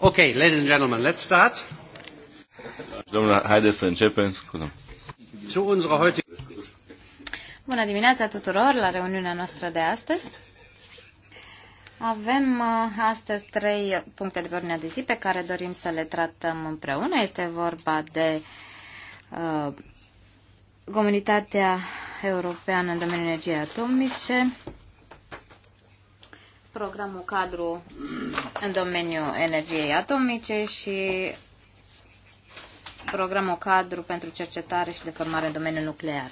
Ok, ladies and gentlemen, let's start. Domnule, haideți să începem. Bună dimineața tuturor la reuniunea noastră de astăzi. Avem uh, astăzi trei puncte de ordine de zi pe care dorim să le tratăm împreună. Este vorba de uh, Comunitatea Europeană în domeniul energiei atomice, programul cadru în domeniul energiei atomice și programul cadru pentru cercetare și de formare în domeniul nuclear.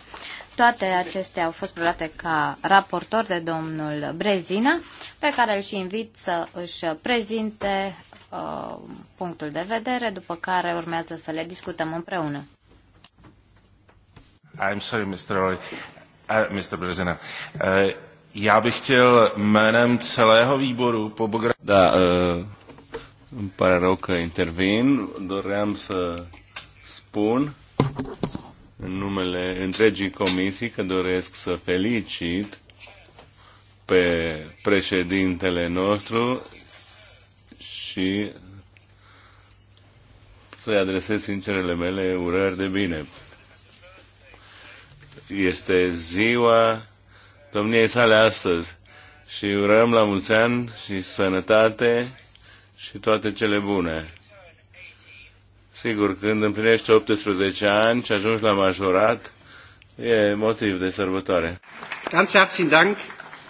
Toate acestea au fost preluate ca raportor de domnul Brezina, pe care îl și invit să își prezinte uh, punctul de vedere, după care urmează să le discutăm împreună. I'm sorry, Mr. Roy. Uh, Mr. Brezina. Uh, Já bych chtěl jménem celého výboru po Bogra... Da, uh, eh, îmi pare rău că intervin. Doream să spun în numele întregii comisii că doresc să felicit pe președintele nostru și să-i adresez sincerele mele urări de bine. Este ziua domniei sale astăzi și urăm la mulți ani și sănătate și toate cele bune. Sigur, când împlinești 18 ani și ajungi la majorat, e motiv de sărbătoare. Ganz herzlichen Dank.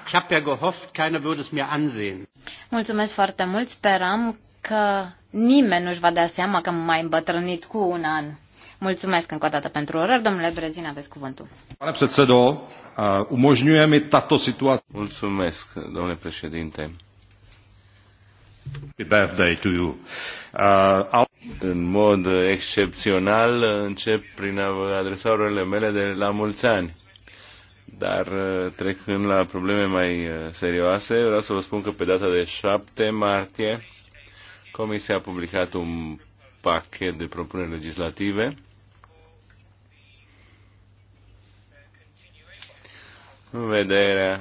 Ich habe ja gehofft, keiner würde es mir ansehen. Mulțumesc foarte mult. Speram că nimeni nu-și va da seama că m-am îmbătrânit cu un an. Mulțumesc încă o dată pentru orări. Domnule Brezin, aveți cuvântul. Pane předsedo, mi tato situace. Mulțumesc, domnule președinte. Birthday to you. Uh, în mod excepțional încep prin a vă adresa urările mele de la mulți ani. Dar trecând la probleme mai serioase, vreau să vă spun că pe data de 7 martie Comisia a publicat un pachet de propuneri legislative în vederea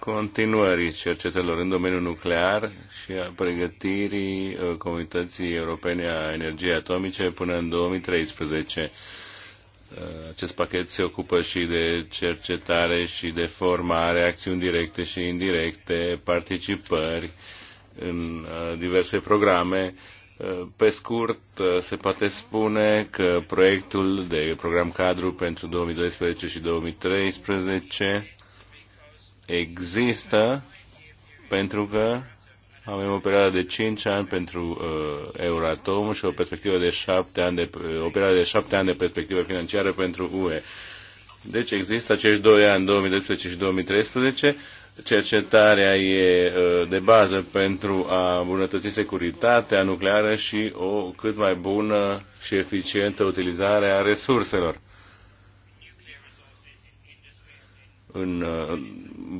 continuării cercetelor în domeniul nuclear și a pregătirii uh, Comunității Europene a Energiei Atomice până în 2013. Uh, acest pachet se ocupă și de cercetare și de formare, acțiuni directe și indirecte, participări în uh, diverse programe pe scurt, se poate spune că proiectul de program cadru pentru 2012 și 2013 există pentru că avem o perioadă de 5 ani pentru uh, Euratom și o perspectivă de 7 ani de, o perioadă de 7 ani de perspectivă financiară pentru UE. Deci există acești 2 ani, 2012 și 2013, cercetarea e ă, de bază pentru a îmbunătăți securitatea nucleară și o cât mai bună și eficientă utilizare a resurselor. În, ă,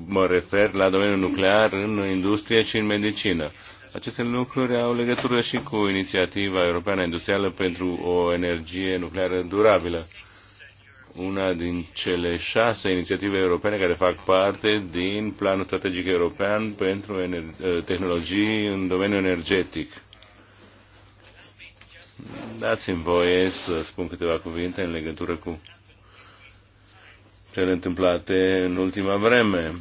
mă refer la domeniul nuclear în industrie și în medicină. Aceste lucruri au legătură și cu inițiativa europeană industrială pentru o energie nucleară durabilă una din cele șase inițiative europene care fac parte din Planul Strategic European pentru eh, tehnologii în domeniul energetic. Dați-mi voie să spun câteva cuvinte în legătură cu cele întâmplate în ultima vreme.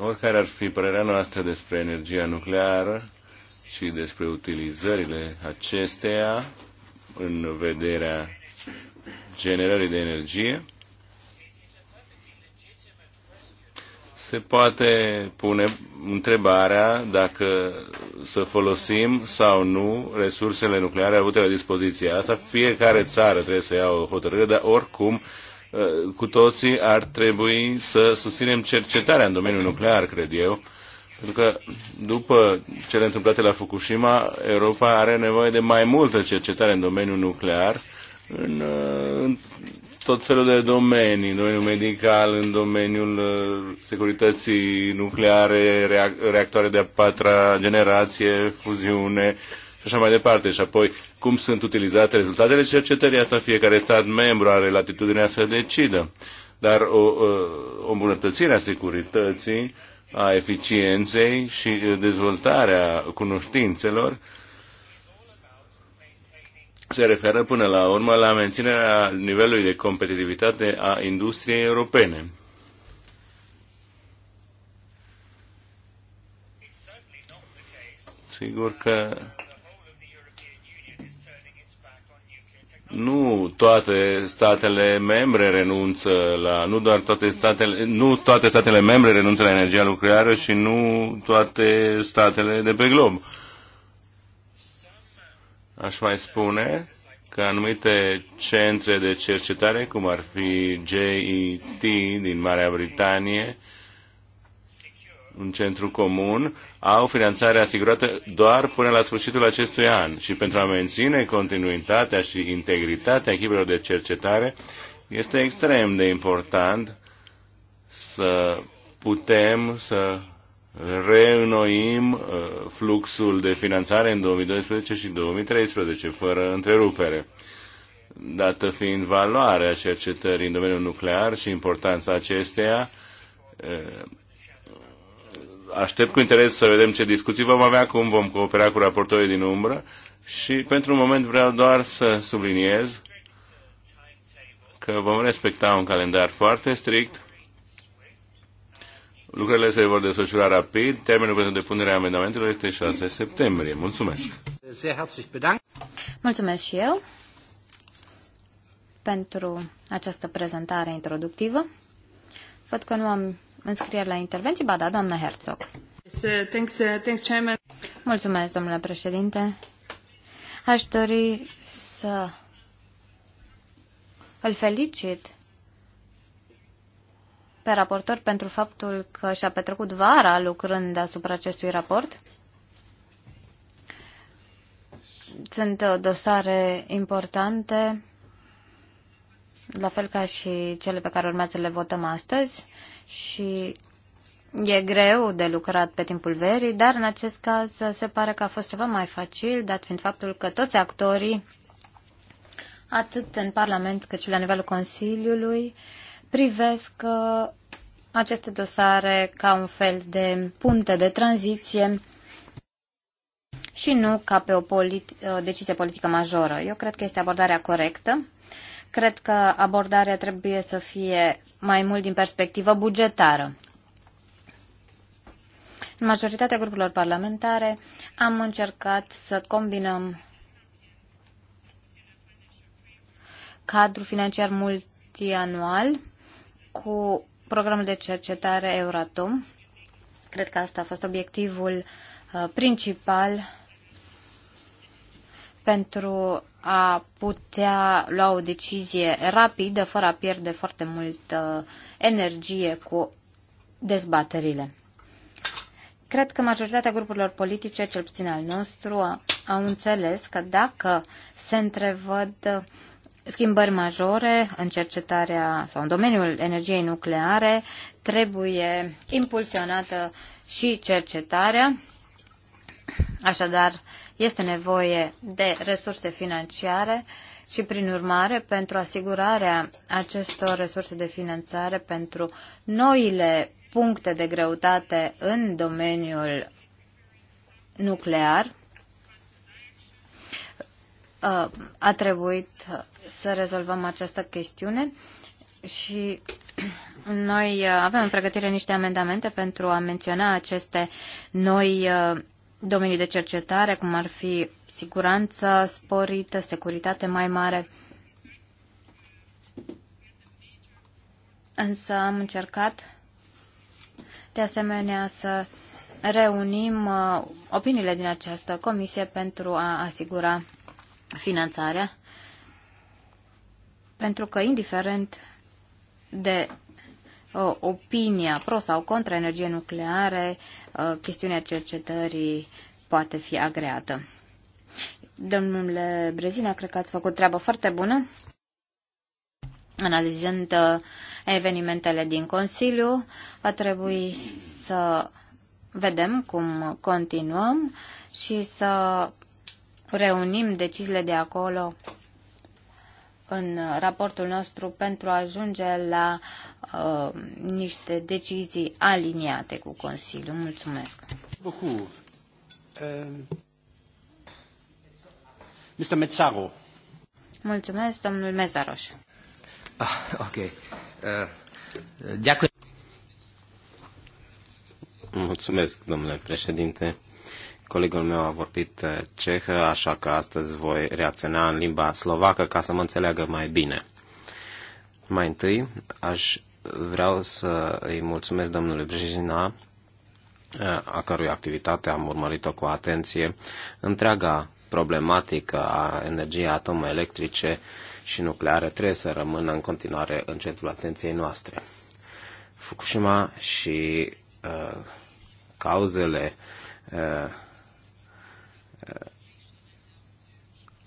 Oricare ar fi părerea noastră despre energia nucleară și despre utilizările acesteia în vederea generării de energie, se poate pune întrebarea dacă să folosim sau nu resursele nucleare avute la dispoziție. Asta fiecare țară trebuie să ia o hotărâre, dar oricum eh, cu toții ar trebui să susținem cercetarea în domeniul nuclear, cred eu, pentru că după cele întâmplate la Fukushima, Europa are nevoie de mai multă cercetare în domeniul nuclear în, uh, în tot felul de domenii, în domeniul medical, în domeniul uh, securității nucleare, reactoare de a patra generație, fuziune și așa mai departe. Și apoi, cum sunt utilizate rezultatele cercetării, asta fiecare stat membru are latitudinea să decidă. Dar o, uh, o îmbunătățire a securității, a eficienței și dezvoltarea cunoștințelor se referă până la urmă la menținerea nivelului de competitivitate a industriei europene. Sigur că nu toate statele membre renunță la, nu doar toate statele, nu toate statele membre renunță la energia nucleară și nu toate statele de pe glob. Aș mai spune că anumite centre de cercetare, cum ar fi JET din Marea Britanie, un centru comun, au finanțare asigurată doar până la sfârșitul acestui an și pentru a menține continuitatea și integritatea echipelor de cercetare, este extrem de important să putem să reînnoim uh, fluxul de finanțare în 2012 și 2013, fără întrerupere. Dată fiind valoarea cercetării în domeniul nuclear și importanța acesteia, uh, aștept cu interes să vedem ce discuții vom avea, cum vom coopera cu raportorii din umbră și pentru un moment vreau doar să subliniez că vom respecta un calendar foarte strict Lucrările se vor desfășura rapid. Termenul pentru depunerea amendamentelor este 6 septembrie. Mulțumesc! Mulțumesc și eu pentru această prezentare introductivă. Văd că nu am înscrieri la intervenții. Ba da, doamna Herzog. Thanks, uh, thanks, Chairman. Mulțumesc, domnule președinte. Aș dori să îl felicit pe raportor pentru faptul că și-a petrecut vara lucrând asupra acestui raport. Sunt uh, dosare importante, la fel ca și cele pe care urmează le votăm astăzi și e greu de lucrat pe timpul verii, dar în acest caz se pare că a fost ceva mai facil, dat fiind faptul că toți actorii, atât în Parlament cât și la nivelul Consiliului, uh, privesc uh, aceste dosare ca un fel de punte de tranziție și nu ca pe o, politi- o uh, decizie politică majoră. Eu cred că este abordarea corectă. Cred că abordarea trebuie să fie mai mult din perspectivă bugetară. În majoritatea grupurilor parlamentare am încercat să combinăm cadrul financiar multianual cu programul de cercetare Euratom. Cred că asta a fost obiectivul uh, principal pentru a putea lua o decizie rapidă, fără a pierde foarte mult uh, energie cu dezbaterile. Cred că majoritatea grupurilor politice, cel puțin al nostru, au înțeles că dacă se întrevăd uh, schimbări majore în cercetarea sau în domeniul energiei nucleare, trebuie impulsionată și cercetarea. Așadar, este nevoie de resurse financiare și, prin urmare, pentru asigurarea acestor resurse de finanțare pentru noile puncte de greutate în domeniul nuclear, a trebuit să rezolvăm această chestiune și noi uh, avem în pregătire niște amendamente pentru a menționa aceste noi uh, domenii de cercetare, cum ar fi siguranță sporită, securitate mai mare. Însă am încercat de asemenea să reunim uh, opiniile din această comisie pentru a asigura finanțarea pentru că, indiferent de uh, opinia pro sau contra energie nucleare, uh, chestiunea cercetării poate fi agreată. Domnule Brezina, cred că ați făcut treabă foarte bună analizând uh, evenimentele din Consiliu. Va trebui să vedem cum continuăm și să reunim deciziile de acolo în raportul nostru pentru a ajunge la uh, niște decizii aliniate cu Consiliul. Mulțumesc. Uh, Mr. Mezzaro. Mulțumesc, domnul Mezaroș. Ah, ok. Uh, Mulțumesc, domnule președinte. Colegul meu a vorbit eh, cehă, așa că astăzi voi reacționa în limba slovacă ca să mă înțeleagă mai bine. Mai întâi, aș vreau să îi mulțumesc domnului Brejina, eh, a cărui activitate am urmărit-o cu atenție, întreaga problematică a energiei atomoelectrice și nucleare trebuie să rămână în continuare în centrul atenției noastre. Fukushima și uh, cauzele uh,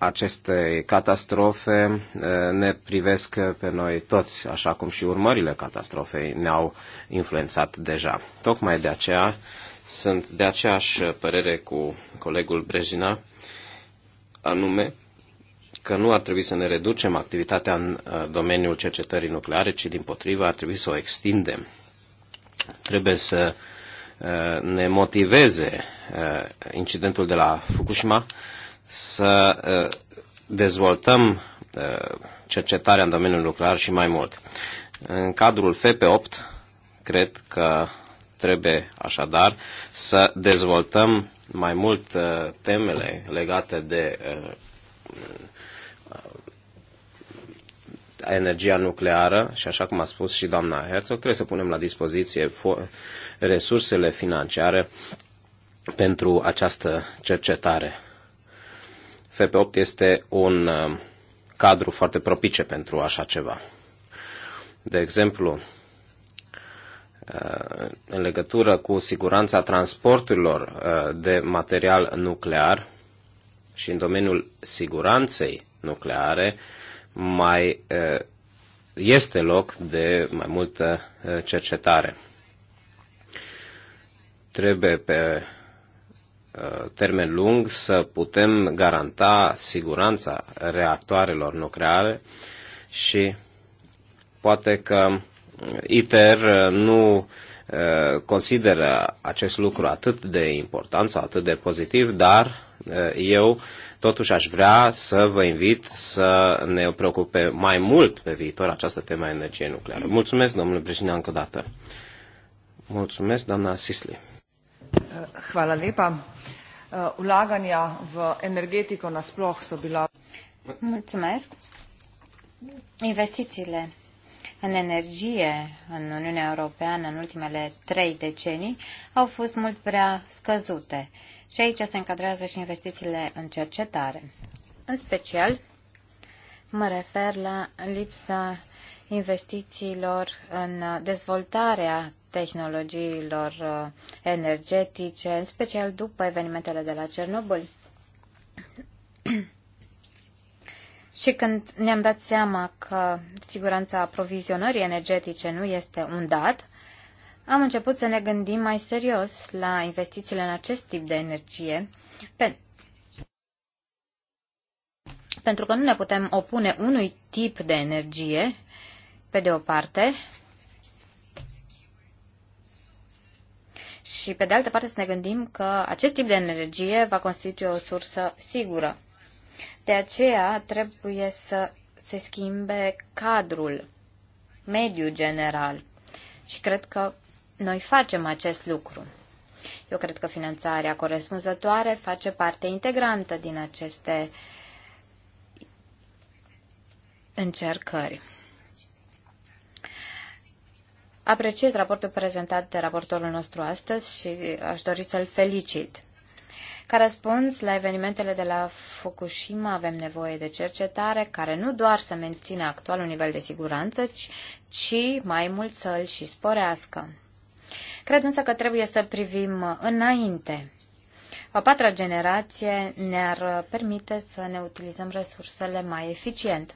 aceste catastrofe eh, ne privesc pe noi toți, așa cum și urmările catastrofei ne-au influențat deja. Tocmai de aceea sunt de aceeași părere cu colegul Brejina, anume că nu ar trebui să ne reducem activitatea în eh, domeniul cercetării nucleare, ci din potrivă ar trebui să o extindem. Trebuie să eh, ne motiveze incidentul de la Fukushima să dezvoltăm cercetarea în domeniul nuclear și mai mult. În cadrul FP8, cred că trebuie așadar să dezvoltăm mai mult temele legate de energia nucleară și așa cum a spus și doamna Herzog, trebuie să punem la dispoziție resursele financiare pentru această cercetare. FP8 este un uh, cadru foarte propice pentru așa ceva. De exemplu, uh, în legătură cu siguranța transporturilor uh, de material nuclear și în domeniul siguranței nucleare, mai este loc de mai multă cercetare. Trebuie pe Uh, termen lung să putem garanta siguranța reactoarelor nucleare și poate că ITER uh, nu uh, consideră acest lucru atât de important sau atât de pozitiv, dar eu totuși aș vrea să vă invit să ne preocupe mai mult pe viitor această temă a energiei nucleare. Mulțumesc, domnule președinte, încă o dată. Mulțumesc, doamna Sisli. Hvala lepa. Eh, vlaganja v energetiko nasploh so bila. Mulțumesc. Investițiile în energie în Uniunea Europeană în ultimele trei decenii au fost mult prea scăzute și aici se încadrează și investițiile în cercetare. În special, mă refer la lipsa investițiilor în dezvoltarea tehnologiilor uh, energetice, în special după evenimentele de la Cernobâl. Și când ne-am dat seama că siguranța aprovizionării energetice nu este un dat, am început să ne gândim mai serios la investițiile în acest tip de energie, pe... pentru că nu ne putem opune unui tip de energie, pe de o parte, și pe de altă parte să ne gândim că acest tip de energie va constitui o sursă sigură. De aceea trebuie să se schimbe cadrul, mediul general. Și cred că noi facem acest lucru. Eu cred că finanțarea corespunzătoare face parte integrantă din aceste încercări. Apreciez raportul prezentat de raportorul nostru astăzi și aș dori să-l felicit. Ca răspuns la evenimentele de la Fukushima avem nevoie de cercetare care nu doar să mențină actualul nivel de siguranță, ci, ci mai mult să îl și sporească. Cred însă că trebuie să privim înainte. O patra generație ne-ar permite să ne utilizăm resursele mai eficient.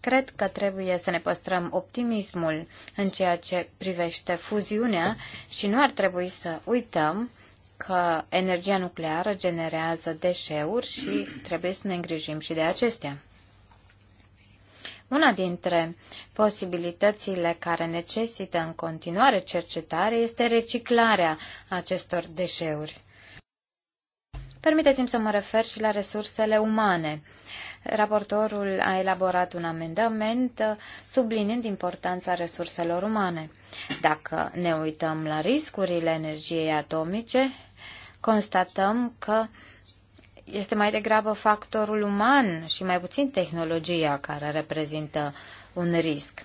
Cred că trebuie să ne păstrăm optimismul în ceea ce privește fuziunea și nu ar trebui să uităm că energia nucleară generează deșeuri și trebuie să ne îngrijim și de acestea. Una dintre posibilitățile care necesită în continuare cercetare este reciclarea acestor deșeuri. Permiteți-mi să mă refer și la resursele umane. Raportorul a elaborat un amendament uh, subliniind importanța resurselor umane. Dacă ne uităm la riscurile energiei atomice, constatăm că este mai degrabă factorul uman și mai puțin tehnologia care reprezintă un risc.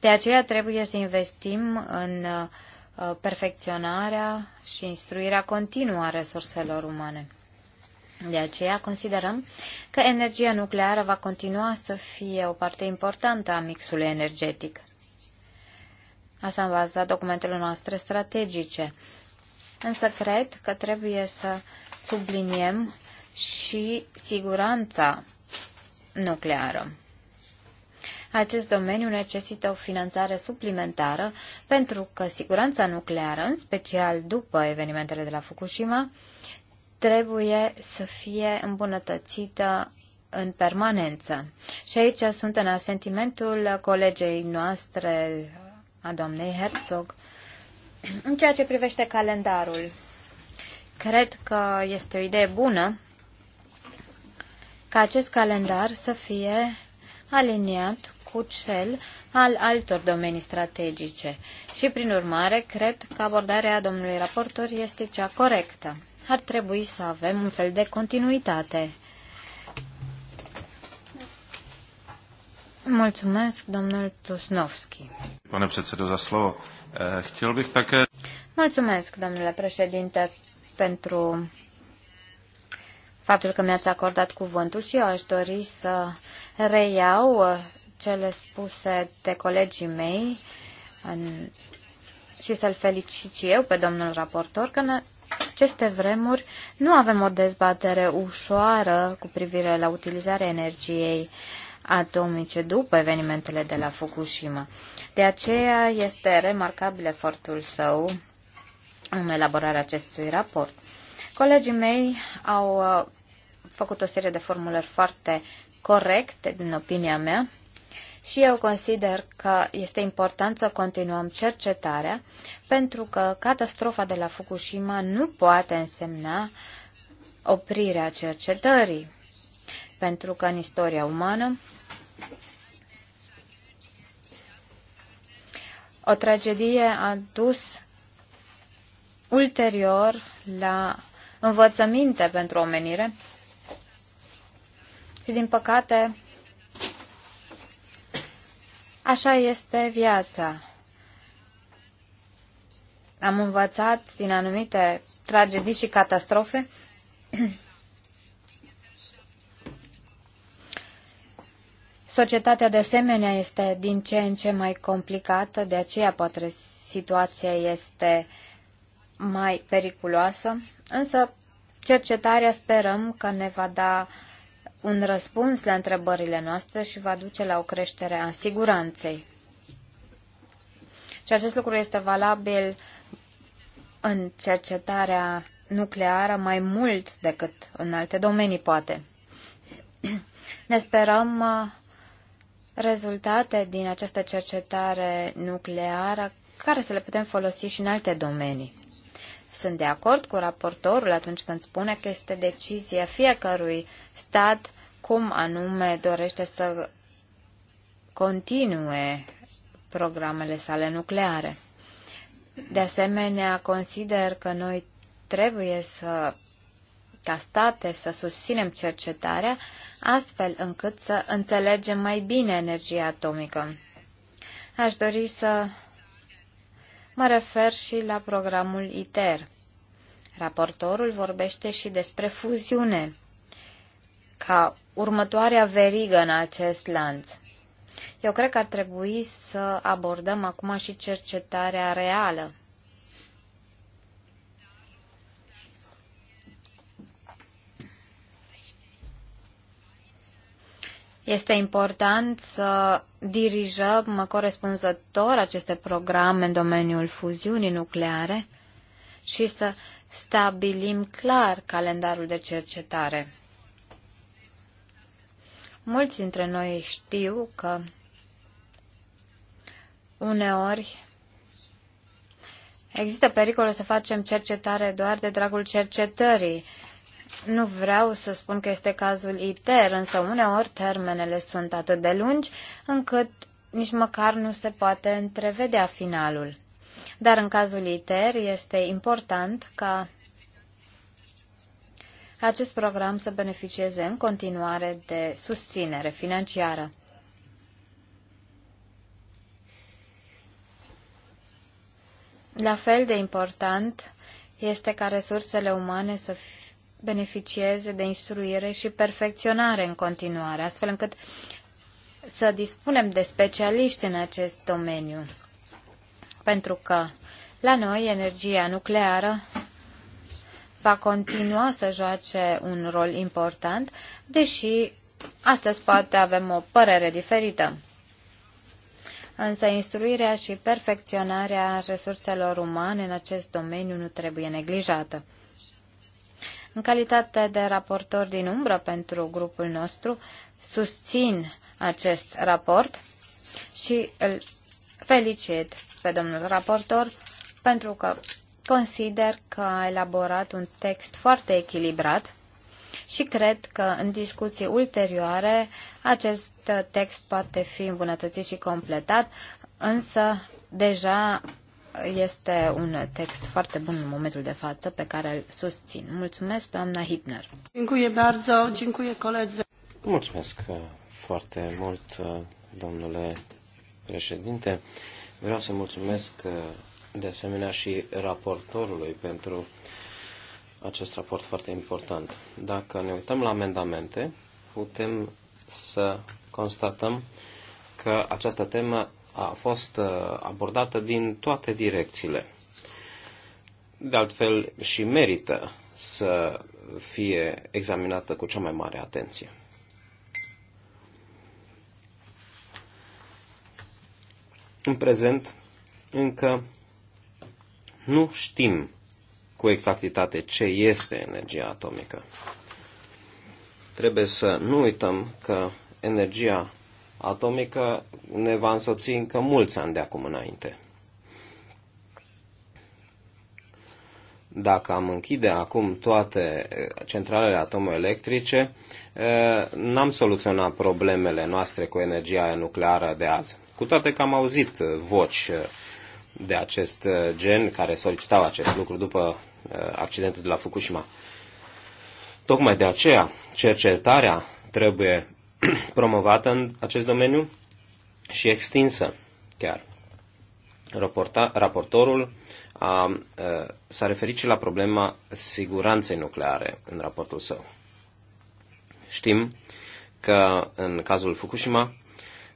De aceea trebuie să investim în uh, perfecționarea și instruirea continuă a resurselor umane. De aceea considerăm că energia nucleară va continua să fie o parte importantă a mixului energetic. Asta în baza documentelor noastre strategice. Însă cred că trebuie să subliniem și siguranța nucleară. Acest domeniu necesită o finanțare suplimentară pentru că siguranța nucleară, în special după evenimentele de la Fukushima, trebuie să fie îmbunătățită în permanență. Și aici sunt în asentimentul colegei noastre, a doamnei Herzog, în ceea ce privește calendarul. Cred că este o idee bună ca acest calendar să fie aliniat cu cel al altor domenii strategice. Și, prin urmare, cred că abordarea domnului raportor este cea corectă ar trebui să avem un fel de continuitate. Mulțumesc, domnul Tusnovski. Pane předsedo, za slovo. Eh, chtěl bych také... Mulțumesc, domnule președinte, pentru faptul că mi-ați acordat cuvântul și eu aș dori să reiau cele spuse de colegii mei în, și să-l felicit și eu pe domnul raportor că aceste vremuri nu avem o dezbatere ușoară cu privire la utilizarea energiei atomice după evenimentele de la Fukushima. De aceea este remarcabil efortul său în elaborarea acestui raport. Colegii mei au uh, făcut o serie de formulări foarte corecte, din opinia mea, și eu consider că este important să continuăm cercetarea, pentru că catastrofa de la Fukushima nu poate însemna oprirea cercetării, pentru că în istoria umană o tragedie a dus ulterior la învățăminte pentru omenire și, din păcate, Așa este viața. Am învățat din anumite tragedii și catastrofe Societatea de asemenea este din ce în ce mai complicată, de aceea poate situația este mai periculoasă, însă cercetarea sperăm că ne va da un răspuns la întrebările noastre și va duce la o creștere a siguranței. Și acest lucru este valabil în cercetarea nucleară mai mult decât în alte domenii, poate. Ne sperăm uh, rezultate din această cercetare nucleară care să le putem folosi și în alte domenii. Sunt de acord cu raportorul atunci când spune că este decizia fiecărui stat cum anume dorește să continue programele sale nucleare. De asemenea, consider că noi trebuie să, ca state, să susținem cercetarea astfel încât să înțelegem mai bine energia atomică. Aș dori să Mă refer și la programul ITER. Raportorul vorbește și despre fuziune ca următoarea verigă în acest lanț. Eu cred că ar trebui să abordăm acum și cercetarea reală Este important să dirijăm corespunzător aceste programe în domeniul fuziunii nucleare și să stabilim clar calendarul de cercetare. Mulți dintre noi știu că uneori există pericolul să facem cercetare doar de dragul cercetării nu vreau să spun că este cazul ITER, însă uneori termenele sunt atât de lungi încât nici măcar nu se poate întrevedea finalul. Dar în cazul ITER este important ca acest program să beneficieze în continuare de susținere financiară. La fel de important este ca resursele umane să beneficieze de instruire și perfecționare în continuare, astfel încât să dispunem de specialiști în acest domeniu. Pentru că la noi energia nucleară va continua să joace un rol important, deși astăzi poate avem o părere diferită. Însă instruirea și perfecționarea resurselor umane în acest domeniu nu trebuie neglijată. În calitate de raportor din umbră pentru grupul nostru, susțin acest raport și îl felicit pe domnul raportor pentru că consider că a elaborat un text foarte echilibrat și cred că în discuții ulterioare acest text poate fi îmbunătățit și completat, însă deja este un text foarte bun în momentul de față pe care îl susțin. Mulțumesc, doamna Hipner. Dziękuję bardzo, dziękuję koledze. Mulțumesc uh, foarte mult, uh, domnule președinte. Vreau să mulțumesc uh, de asemenea și raportorului pentru acest raport foarte important. Dacă ne uităm la amendamente, putem să constatăm că această temă a fost uh, abordată din toate direcțiile. De altfel, și merită să fie examinată cu cea mai mare atenție. În prezent, încă nu știm cu exactitate ce este energia atomică. Trebuie să nu uităm că energia atomică ne va însoți încă mulți ani de acum înainte. Dacă am închide acum toate eh, centralele atomoelectrice, eh, n-am soluționat problemele noastre cu energia nucleară de azi. Cu toate că am auzit eh, voci de acest gen care solicitau acest lucru după accidentul de la Fukushima. Tocmai de aceea, cercetarea trebuie promovată în acest domeniu și extinsă chiar. Raporta, raportorul a, s-a referit și la problema siguranței nucleare în raportul său. Știm că în cazul Fukushima,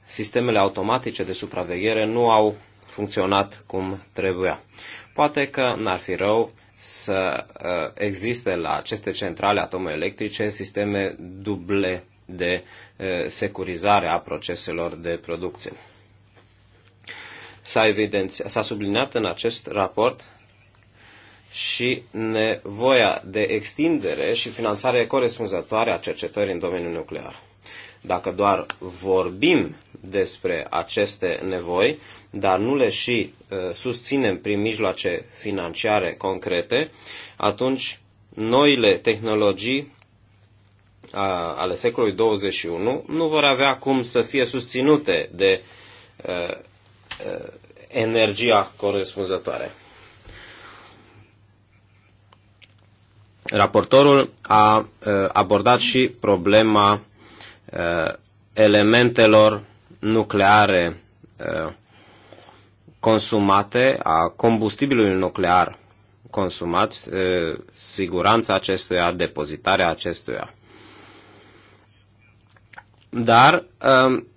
sistemele automatice de supraveghere nu au funcționat cum trebuia. Poate că n-ar fi rău să existe la aceste centrale atomoelectrice sisteme duble de eh, securizare a proceselor de producție. S-a, evidenția, s-a subliniat în acest raport și nevoia de extindere și finanțare corespunzătoare a cercetării în domeniul nuclear. Dacă doar vorbim despre aceste nevoi, dar nu le și uh, susținem prin mijloace financiare concrete, atunci noile tehnologii ale secolului 21 nu vor avea cum să fie susținute de a, a, energia corespunzătoare. Raportorul a abordat și problema elementelor nucleare consumate, a combustibilului nuclear consumat, siguranța acestuia, depozitarea acestuia dar um,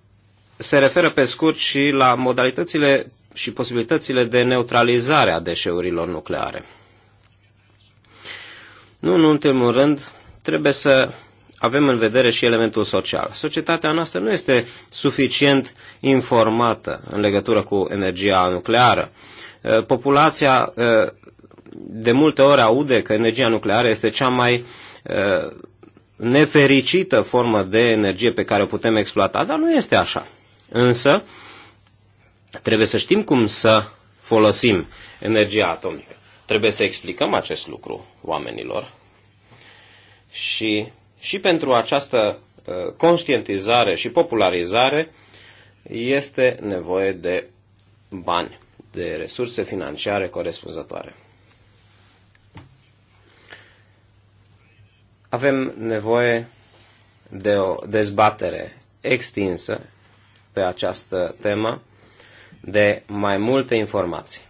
se referă pe scurt și la modalitățile și posibilitățile de neutralizare a deșeurilor nucleare. Nu în ultimul rând, trebuie să avem în vedere și elementul social. Societatea noastră nu este suficient informată în legătură cu energia nucleară. Uh, populația uh, de multe ori aude că energia nucleară este cea mai uh, nefericită formă de energie pe care o putem exploata, dar nu este așa. Însă, trebuie să știm cum să folosim energia atomică. Trebuie să explicăm acest lucru oamenilor și, și pentru această uh, conștientizare și popularizare este nevoie de bani, de resurse financiare corespunzătoare. Avem nevoie de o dezbatere extinsă pe această temă, de mai multe informații.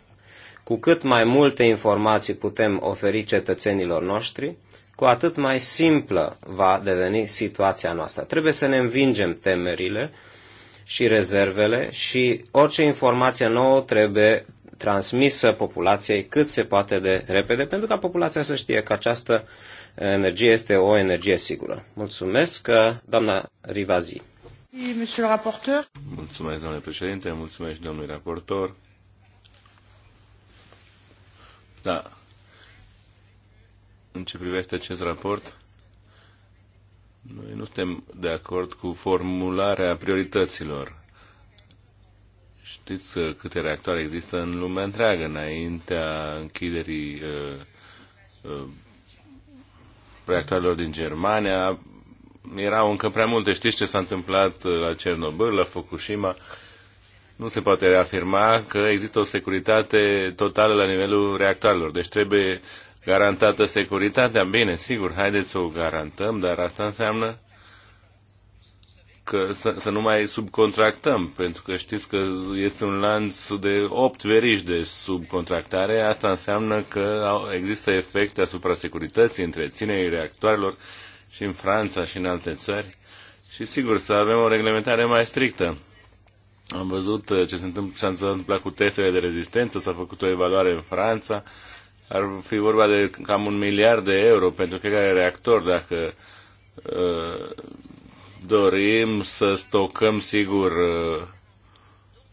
Cu cât mai multe informații putem oferi cetățenilor noștri, cu atât mai simplă va deveni situația noastră. Trebuie să ne învingem temerile și rezervele și orice informație nouă trebuie transmisă populației cât se poate de repede, pentru ca populația să știe că această energie este o energie sigură. Mulțumesc, uh, doamna Rivazi. Mulțumesc, domnule președinte, mulțumesc, domnului raportor. Da. În ce privește acest raport, noi nu suntem de acord cu formularea priorităților. Știți uh, câte reactoare există în lumea întreagă înaintea închiderii uh, uh, reactoarelor din Germania. Erau încă prea multe. Știți ce s-a întâmplat uh, la Cernobâl, la Fukushima? Nu se poate reafirma că există o securitate totală la nivelul reactoarelor. Deci trebuie garantată securitatea. Bine, sigur, haideți să o garantăm, dar asta înseamnă că să, să nu mai subcontractăm, pentru că știți că este un lanț de 8 veriști de subcontractare. Asta înseamnă că au, există efecte asupra securității, întreținerii reactoarelor și în Franța și în alte țări. Și sigur, să avem o reglementare mai strictă. Am văzut uh, ce se întâmplă, s-a întâmplat cu testele de rezistență, s-a făcut o evaluare în Franța. Ar fi vorba de cam un miliard de euro pentru fiecare reactor dacă uh, dorim să stocăm, sigur, uh,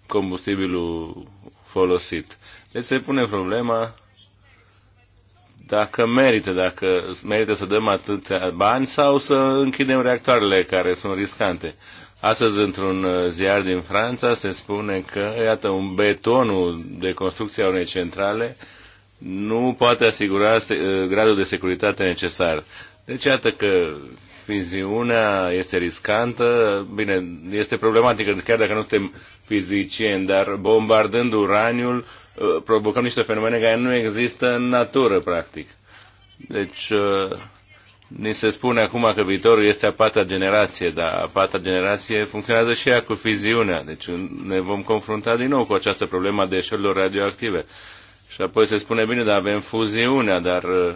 combustibilul folosit. Deci se pune problema dacă merită, dacă merită să dăm atâtea bani sau să închidem reactoarele care sunt riscante. Astăzi, într-un uh, ziar din Franța, se spune că, iată, un betonul de construcție a unei centrale nu poate asigura uh, gradul de securitate necesar. Deci, iată că fiziunea este riscantă, bine, este problematică, chiar dacă nu suntem fizicieni, dar bombardând uraniul uh, provocăm niște fenomene care nu există în natură, practic. Deci, uh, ni se spune acum că viitorul este a patra generație, dar a patra generație funcționează și ea cu fiziunea. Deci ne vom confrunta din nou cu această problemă a deșeurilor radioactive. Și apoi se spune, bine, dar avem fuziunea, dar uh,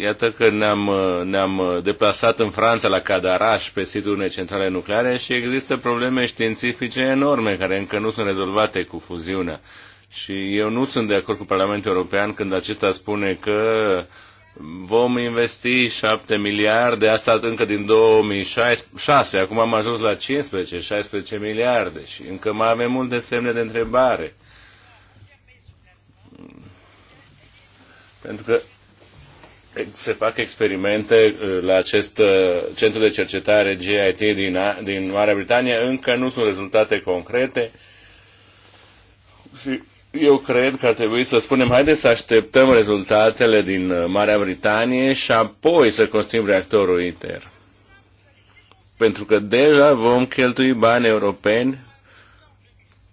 iată că ne-am, ne-am deplasat în Franța la Cadaraș pe situl unei centrale nucleare și există probleme științifice enorme care încă nu sunt rezolvate cu fuziunea. Și eu nu sunt de acord cu Parlamentul European când acesta spune că vom investi 7 miliarde, asta încă din 2006, acum am ajuns la 15-16 miliarde și încă mai avem multe semne de întrebare. Pentru că se fac experimente uh, la acest uh, centru de cercetare GIT din, din Marea Britanie, încă nu sunt rezultate concrete. Și eu cred că ar trebui să spunem, haideți să așteptăm rezultatele din uh, Marea Britanie și apoi să construim reactorul ITER. Pentru că deja vom cheltui bani europeni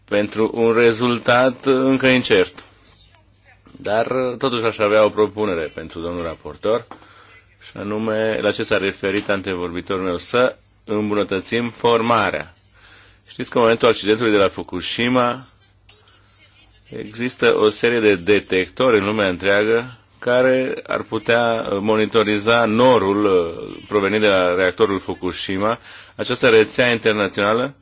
pentru un rezultat încă incert. Dar totuși aș avea o propunere pentru domnul raportor și anume la ce s-a referit antevorbitorul meu, să îmbunătățim formarea. Știți că în momentul accidentului de la Fukushima există o serie de detectori în lumea întreagă care ar putea monitoriza norul uh, provenit de la reactorul Fukushima. Această rețea internațională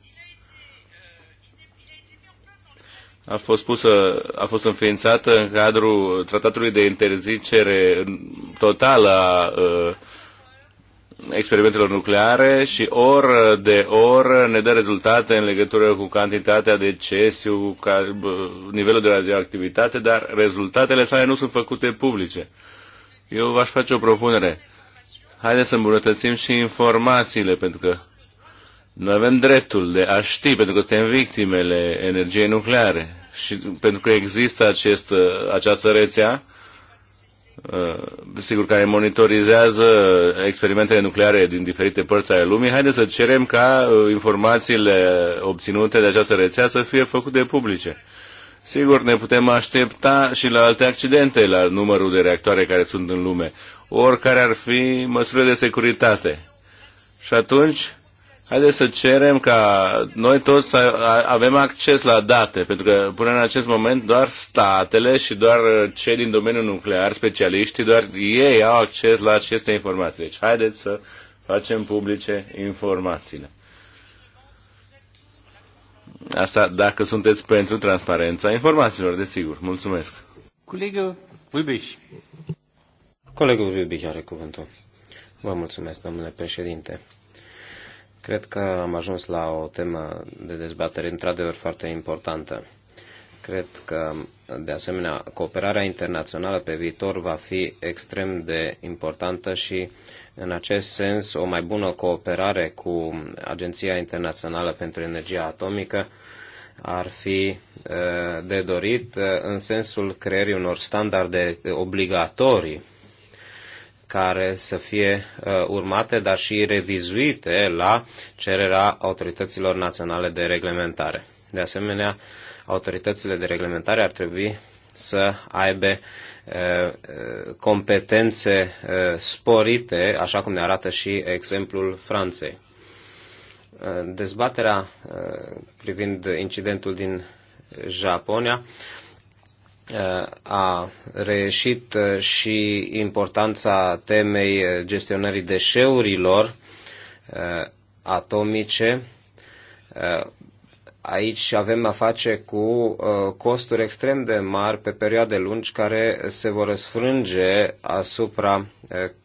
a fost, pusă, a fost înființată în cadrul tratatului de interzicere totală a ă, experimentelor nucleare și oră de oră ne dă rezultate în legătură cu cantitatea de cesiu, ca, nivelul de radioactivitate, dar rezultatele sale nu sunt făcute publice. Eu v-aș face o propunere. Haideți să îmbunătățim și informațiile, pentru că noi avem dreptul de a ști, pentru că suntem victimele energiei nucleare și pentru că există acest, această rețea, uh, sigur, care monitorizează experimentele nucleare din diferite părți ale lumii, haideți să cerem ca uh, informațiile obținute de această rețea să fie făcute publice. Sigur, ne putem aștepta și la alte accidente, la numărul de reactoare care sunt în lume, oricare ar fi măsurile de securitate. Și atunci, haideți să cerem ca noi toți să avem acces la date, pentru că până în acest moment doar statele și doar uh, cei din domeniul nuclear, specialiștii, doar ei au acces la aceste informații. Deci haideți să facem publice informațiile. Asta dacă sunteți pentru transparența informațiilor, desigur. Mulțumesc. Colegul Vibiș. Colegul Vibiș are cuvântul. Vă mulțumesc, domnule președinte. Cred că am ajuns la o temă de dezbatere într-adevăr foarte importantă. Cred că, de asemenea, cooperarea internațională pe viitor va fi extrem de importantă și, în acest sens, o mai bună cooperare cu Agenția Internațională pentru Energia Atomică ar fi de dorit în sensul creării unor standarde obligatorii care să fie uh, urmate, dar și revizuite la cererea autorităților naționale de reglementare. De asemenea, autoritățile de reglementare ar trebui să aibă uh, uh, competențe sporite, așa cum ne arată și exemplul Franței. Dezbaterea privind incidentul din Japonia Uh, a reieșit uh, și importanța temei uh, gestionării deșeurilor atomice. Aici avem a face cu costuri extrem de mari pe perioade lungi care se vor răsfrânge asupra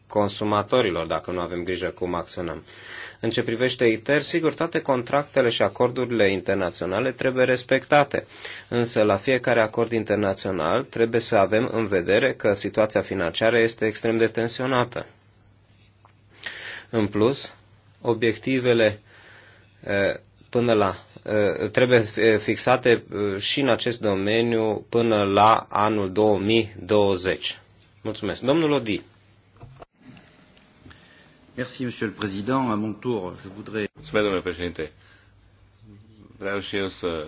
consumatorilor dacă nu avem grijă cum acționăm. În ce privește ITER, sigur, toate contractele și acordurile internaționale trebuie respectate, însă la fiecare acord internațional trebuie să avem în vedere că situația financiară este extrem de tensionată. În plus, obiectivele până la trebuie fixate și în acest domeniu până la anul 2020. Mulțumesc. Domnul Odi. Merci, Monsieur le Président. À mon tour, je voudrais... Mulțumesc, domnule președinte. Vreau și eu să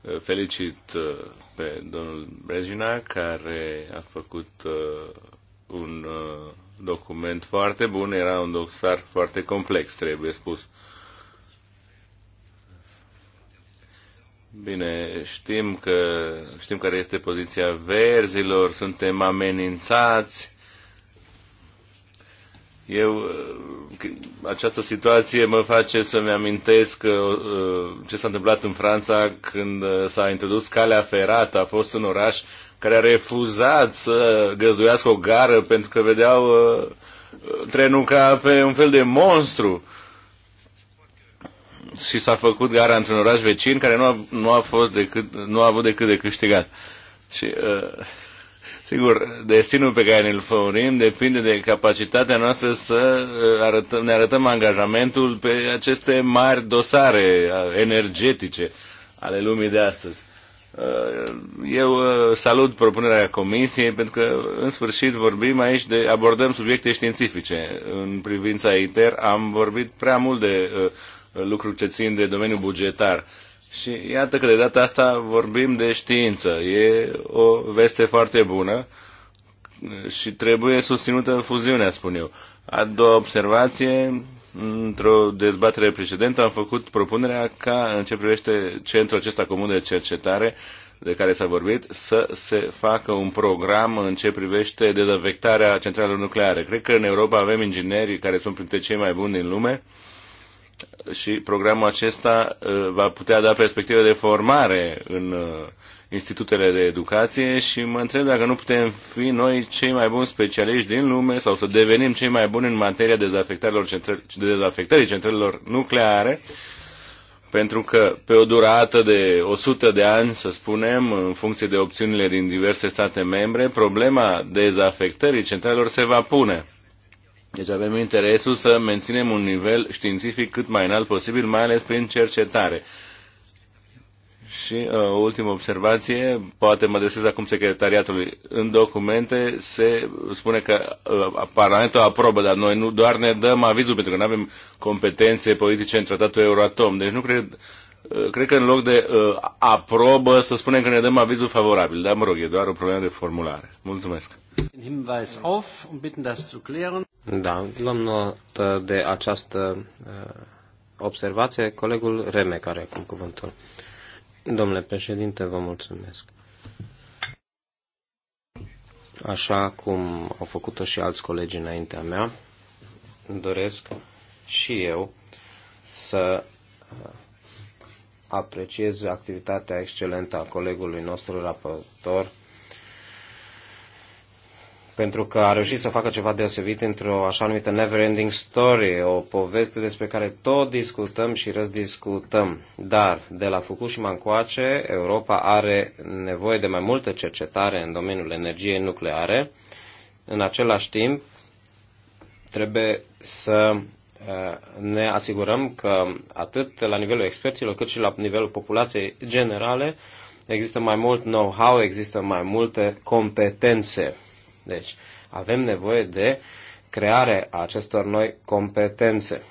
uh, felicit uh, pe domnul Brejina, care a făcut uh, un document foarte bun, era un dosar foarte complex, trebuie spus. Bine, știm că știm care este poziția verzilor, suntem amenințați eu, această situație mă face să-mi amintesc uh, ce s-a întâmplat în Franța când uh, s-a introdus calea ferată. A fost un oraș care a refuzat să găzduiască o gară pentru că vedeau uh, trenul ca pe un fel de monstru. Și s-a făcut gara într-un oraș vecin care nu a, nu a, fost decât, nu a avut decât de câștigat. Și, uh, Sigur, destinul pe care ne-l făurim depinde de capacitatea noastră să uh, arătăm, ne arătăm angajamentul pe aceste mari dosare energetice ale lumii de astăzi. Uh, eu uh, salut propunerea Comisiei pentru că, în sfârșit, vorbim aici de abordăm subiecte științifice. În privința ITER am vorbit prea mult de lucruri ce țin de domeniul bugetar și iată că de data asta vorbim de știință. E o veste foarte bună și trebuie susținută fuziunea, spun eu. A doua observație, într-o dezbatere precedentă am făcut propunerea ca în ce privește centrul acesta comun de cercetare de care s-a vorbit, să se facă un program în ce privește dezavectarea centralelor nucleare. Cred că în Europa avem ingineri care sunt printre cei mai buni din lume, uh, și programul acesta uh, va putea da perspective de formare în uh, institutele de educație și mă întreb dacă nu putem fi noi cei mai buni specialiști din lume sau să devenim cei mai buni în materia dezafectărilor centră, dezafectării centrelor nucleare, pentru că pe o durată de 100 de ani, să spunem, în funcție de opțiunile din diverse state membre, problema dezafectării centrelor se va pune. Deci avem interesul să menținem un nivel științific cât mai înalt posibil, mai ales prin cercetare. Și uh, o uh, ultimă observație, poate mă adresez acum secretariatului. În documente se spune că uh, Parlamentul aprobă, dar noi nu doar ne dăm avizul, pentru că nu avem competențe politice în tratatul Euratom. Deci nu cred, uh, cred că în loc de uh, aprobă să spunem că ne dăm avizul favorabil. Dar mă rog, e doar o problemă de formulare. Mulțumesc. Da, luăm notă de această uh, observație. Colegul Reme, care acum cuvântul. Domnule președinte, vă mulțumesc. Așa cum au făcut-o și alți colegi înaintea mea, doresc și eu să uh, apreciez activitatea excelentă a colegului nostru raportor, pentru că a reușit să facă ceva deosebit într-o așa numită never ending story, o poveste despre care tot discutăm și răzdiscutăm. Dar de la Fukushima încoace, Europa are nevoie de mai multă cercetare în domeniul energiei nucleare. În același timp, trebuie să uh, ne asigurăm că atât la nivelul experților cât și la nivelul populației generale există mai mult know-how, există mai multe competențe deci, avem nevoie de crearea acestor noi competențe.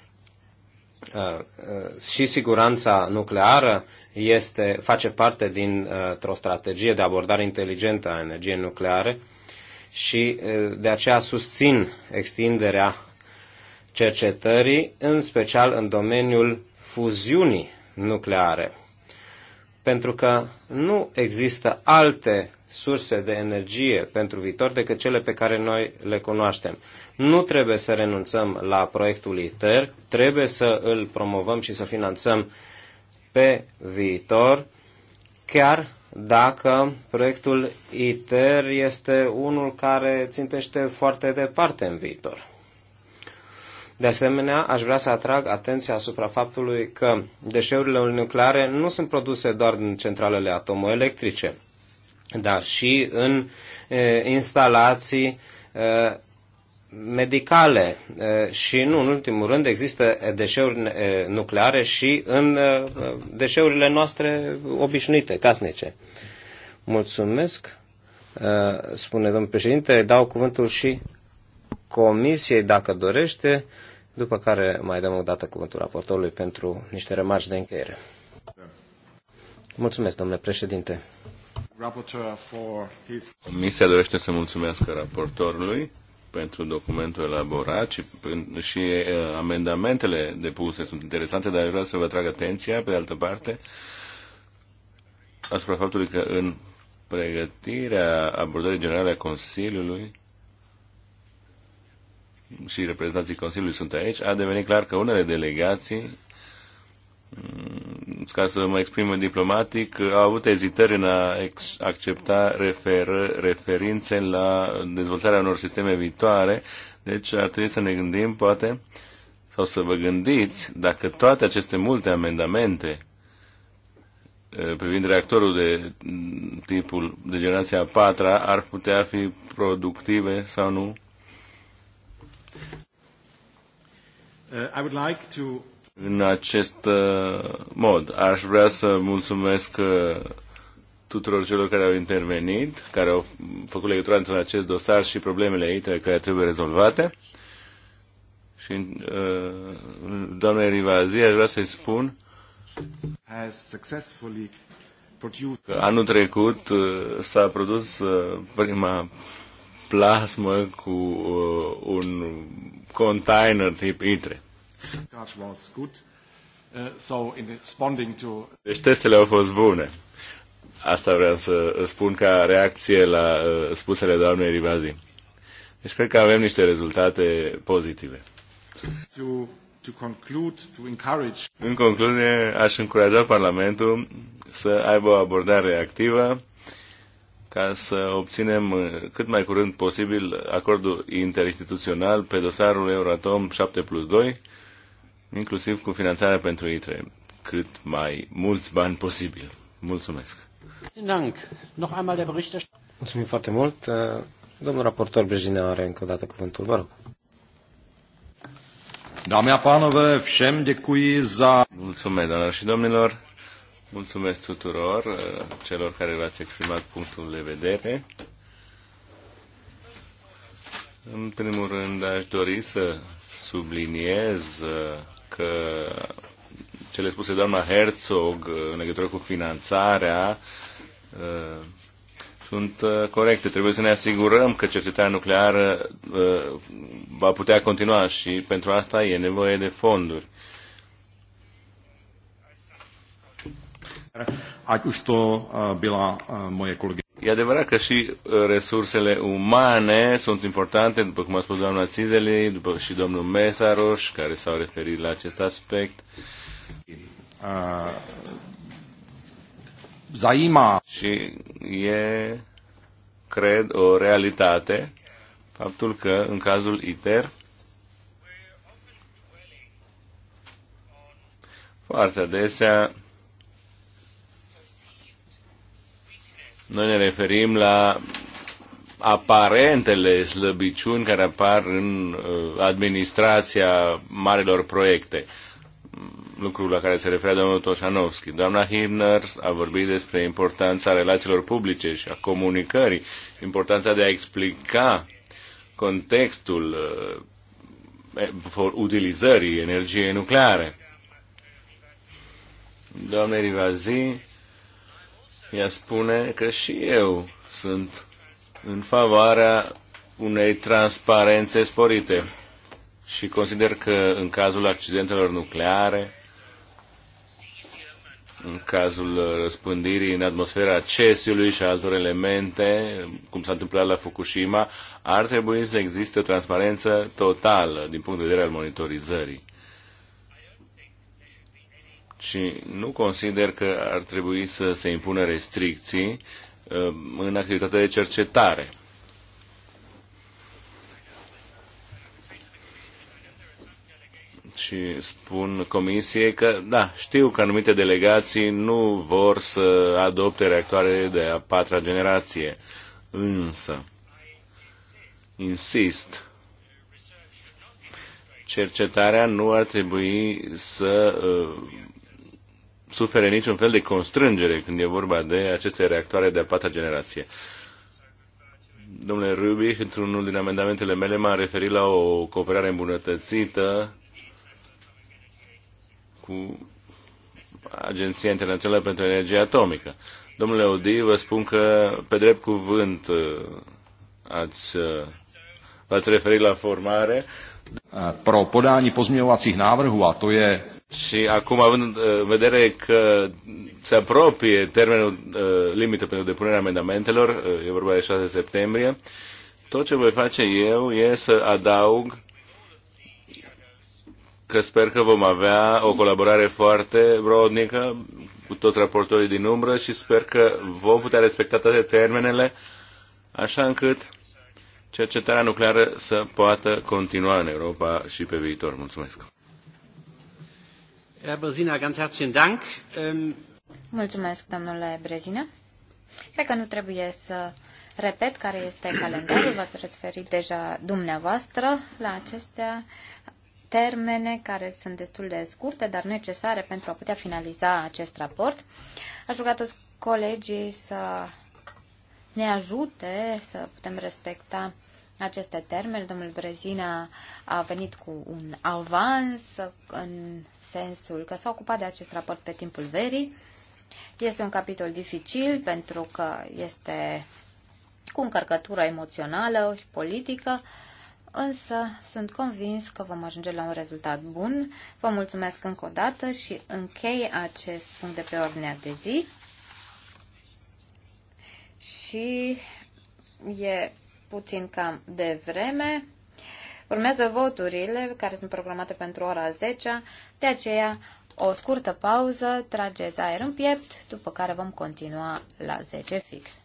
Uh, uh, și siguranța nucleară este, face parte dintr-o uh, strategie de abordare inteligentă a energiei nucleare și de aceea susțin extinderea cercetării, în special în domeniul fuziunii nucleare pentru că nu există alte surse de energie pentru viitor decât cele pe care noi le cunoaștem. Nu trebuie să renunțăm la proiectul ITER, trebuie să îl promovăm și să finanțăm pe viitor, chiar dacă proiectul ITER este unul care țintește foarte departe în viitor. De asemenea, aș vrea să atrag atenția asupra faptului că deșeurile nucleare nu sunt produse doar din centralele atomoelectrice, dar și în e, instalații e, medicale e, și nu în ultimul rând există deșeuri e, nucleare și în e, deșeurile noastre obișnuite, casnice. Mulțumesc, e, spune domnul președinte, dau cuvântul și comisiei dacă dorește după care mai dăm o dată cuvântul raportorului pentru niște remarci de încheiere. Mulțumesc, domnule președinte. se dorește să mulțumesc raportorului pentru documentul elaborat și, și uh, amendamentele depuse sunt interesante, dar vreau să vă atrag atenția, pe de altă parte, asupra faptului că în pregătirea abordării generale a Consiliului și reprezentanții Consiliului sunt aici, a devenit clar că unele delegații, mm, ca să mă exprim diplomatic, au avut ezitări în a accepta refer- referințe la dezvoltarea unor sisteme viitoare, deci ar trebui să ne gândim, poate, sau să vă gândiți dacă toate aceste multe amendamente privind reactorul de mm, tipul de generația a patra ar putea fi productive sau nu Uh, În acest uh, mod, aș vrea să mulțumesc uh, tuturor celor care au intervenit, care au făcut legătura între acest dosar și problemele ITRE care trebuie rezolvate. Și doamnei Rivazi, aș vrea să-i spun că anul trecut s-a produs prima plasmă cu un container tip ITRE. Uh, deci testele au fost bune. Asta vreau să spun ca reacție la uh, spusele doamnei Ribazi. Deci cred că avem niște rezultate pozitive. În concluzie, aș încuraja Parlamentul să aibă o abordare activă ca să obținem uh, cât mai curând posibil acordul interinstituțional pe dosarul Euratom 7 plus 2 inclusiv cu finanțarea pentru ei trei, cât mai mulți bani posibil. Mulțumesc! Mulțumim foarte mult. Uh, domnul raportor Brejina are încă o dată cuvântul, vă rog. Dame a panove, všem děkuji za... Mulțumesc, doamnelor și domnilor. Mulțumesc tuturor uh, celor care v-ați exprimat punctul de vedere. În primul rând, aș dori să subliniez uh, că cele spuse doamna Herzog uh, în legătură cu finanțarea uh, sunt uh, corecte. Trebuie să ne asigurăm că cercetarea nucleară va putea continua și pentru asta e nevoie de fonduri. Ať už to byla moje kolegy. E adevărat că și uh, resursele umane sunt importante, după cum a spus doamna Țizeli, după și domnul Mesaroș, care s-au referit la acest aspect. Uh, Zaima. Și e, cred, o realitate faptul că în cazul ITER foarte adesea Noi ne referim la aparentele slăbiciuni care apar în uh, administrația marilor proiecte. Lucrul la care se referea domnul Toșanovski. Doamna Himner a vorbit despre importanța relațiilor publice și a comunicării, importanța de a explica contextul uh, utilizării energiei nucleare. Doamne Rivazi, ea spune că și eu sunt în favoarea unei transparențe sporite și consider că în cazul accidentelor nucleare, în cazul răspândirii în atmosfera cesiului și altor elemente, cum s-a întâmplat la Fukushima, ar trebui să existe o transparență totală din punct de vedere al monitorizării și nu consider că ar trebui să se impună restricții uh, în activitatea de cercetare. și spun comisiei că, da, știu că anumite delegații nu vor să adopte reactoare de a patra generație, însă, insist, cercetarea nu ar trebui să uh, sufere niciun fel de constrângere când e vorba de aceste reactoare de a patra generație. Domnule Rubi, într-unul din amendamentele mele m a referit la o cooperare îmbunătățită cu Agenția Internațională pentru Energie Atomică. Domnule Odi, vă spun că, pe drept cuvânt, ați, v-ați referit la formare. Eh, pro podání pozměňovacích návrhů, a to je și acum, având uh, în vedere că se apropie termenul uh, limită pentru depunerea amendamentelor, uh, e vorba de 6 septembrie, tot ce voi face eu e să adaug că sper că vom avea o colaborare foarte rodnică cu toți raportorii din umbră și sper că vom putea respecta toate termenele așa încât cercetarea nucleară să poată continua în Europa și pe viitor. Mulțumesc! Brezina, ganz herzlichen Dank. Ähm, Mulțumesc, domnule Brezina. Cred că nu trebuie să repet care este calendarul, v-ați referit deja dumneavoastră la acestea termene care sunt destul de scurte, dar necesare pentru a putea finaliza acest raport. Aș ruga toți colegii să ne ajute să putem respecta aceste termeni. Domnul Brezina a venit cu un avans în sensul că s-a ocupat de acest raport pe timpul verii. Este un capitol dificil pentru că este cu încărcătură emoțională și politică, însă sunt convins că vom ajunge la un rezultat bun. Vă mulțumesc încă o dată și închei acest punct de pe ordinea de zi. Și e puțin cam de vreme. Urmează voturile care sunt programate pentru ora 10, de aceea o scurtă pauză, trageți aer în piept, după care vom continua la 10 fix.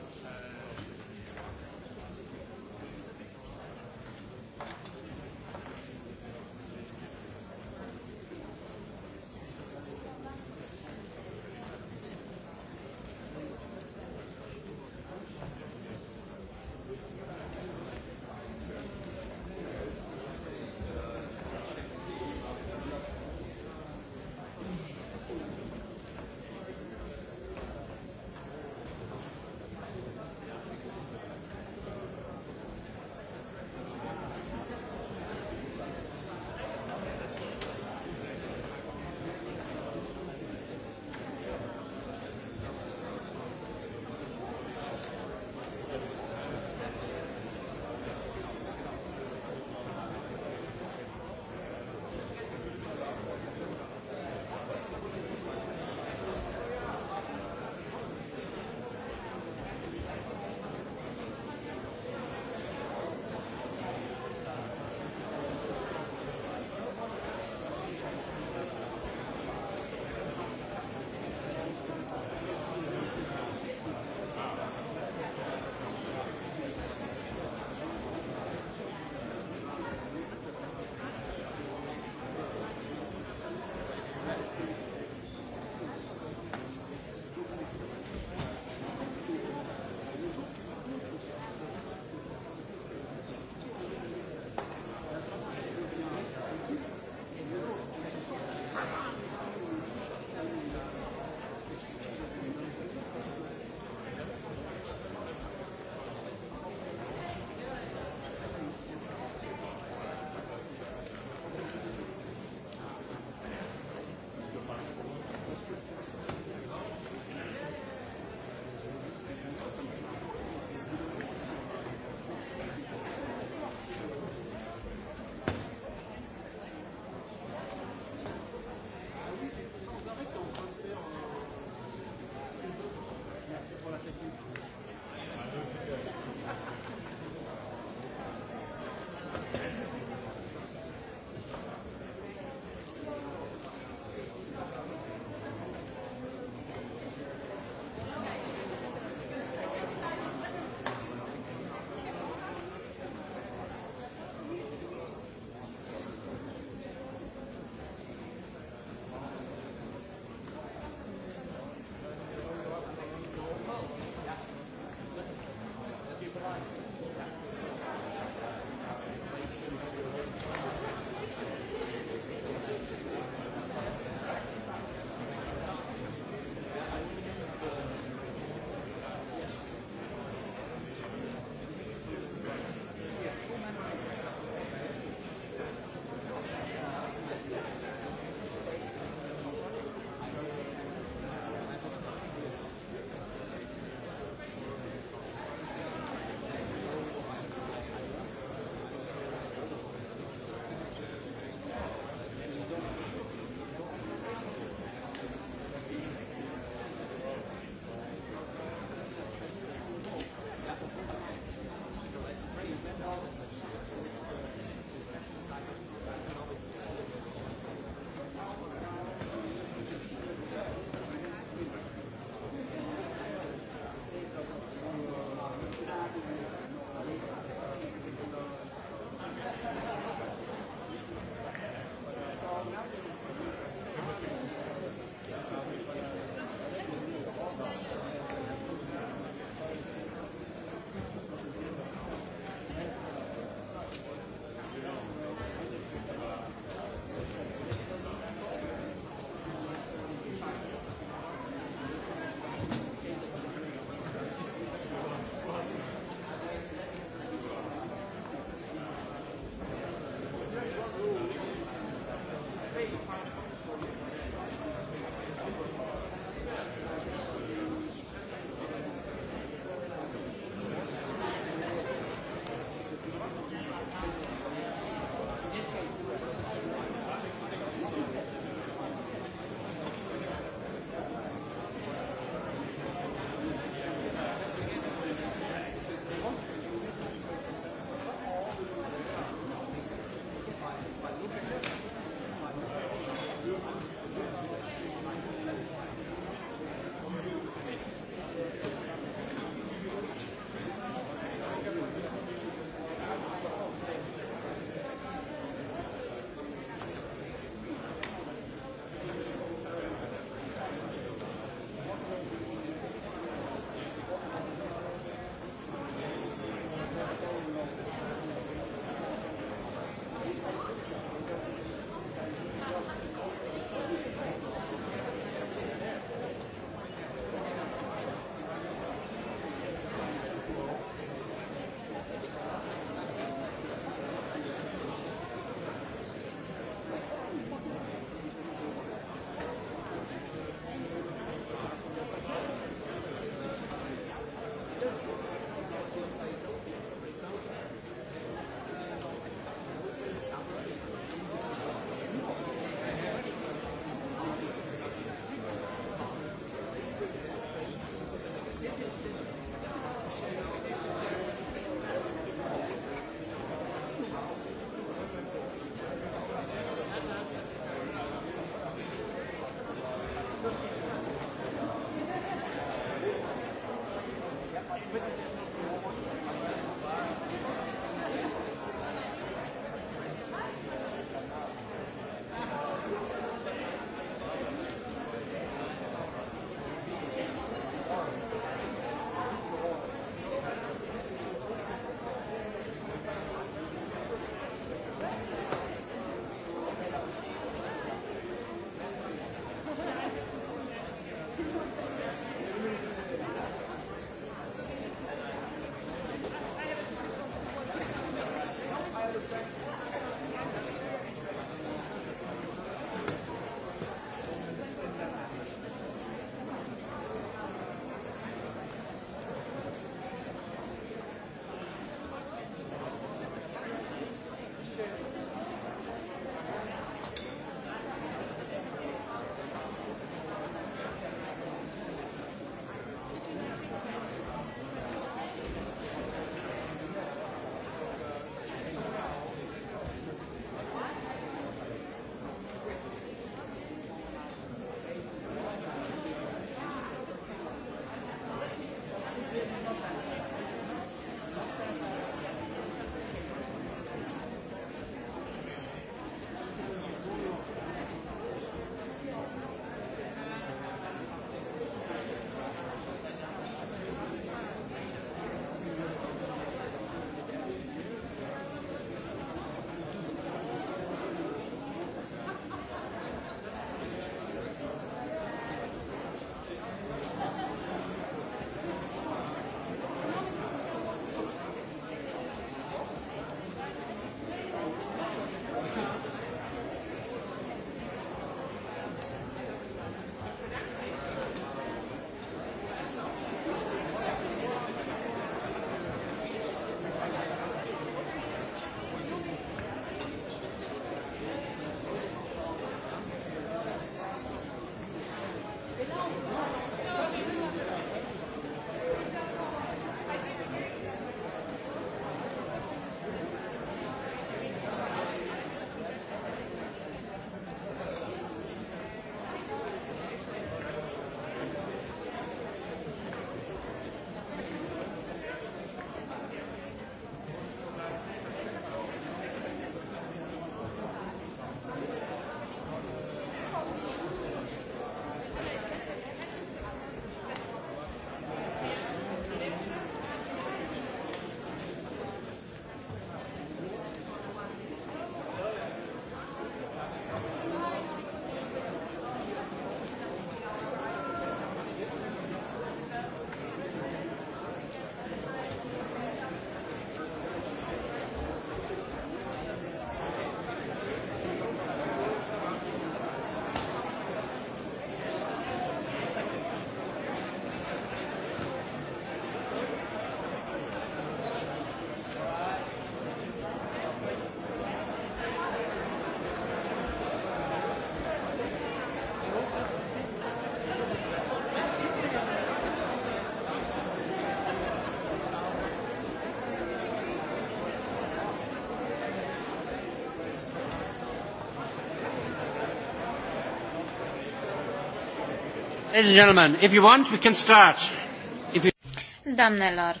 Doamnelor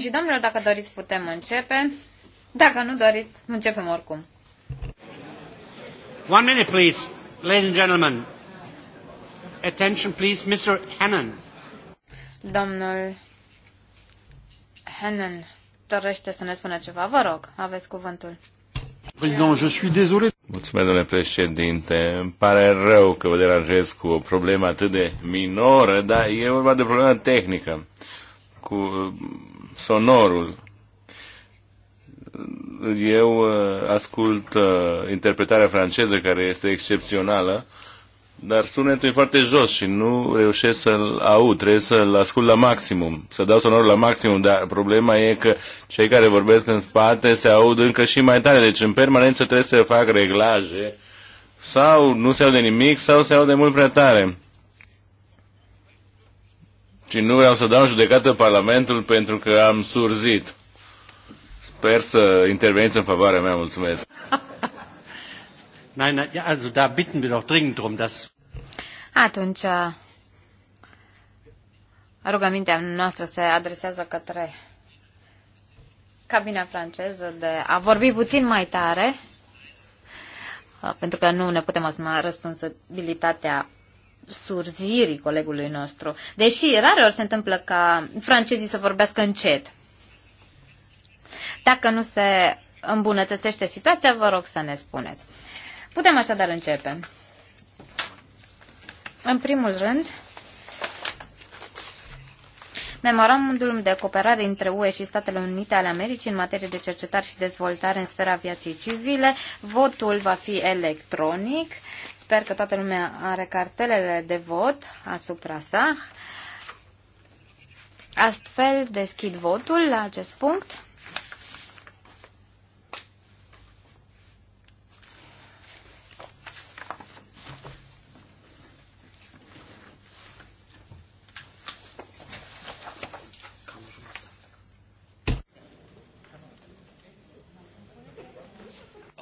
și domnilor, dacă doriți, putem începe. Dacă nu doriți, începem oricum. One minute, please, ladies and gentlemen. Attention, please, Mr. Hannan. Domnul Hannan dorește să ne spună ceva. Vă rog, aveți cuvântul. Mulțumesc, domnule președinte. Îmi pare rău că vă deranjez cu o problemă atât de minoră, dar e vorba de o problemă tehnică cu uh, sonorul. Eu uh, ascult uh, interpretarea franceză, care este excepțională, dar sunetul e foarte jos și nu reușesc să-l aud, trebuie să-l ascult la maximum, să dau sonorul la maximum, dar problema e că cei care vorbesc în spate se aud încă și mai tare, deci în permanență trebuie să fac reglaje sau nu se aude nimic sau se aude mult prea tare. Și nu vreau să dau judecată Parlamentul pentru că am surzit. Sper să interveniți în favoarea mea, mulțumesc. Nein, nein, ja, also da bitten wir doch dringend drum, dass atunci, rugămintea noastră se adresează către cabina franceză de a vorbi puțin mai tare, uh, pentru că nu ne putem asuma responsabilitatea surzirii colegului nostru. Deși rare ori se întâmplă ca francezii să vorbească încet. Dacă nu se îmbunătățește situația, vă rog să ne spuneți. Putem așadar începe. În primul rând, memorandum de cooperare între UE și Statele Unite ale Americii în materie de cercetare și dezvoltare în sfera aviației civile. Votul va fi electronic. Sper că toată lumea are cartelele de vot asupra sa. Astfel deschid votul la acest punct.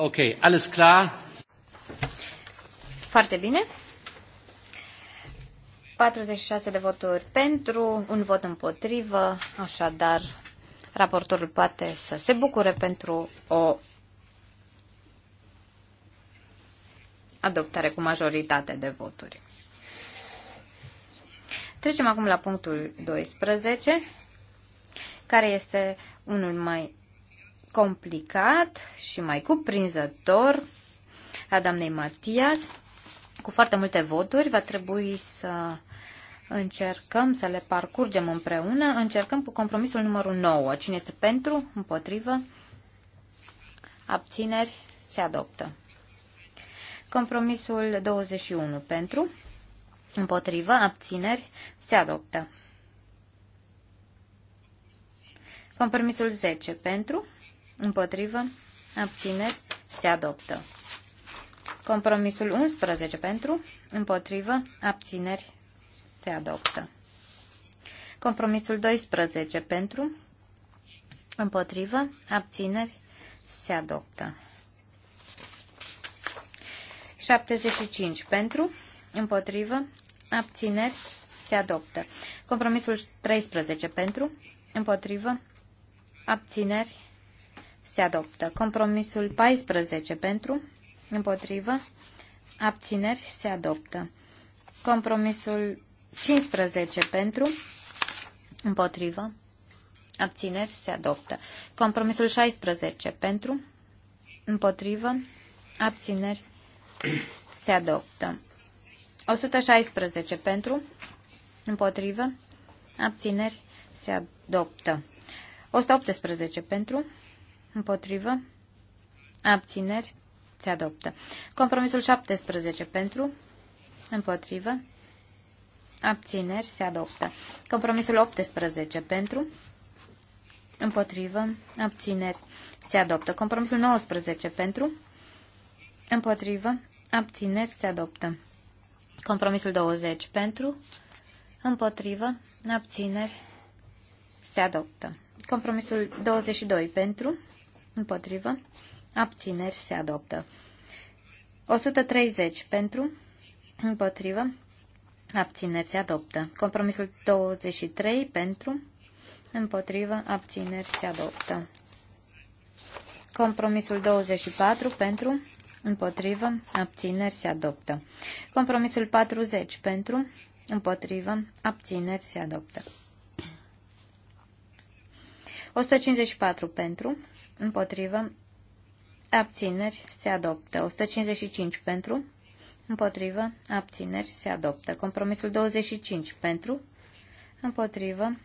Ok, alles klar. Foarte bine. 46 de voturi pentru, un vot împotrivă, așadar raportorul poate să se bucure pentru o adoptare cu majoritate de voturi. Trecem acum la punctul 12, care este unul mai complicat și mai cuprinzător a doamnei Matias, cu foarte multe voturi. Va trebui să încercăm să le parcurgem împreună. Încercăm cu compromisul numărul 9. Cine este pentru, împotrivă, abțineri, se adoptă. Compromisul 21 pentru, împotrivă, abțineri, se adoptă. Compromisul 10 pentru, Împotrivă. Abțineri. Se adoptă. Compromisul 11 pentru. Împotrivă. Abțineri. Se adoptă. Compromisul 12 pentru. Împotrivă. Abțineri. Se adoptă. 75 pentru. Împotrivă. Abțineri. Se adoptă. Compromisul 13 pentru. Împotrivă. Abțineri se adoptă. Compromisul 14 pentru, împotrivă, abțineri, se adoptă. Compromisul 15 pentru, împotrivă, abțineri, se adoptă. Compromisul 16 pentru, împotrivă, abțineri, se adoptă. 116 pentru, împotrivă, abțineri, se adoptă. 118 pentru, Împotrivă. Abțineri. Se adoptă. Compromisul 17 pentru. Împotrivă. Abțineri. Se adoptă. Compromisul 18 pentru. Împotrivă. Abțineri. Se adoptă. Compromisul 19 pentru. Împotrivă. Abțineri. Se adoptă. Compromisul 20 pentru. Împotrivă. Abțineri. Se adoptă. Compromisul 22 pentru. Împotrivă. Abțineri se adoptă. 130 pentru. Împotrivă. Abțineri se adoptă. Compromisul 23 pentru. Împotrivă. Abțineri se adoptă. Compromisul 24 pentru. Împotrivă. Abțineri se adoptă. Compromisul 40 pentru. Împotrivă. Abțineri se adoptă. 154 pentru împotrivă, abțineri, se adoptă. 155 pentru, împotrivă, abțineri, se adoptă. Compromisul 25 pentru, împotrivă,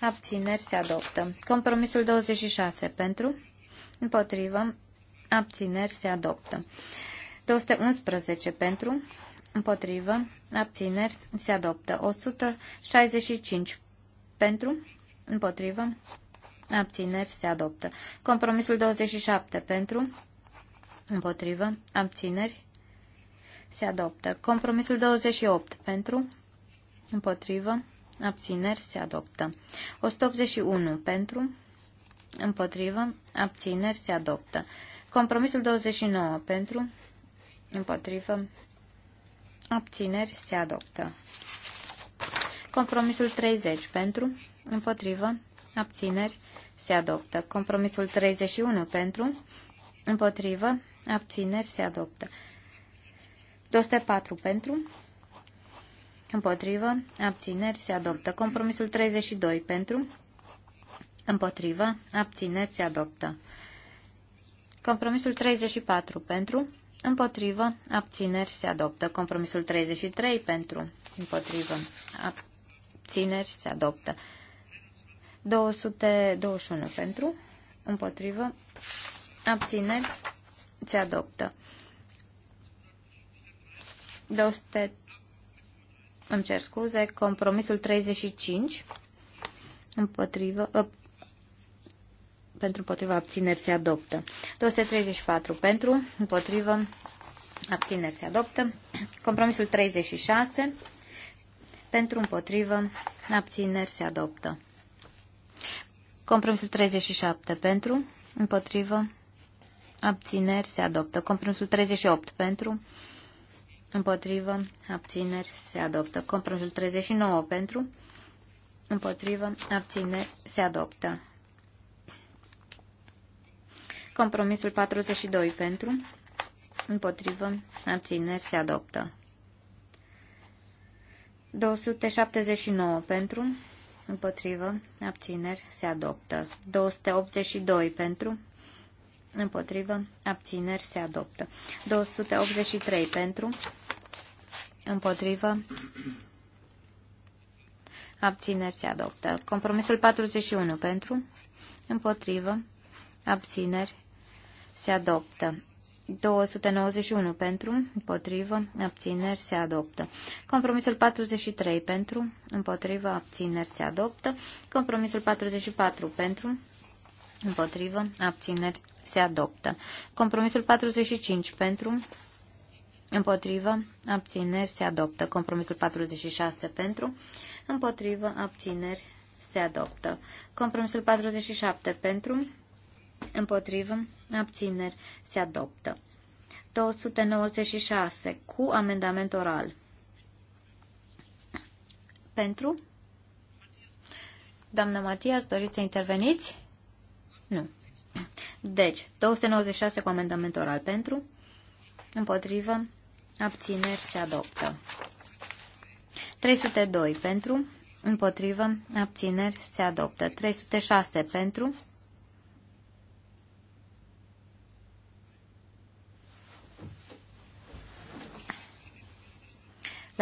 abțineri, se adoptă. Compromisul 26 pentru, împotrivă, abțineri, se adoptă. 211 pentru, împotrivă, abțineri, se adoptă. 165 pentru, împotrivă, abțineri se adoptă. Compromisul 27 pentru, împotrivă, abțineri se adoptă. Compromisul 28 pentru, împotrivă, abțineri se adoptă. 181 pentru, împotrivă, abțineri se adoptă. Compromisul 29 pentru, împotrivă, abțineri se adoptă. Compromisul 30 pentru, împotrivă, abțineri se adoptă. Compromisul 31 pentru, împotrivă, abțineri, se adoptă. 204 pentru, împotrivă, abțineri, se adoptă. Compromisul 32 pentru, împotrivă, abțineri, se adoptă. Compromisul 34 pentru, împotrivă, abțineri, se adoptă. Compromisul 33 pentru, împotrivă, abțineri, se adoptă. 221 pentru, împotrivă, abține, se adoptă. 200, îmi cer scuze, compromisul 35, împotrivă, ă, pentru împotriva abțineri se adoptă. 234 pentru, împotrivă, abțineri se adoptă. Compromisul 36 pentru, împotrivă, abțineri se adoptă. Compromisul 37 pentru, împotrivă, abțineri se adoptă. Compromisul 38 pentru, împotrivă, abțineri se adoptă. Compromisul 39 pentru, împotrivă, abțineri se adoptă. Compromisul 42 pentru, împotrivă, abțineri se adoptă. 279 pentru, împotrivă, abțineri, se adoptă. 282 pentru, împotrivă, abțineri, se adoptă. 283 pentru, împotrivă, abțineri, se adoptă. Compromisul 41 pentru, împotrivă, abțineri, se adoptă. 291 pentru, împotrivă, abțineri se adoptă. Compromisul 43 pentru, împotrivă, abțineri se adoptă. Compromisul 44 pentru, împotrivă, abțineri se adoptă. Compromisul 45 pentru, împotrivă, abțineri se adoptă. Compromisul 46 pentru, împotrivă, abțineri se adoptă. Compromisul 47 pentru, împotrivă, abțineri, se adoptă. 296 cu amendament oral. Pentru? Doamna Matias, doriți să interveniți? Nu. Deci, 296 cu amendament oral pentru, împotrivă, abțineri se adoptă. 302 pentru, împotrivă, abțineri se adoptă. 306 pentru,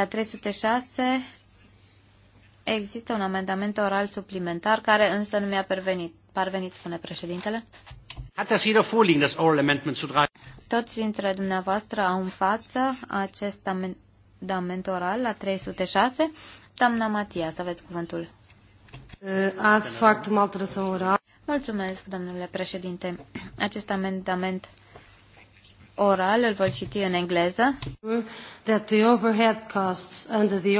La 306 există un amendament oral suplimentar care însă nu mi-a parvenit, parvenit, spune președintele. Toți dintre dumneavoastră au în față acest amendament oral la 306. Doamna Matia, să aveți cuvântul. Eh, Ad factum alteração oral. Mulțumesc, domnule președinte. Acest amendament oral, îl voi citi în engleză. That the overhead costs under the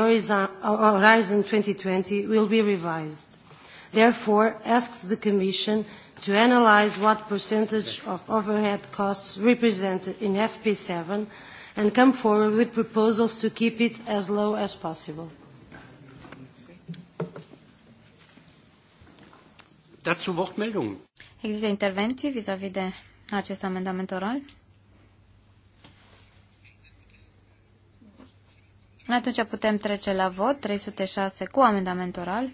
Horizon 2020 will be revised. Therefore, asks the Commission to analyze what percentage of overhead costs represented in FP7 and come forward with proposals to keep it as low as possible. Dazu Wortmeldungen. Există intervenții vis-a-vis -vis de acest amendament oral? Atunci putem trece la vot 306 cu amendament oral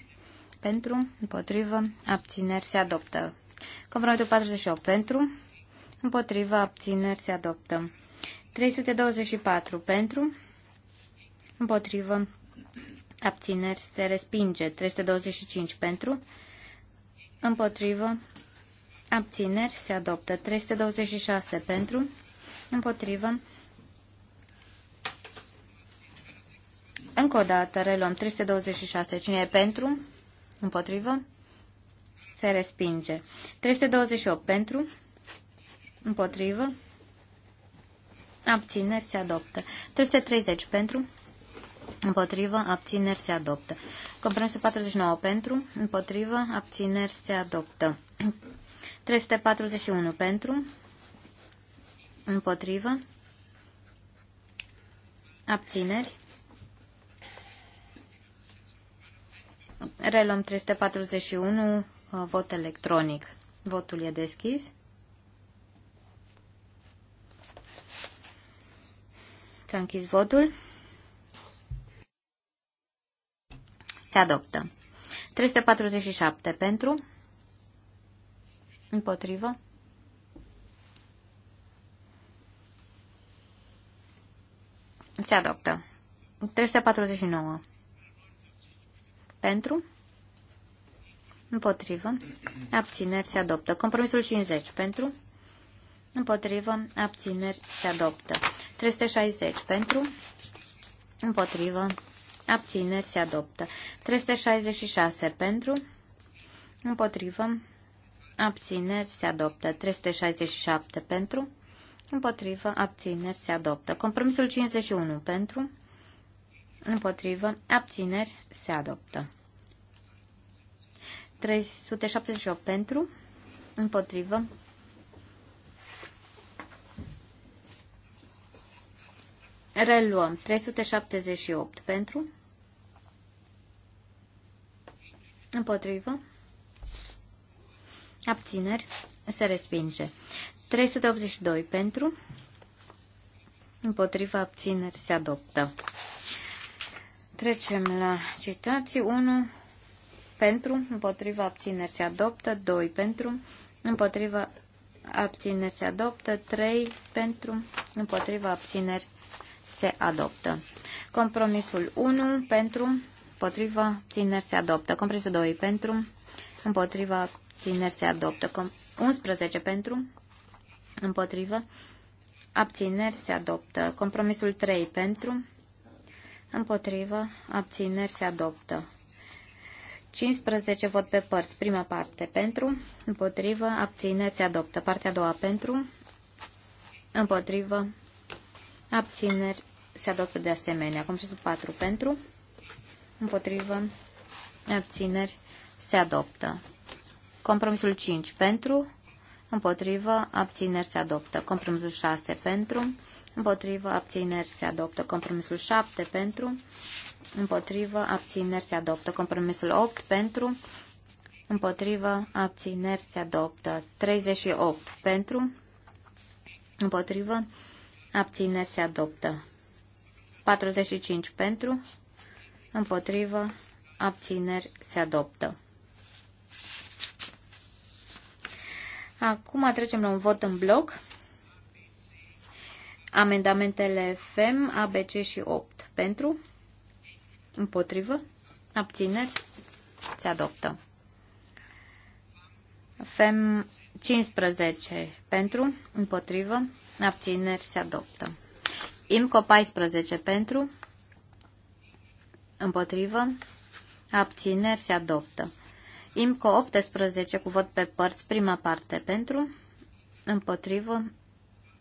pentru, împotrivă, abțineri se adoptă. Compromitul 48 pentru, împotrivă, abțineri se adoptă. 324 pentru, împotrivă, abțineri se respinge. 325 pentru, împotrivă, abțineri se adoptă. 326 pentru, împotrivă, Încă o dată reluăm 326. Cine e pentru? Împotrivă? Se respinge. 328 pentru? Împotrivă? Abțineri se adoptă. 330 pentru? Împotrivă, abțineri se adoptă. Compromisul 49 pentru, împotrivă, abțineri se adoptă. 341 pentru, împotrivă, abțineri Reluăm 341, uh, vot electronic. Votul e deschis. S-a închis votul. Se adoptă. 347 pentru. Împotrivă. Se adoptă. 349 pentru? Împotrivă. Abțineri se adoptă. Compromisul 50. Pentru? Împotrivă. Abțineri se adoptă. 360. Pentru? Împotrivă. Abțineri se adoptă. 366. Pentru? Împotrivă. Abțineri se adoptă. 367. Pentru? Împotrivă. Abțineri se adoptă. Compromisul 51. Pentru? Împotrivă. Abțineri se adoptă. 378 pentru, împotrivă. Reluăm. 378 pentru, împotrivă. Abțineri. Se respinge. 382 pentru. Împotriva abțineri se adoptă. Trecem la citații. 1 pentru, împotriva abțineri se adoptă, 2 pentru, împotriva abțineri se adoptă, 3 pentru, împotriva abțineri se adoptă. Compromisul 1 pentru, împotriva abțineri se adoptă. Compromisul 2 pentru, împotriva abțineri se adoptă. 11 pentru, împotriva abțineri se adoptă. Compromisul 3 pentru, împotriva abțineri se adoptă. 15 vot pe părți. Prima parte pentru, împotrivă, abțineri, se adoptă. Partea a doua pentru, împotrivă, abțineri, se adoptă de asemenea. Compromisul 4 pentru, împotrivă, abțineri, se adoptă. Compromisul 5 pentru, împotrivă, abțineri, se adoptă. Compromisul 6 pentru, împotrivă, abțineri, se adoptă. Compromisul 7 pentru, împotrivă, abțineri se adoptă. Compromisul 8 pentru, împotrivă, abțineri se adoptă. 38 pentru, împotrivă, abțineri se adoptă. 45 pentru, împotrivă, abțineri se adoptă. Acum trecem la un vot în bloc. Amendamentele FEM, ABC și 8 pentru, Împotrivă? Abțineri? Se adoptă. FEM 15 pentru, împotrivă, abțineri se adoptă. IMCO 14 pentru, împotrivă, abțineri se adoptă. IMCO 18 cu vot pe părți, prima parte pentru, împotrivă,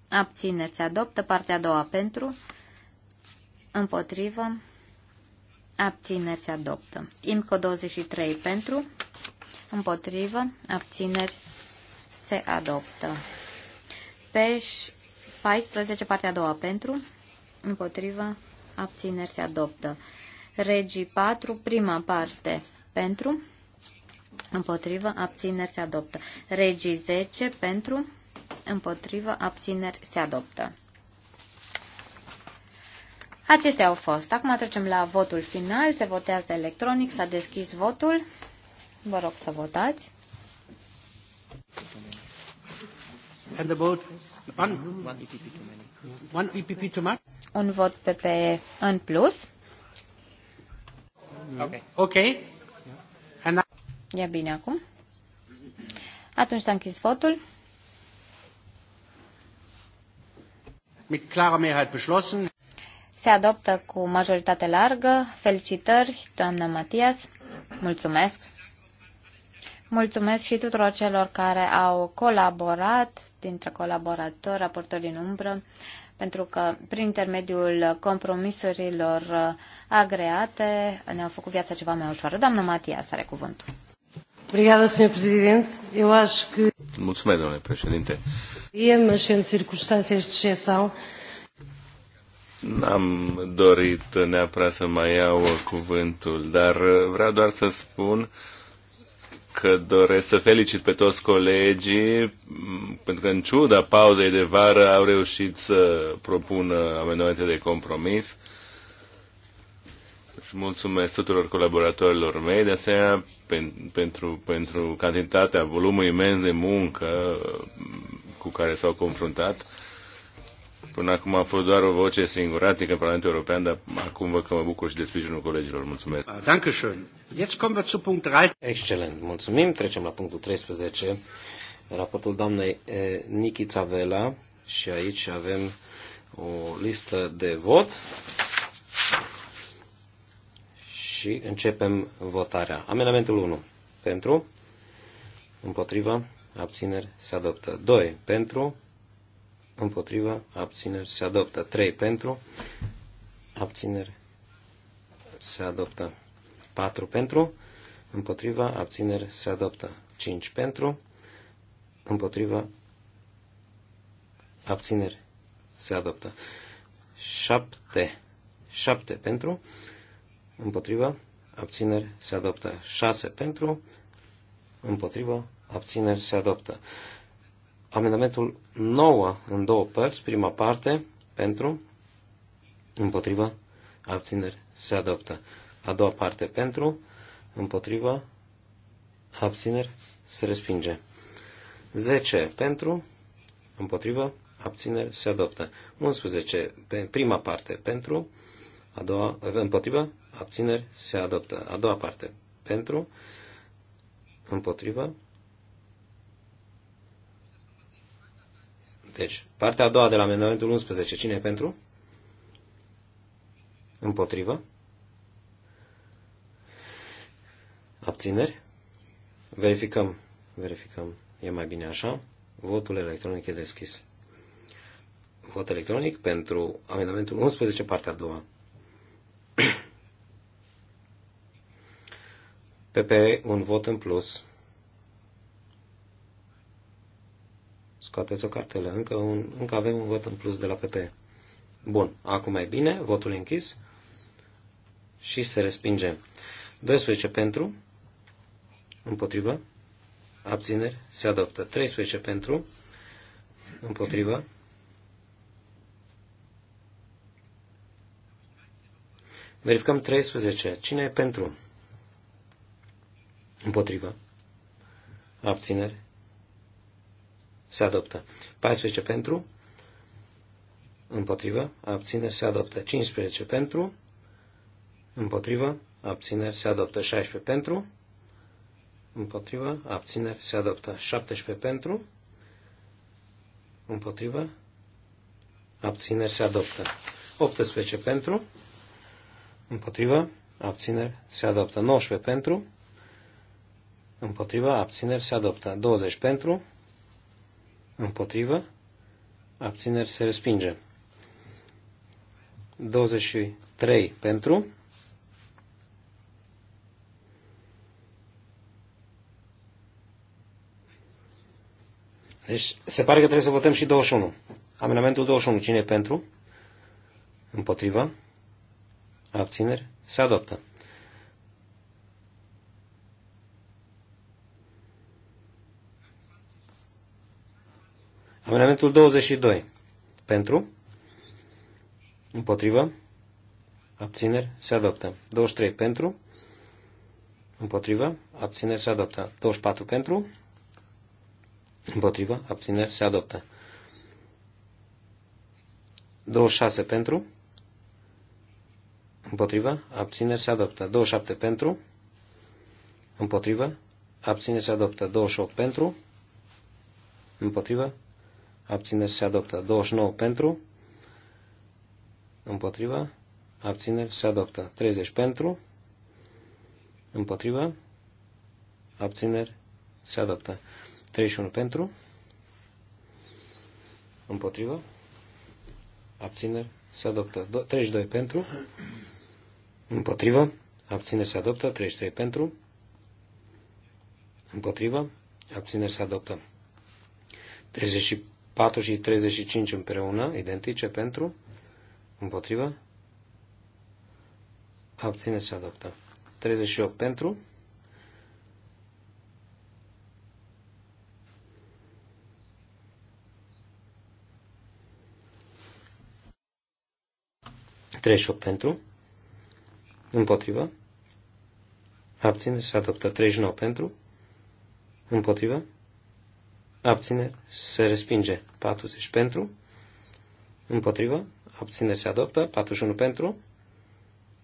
abțineri se adoptă, partea a doua pentru, împotrivă, abțineri se adoptă. IMCO 23 pentru, împotrivă, abțineri se adoptă. PEș 14, partea a doua pentru, împotrivă, abțineri se adoptă. Regii 4, prima parte pentru, împotrivă, abțineri se adoptă. Regii 10 pentru, împotrivă, abțineri se adoptă. Acestea au fost. Acum trecem la votul final. Se votează electronic. S-a deschis votul. Vă rog să votați. And the vote, one, one EPP too many. Un vot PPE în plus. Ok. okay. And e bine acum. Atunci s-a închis votul. Mit klarer Mehrheit beschlossen se adoptă cu majoritate largă. Felicitări, doamnă Matias. Mulțumesc. Mulțumesc și tuturor celor care au colaborat, dintre colaboratori, raportori din umbră, pentru că prin intermediul compromisurilor uh, agreate ne-au făcut viața ceva mai ușoară. Doamnă Matias are cuvântul. Obrigada, Presidente. Eu acho que. Mulțumesc, domnule președinte. Mas, sendo circunstâncias de exceção, N-am dorit neapărat să mai iau cuvântul, dar vreau doar să spun că doresc să felicit pe toți colegii, pentru că în ciuda pauzei de vară au reușit să propună amenoate de compromis. Și deci mulțumesc tuturor colaboratorilor mei, de asemenea pen, pentru, pentru cantitatea, volumul imens de muncă cu care s-au confruntat Până acum a fost doar o voce singuratică în Parlamentul European, dar acum văd că mă bucur și de sprijinul colegilor. Mulțumesc. Ah, dankeschön. Jetzt kommen wir zu punct Excelent. Mulțumim. Trecem la punctul 13. Raportul doamnei eh, Nichi și aici avem o listă de vot și începem votarea. Amendamentul 1. Pentru. Împotriva. Abțineri. Se adoptă. 2. Pentru împotriva, abțineri, se adoptă. 3 pentru, abțineri, se adoptă. 4 pentru, împotriva, abțineri, se adoptă. 5 pentru, împotriva, abțineri, se adoptă. 7, 7 pentru, împotriva, abțineri, se adoptă. 6 pentru, împotriva, abțineri, se adoptă. Amendamentul 9 în două părți, prima parte, pentru, împotriva, abțineri, se adoptă. A doua parte, pentru, împotriva, abțineri, se respinge. 10 pentru, împotriva, abțineri, se adoptă. 11, pe prima parte, pentru, a doua, împotriva, abțineri, se adoptă. A doua parte, pentru, împotriva, Deci, partea a doua de la amendamentul 11, cine e pentru? Împotrivă? Abțineri? Verificăm, verificăm. E mai bine așa. Votul electronic e deschis. Vot electronic pentru amendamentul 11, partea a doua. PP, un vot în plus. scoateți o cartelă. Încă, un, încă avem un vot în plus de la PP. Bun, acum e bine, votul e închis și se respinge. 12 pentru, împotrivă, abțineri, se adoptă. 13 pentru, împotrivă, Verificăm 13. Cine e pentru? Împotrivă. Abțineri se adoptă. 14 pentru, împotrivă, abțineri, se adoptă. 15 pentru, împotrivă, abțineri, se adoptă. 16 pentru, împotrivă, abțineri, se adoptă. 17 pentru, împotrivă, abțineri, se adoptă. 18 pentru, împotrivă, abțineri, se adoptă. 19 pentru, împotrivă, abțineri, se adoptă. 20 pentru, Împotrivă. Abțineri se respinge. 23 pentru. Deci se pare că trebuie să votăm și 21. Amendamentul 21. Cine e pentru? Împotrivă? Abțineri? Se adoptă. Amendamentul 22. Pentru? Împotrivă? Abțineri? Se adoptă. 23. Pentru? Împotrivă? Abțineri? Se adoptă. 24. Pentru? Împotrivă? Abțineri? Se adoptă. 26. Pentru? Împotrivă? Abțineri? Se adoptă. 27. Pentru? Împotrivă? Abțineri? Se adoptă. 28. Pentru? Împotrivă? abțineri se adoptă. 29 pentru, împotriva, abțineri se adoptă. 30 pentru, împotriva, abțineri se adoptă. 31 pentru, împotriva, abțineri se adoptă. 32 pentru, împotriva, abțineri se adoptă. 33 pentru, împotriva, abțineri se adoptă. 34 4 și 35 împreună, identice pentru, împotrivă, abține să adoptă. 38 pentru, Treizeci pentru, împotrivă, abține să adoptă 39 pentru, împotrivă, abține, se respinge. 40 pentru, împotrivă, abțineri, se adoptă. 41 pentru,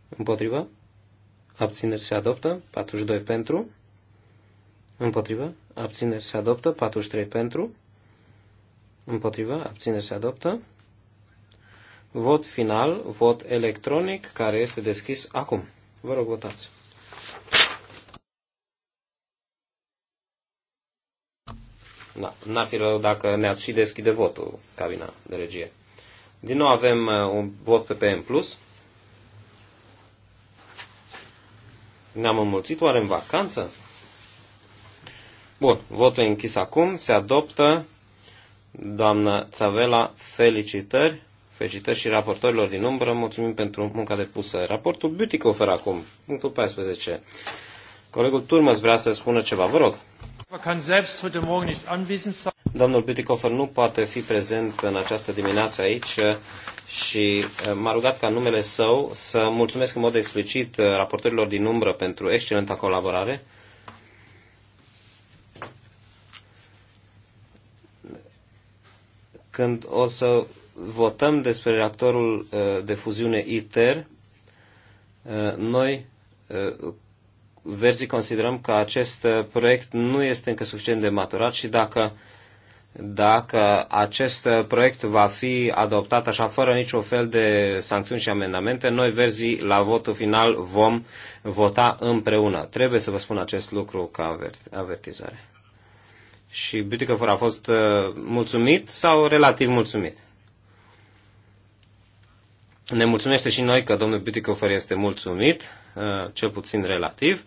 împotrivă, abțineri, se adoptă. 42 pentru, împotrivă, abțineri, se adoptă. 43 pentru, împotrivă, abțineri, se adoptă. Vot final, vot electronic, care este deschis acum. Vă rog, votați. Da, n-ar fi rău dacă ne-ați și deschide votul, cabina de regie. Din nou avem uh, un vot pe Plus. Ne-am înmulțit oare în vacanță? Bun, votul e închis acum, se adoptă. Doamna Țavela, felicitări, felicitări și raportorilor din umbră, mulțumim pentru munca depusă. Raportul Beauty oferă acum, punctul 14. Colegul Turmăs vrea să spună ceva, vă rog. Domnul Bütikofer nu poate fi prezent în această dimineață aici uh, și uh, m-a rugat ca numele său să mulțumesc în mod explicit uh, raportorilor din umbră pentru excelenta colaborare. Când o să votăm despre reactorul de fuziune ITER, noi Verzii considerăm că acest uh, proiect nu este încă suficient de maturat și dacă, dacă acest uh, proiect va fi adoptat așa fără niciun fel de sancțiuni și amendamente, noi verzii la votul final vom vota împreună. Trebuie să vă spun acest lucru ca avertizare. Și Bütikofer a fost uh, mulțumit sau relativ mulțumit? Ne mulțumește și noi că domnul Bütikofer este mulțumit, uh, cel puțin relativ,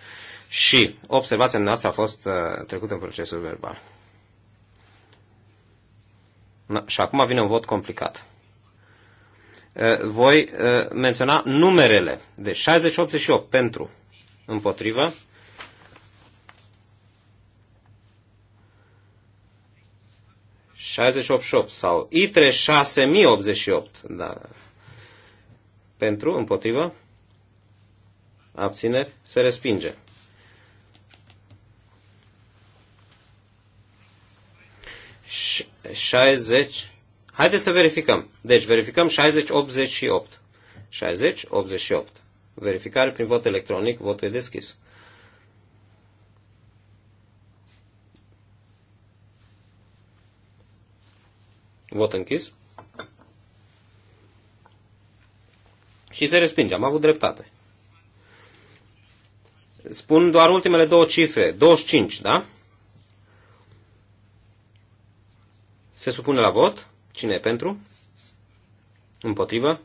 și observația noastră a fost uh, trecută în procesul verbal. Na, și acum vine un vot complicat. Uh, voi menționa numerele de 60-88 pentru împotrivă, 6088 sau I3 6088, da, pentru, împotrivă, abțineri, se respinge. Ș 60. Haideți să verificăm. Deci verificăm 60-88. 60-88. Verificare prin vot electronic, votul e deschis. Vot închis. Și se respinge. Am avut dreptate. Spun doar ultimele două cifre. 25, da? Se supune la vot. Cine e pentru? Împotrivă?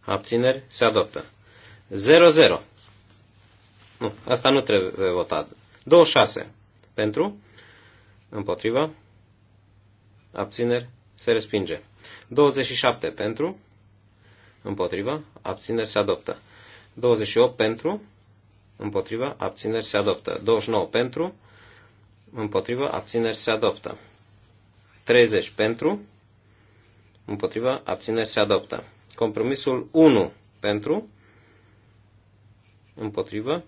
Abțineri? Se adoptă. 00. Nu, asta nu trebuie votat. 26. Pentru? Împotrivă? Abțineri? Se respinge. 27. Pentru? împotriva, abțineri se adoptă. 28 pentru, împotriva, abțineri se adoptă. 29 pentru, împotriva, abțineri se adoptă. 30 pentru, împotriva, abțineri se adoptă. Compromisul 1 pentru, împotriva,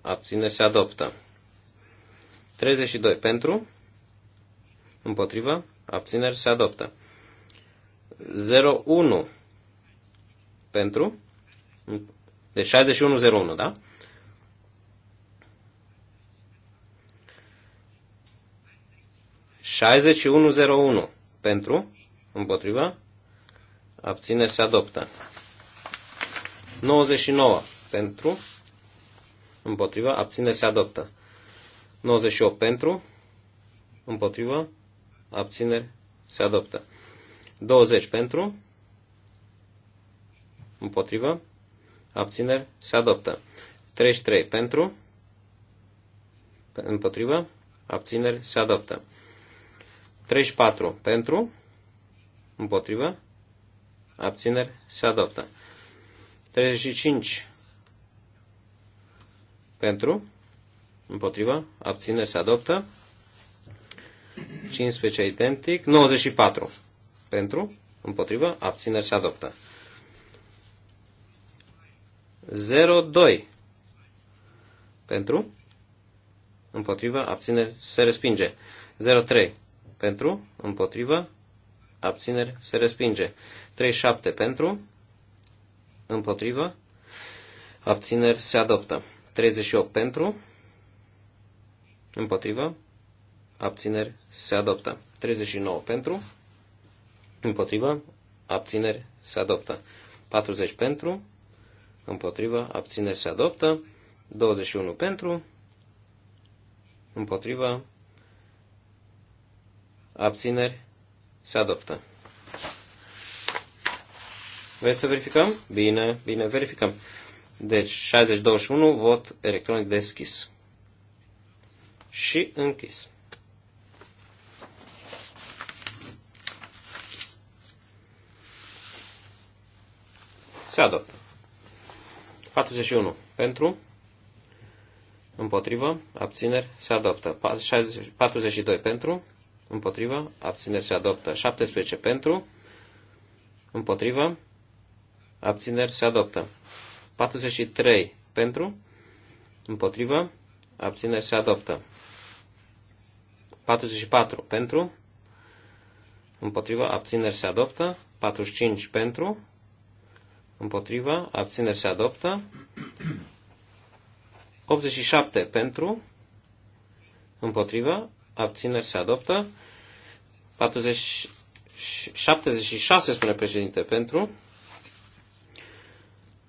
abțineri se adoptă. 32 pentru, împotriva, abțineri se adoptă. 01 pentru. Deci 6101, da? Șaizeci pentru, împotriva, abține se adoptă. 99 pentru, împotriva, abține se adoptă. 98 pentru, împotriva, abțineri, se adoptă. 20 pentru, Împotrivă. Abțineri. Se adoptă. 33 pentru. Împotrivă. Abțineri. Se adoptă. 34 pentru. Împotrivă. Abțineri. Se adoptă. 35 pentru. Împotrivă. Abțineri. Se adoptă. 15 identic. 94 pentru. Împotrivă. Abțineri. Se adoptă. 02 pentru, împotrivă, abțineri, se respinge. 03 pentru, împotrivă, abțineri, se respinge. 37 pentru, împotrivă, abțineri, se adoptă. 38 pentru, împotrivă, abțineri, se adoptă. 39 pentru, împotrivă, abțineri, se adoptă. 40 pentru, împotrivă, abțineri se adoptă, 21 pentru, împotrivă, abțineri se adoptă. Vreți să verificăm? Bine, bine, verificăm. Deci 60-21, vot electronic deschis. Și închis. Se adoptă. 41. Pentru, împotrivă, abțineri, se adoptă. 42. Pentru, împotrivă, abțineri, se adoptă. 17. Pentru, împotrivă, abțineri, se adoptă. 43. Pentru, împotrivă, abțineri, se adoptă. 44. Pentru, împotrivă, abțineri, se adoptă. 45. Pentru, împotrivă, abțineri se adoptă. 87 pentru, împotrivă, abțineri se adoptă. 40, 76 spune președinte pentru.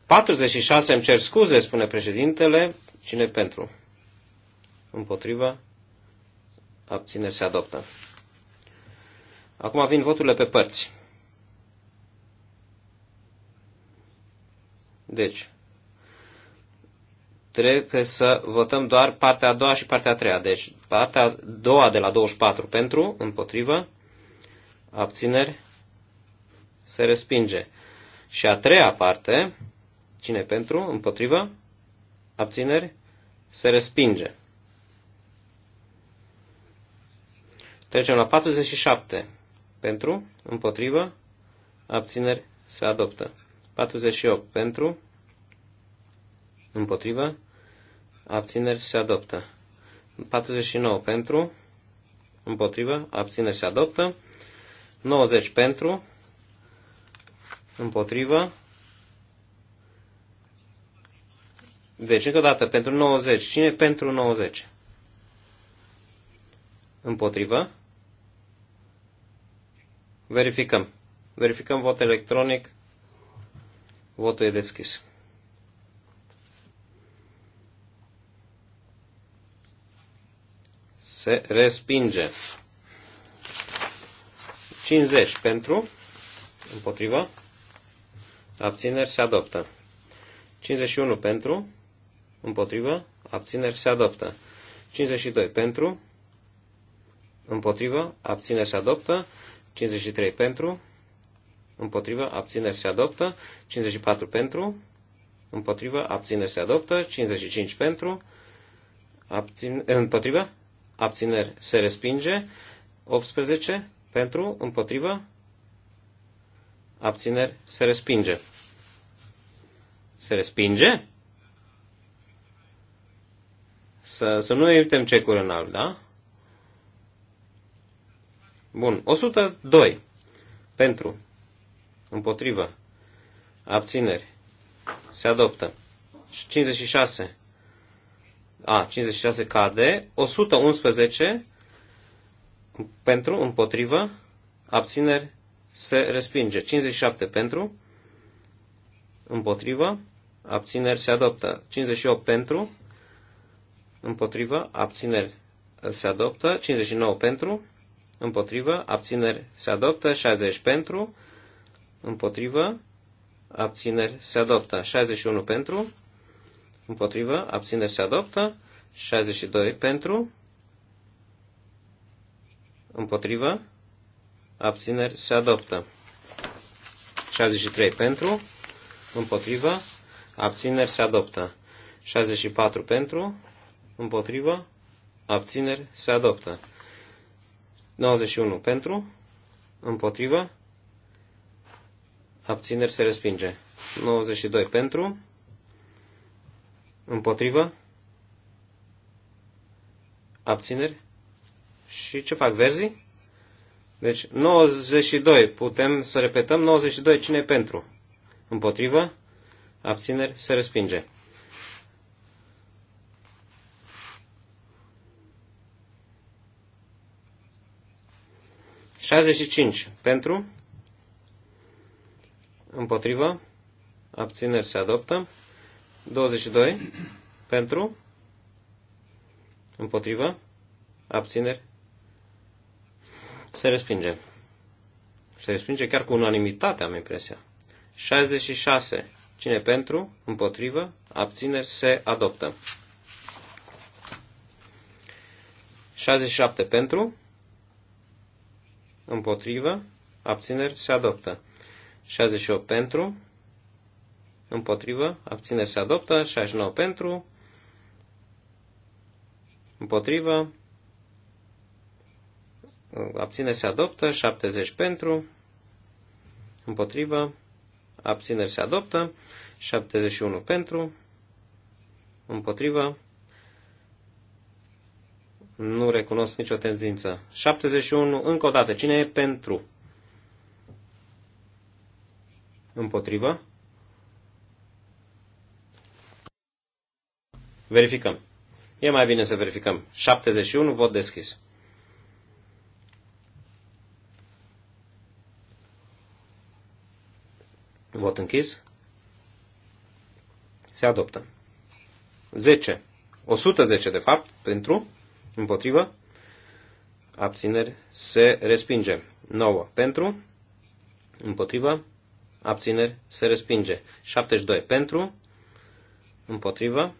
46 îmi cer scuze, spune președintele. Cine pentru? Împotrivă, abțineri se adoptă. Acum vin voturile pe părți. Deci, trebuie să votăm doar partea a doua și partea a treia. Deci, partea a doua de la 24 pentru, împotrivă, abțineri, se respinge. Și a treia parte, cine pentru, împotrivă, abțineri, se respinge. Trecem la 47. Pentru, împotrivă, abțineri, se adoptă. 48 pentru, împotrivă, abțineri se adoptă. 49 pentru, împotrivă, abțineri se adoptă. 90 pentru, împotrivă. Deci, încă o dată, pentru 90. Cine pentru 90? Împotrivă. Verificăm. Verificăm vot electronic Votul e deschis. Se respinge. 50 pentru, împotriva, abțineri se adoptă. 51 pentru, împotriva, abțineri se adoptă. 52 pentru, împotriva, abțineri se adoptă. 53 pentru, împotrivă, abțineri se adoptă, 54 pentru, împotrivă, abțineri se adoptă, 55 pentru, abțin, împotrivă, abțineri se respinge, 18 pentru, împotrivă, abțineri se respinge. Se respinge? Să, să nu uităm ce în alb, da? Bun. 102. Pentru. Împotrivă. Abțineri. Se adoptă. 56. A, 56 cade. 111 pentru, împotrivă, abțineri, se respinge. 57 pentru, împotrivă, abțineri, se adoptă. 58 pentru, împotrivă, abțineri, se adoptă. 59 pentru, împotrivă, abțineri, se adoptă. 60 pentru, împotrivă, abțineri se adoptă. 61 pentru, împotrivă, abțineri se adoptă. 62 pentru, împotrivă, abțineri se adoptă. 63 pentru, împotrivă, abțineri se adoptă. 64 pentru, împotrivă, abțineri se adoptă. 91 pentru, împotrivă, abțineri se respinge. 92 pentru, împotrivă, abțineri. Și ce fac verzii? Deci 92, putem să repetăm, 92 cine e pentru? Împotrivă, abțineri, se respinge. Șaizeci și cinci pentru împotrivă, abțineri se adoptă. 22 pentru, împotrivă, abțineri se respinge. Se respinge chiar cu unanimitate, am impresia. 66. Cine pentru, împotrivă, abțineri se adoptă. 67 pentru, împotrivă, abțineri se adoptă. 68 pentru, împotrivă, abțineri se adoptă, 69 pentru, împotrivă, abțineri se adoptă, 70 pentru, împotrivă, abțineri se adoptă, 71 pentru, împotrivă, nu recunosc nicio tendință. 71, încă o dată, cine e pentru? Împotrivă. Verificăm. E mai bine să verificăm. 71, vot deschis. Vot închis. Se adoptă. 10. 110 de fapt, pentru, împotrivă, abțineri, se respinge. 9. Pentru, împotrivă, abțineri, se respinge. 72 pentru, împotrivă,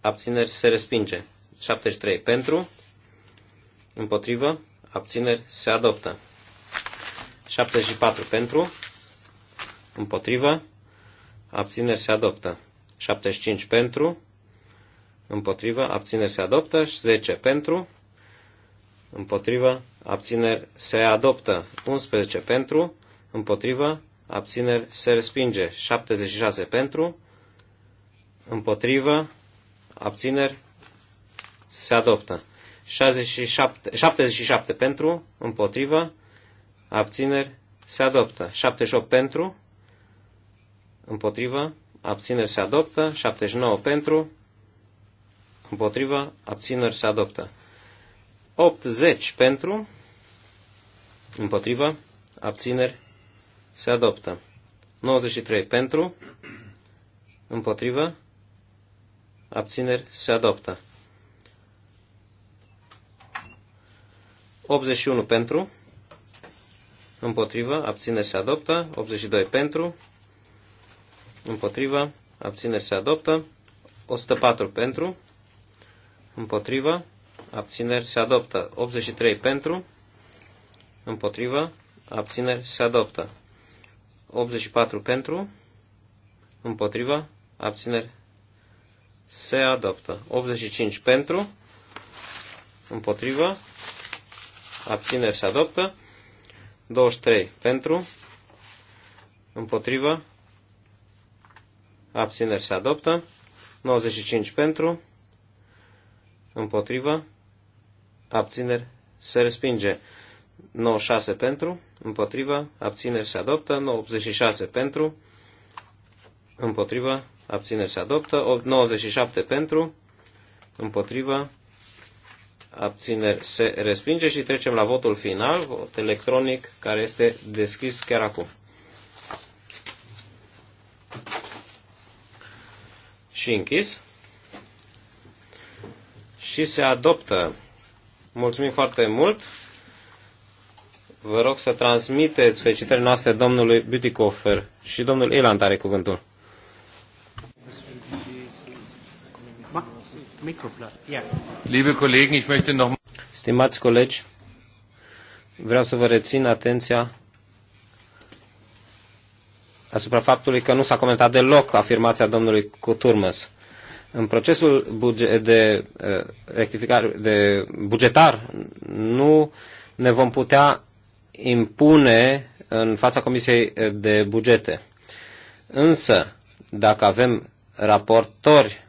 abțineri, se respinge. 73 pentru, împotrivă, abțineri, se adoptă. 74 pentru, împotrivă, abțineri, se adoptă. 75 pentru, împotrivă, abțineri, se adoptă. 10 pentru, împotrivă, abțineri, se adoptă. 11 pentru, împotrivă, abțineri se respinge. 76 pentru, împotrivă, abțineri se adoptă. 67, 77 pentru, împotrivă, abțineri se adoptă. 78 pentru, împotrivă, abțineri se adoptă. 79 pentru, împotrivă, abțineri se adoptă. 80 pentru, împotrivă, abțineri se adoptă. 93 pentru, împotrivă, abțineri, se adoptă. 81 pentru, împotrivă, abțineri, se adoptă. 82 pentru, împotrivă, abțineri, se adoptă. 104 pentru, împotrivă, abțineri, se adoptă. 83 pentru, împotrivă, abțineri, se adoptă. 84 pentru, împotriva, abțineri, se adoptă. 85 pentru, împotriva, abțineri, se adoptă. 23 pentru, împotriva, abțineri, se adoptă. 95 pentru, împotriva, abțineri, se respinge. 96 pentru, împotriva, abțineri se adoptă, 86 pentru, împotriva, abțineri se adoptă, 97 pentru, împotriva, abțineri se respinge și trecem la votul final, vot electronic care este deschis chiar acum. Și închis. Și se adoptă. Mulțumim foarte mult! Vă rog să transmiteți felicitările noastre domnului Butikofer și domnul Eland are cuvântul. Stimați colegi, vreau să vă rețin atenția asupra faptului că nu s-a comentat deloc afirmația domnului Cuturmăs. În procesul de, eh, rectificare, de bugetar nu ne vom putea impune în fața Comisiei de Bugete. Însă, dacă avem raportori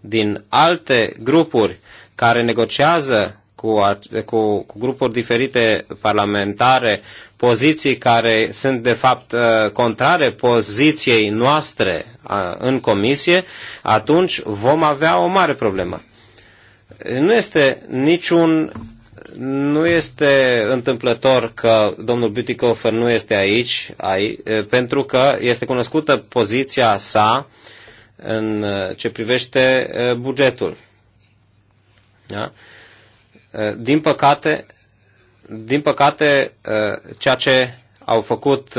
din alte grupuri care negociază cu, cu, cu grupuri diferite parlamentare, poziții care sunt de fapt uh, contrare poziției noastre uh, în comisie, atunci vom avea o mare problemă. Nu este niciun nu este întâmplător că domnul Butikofer nu este aici, ai, pentru că este cunoscută poziția sa în ce privește bugetul. Da? Din păcate, din păcate, ceea ce au făcut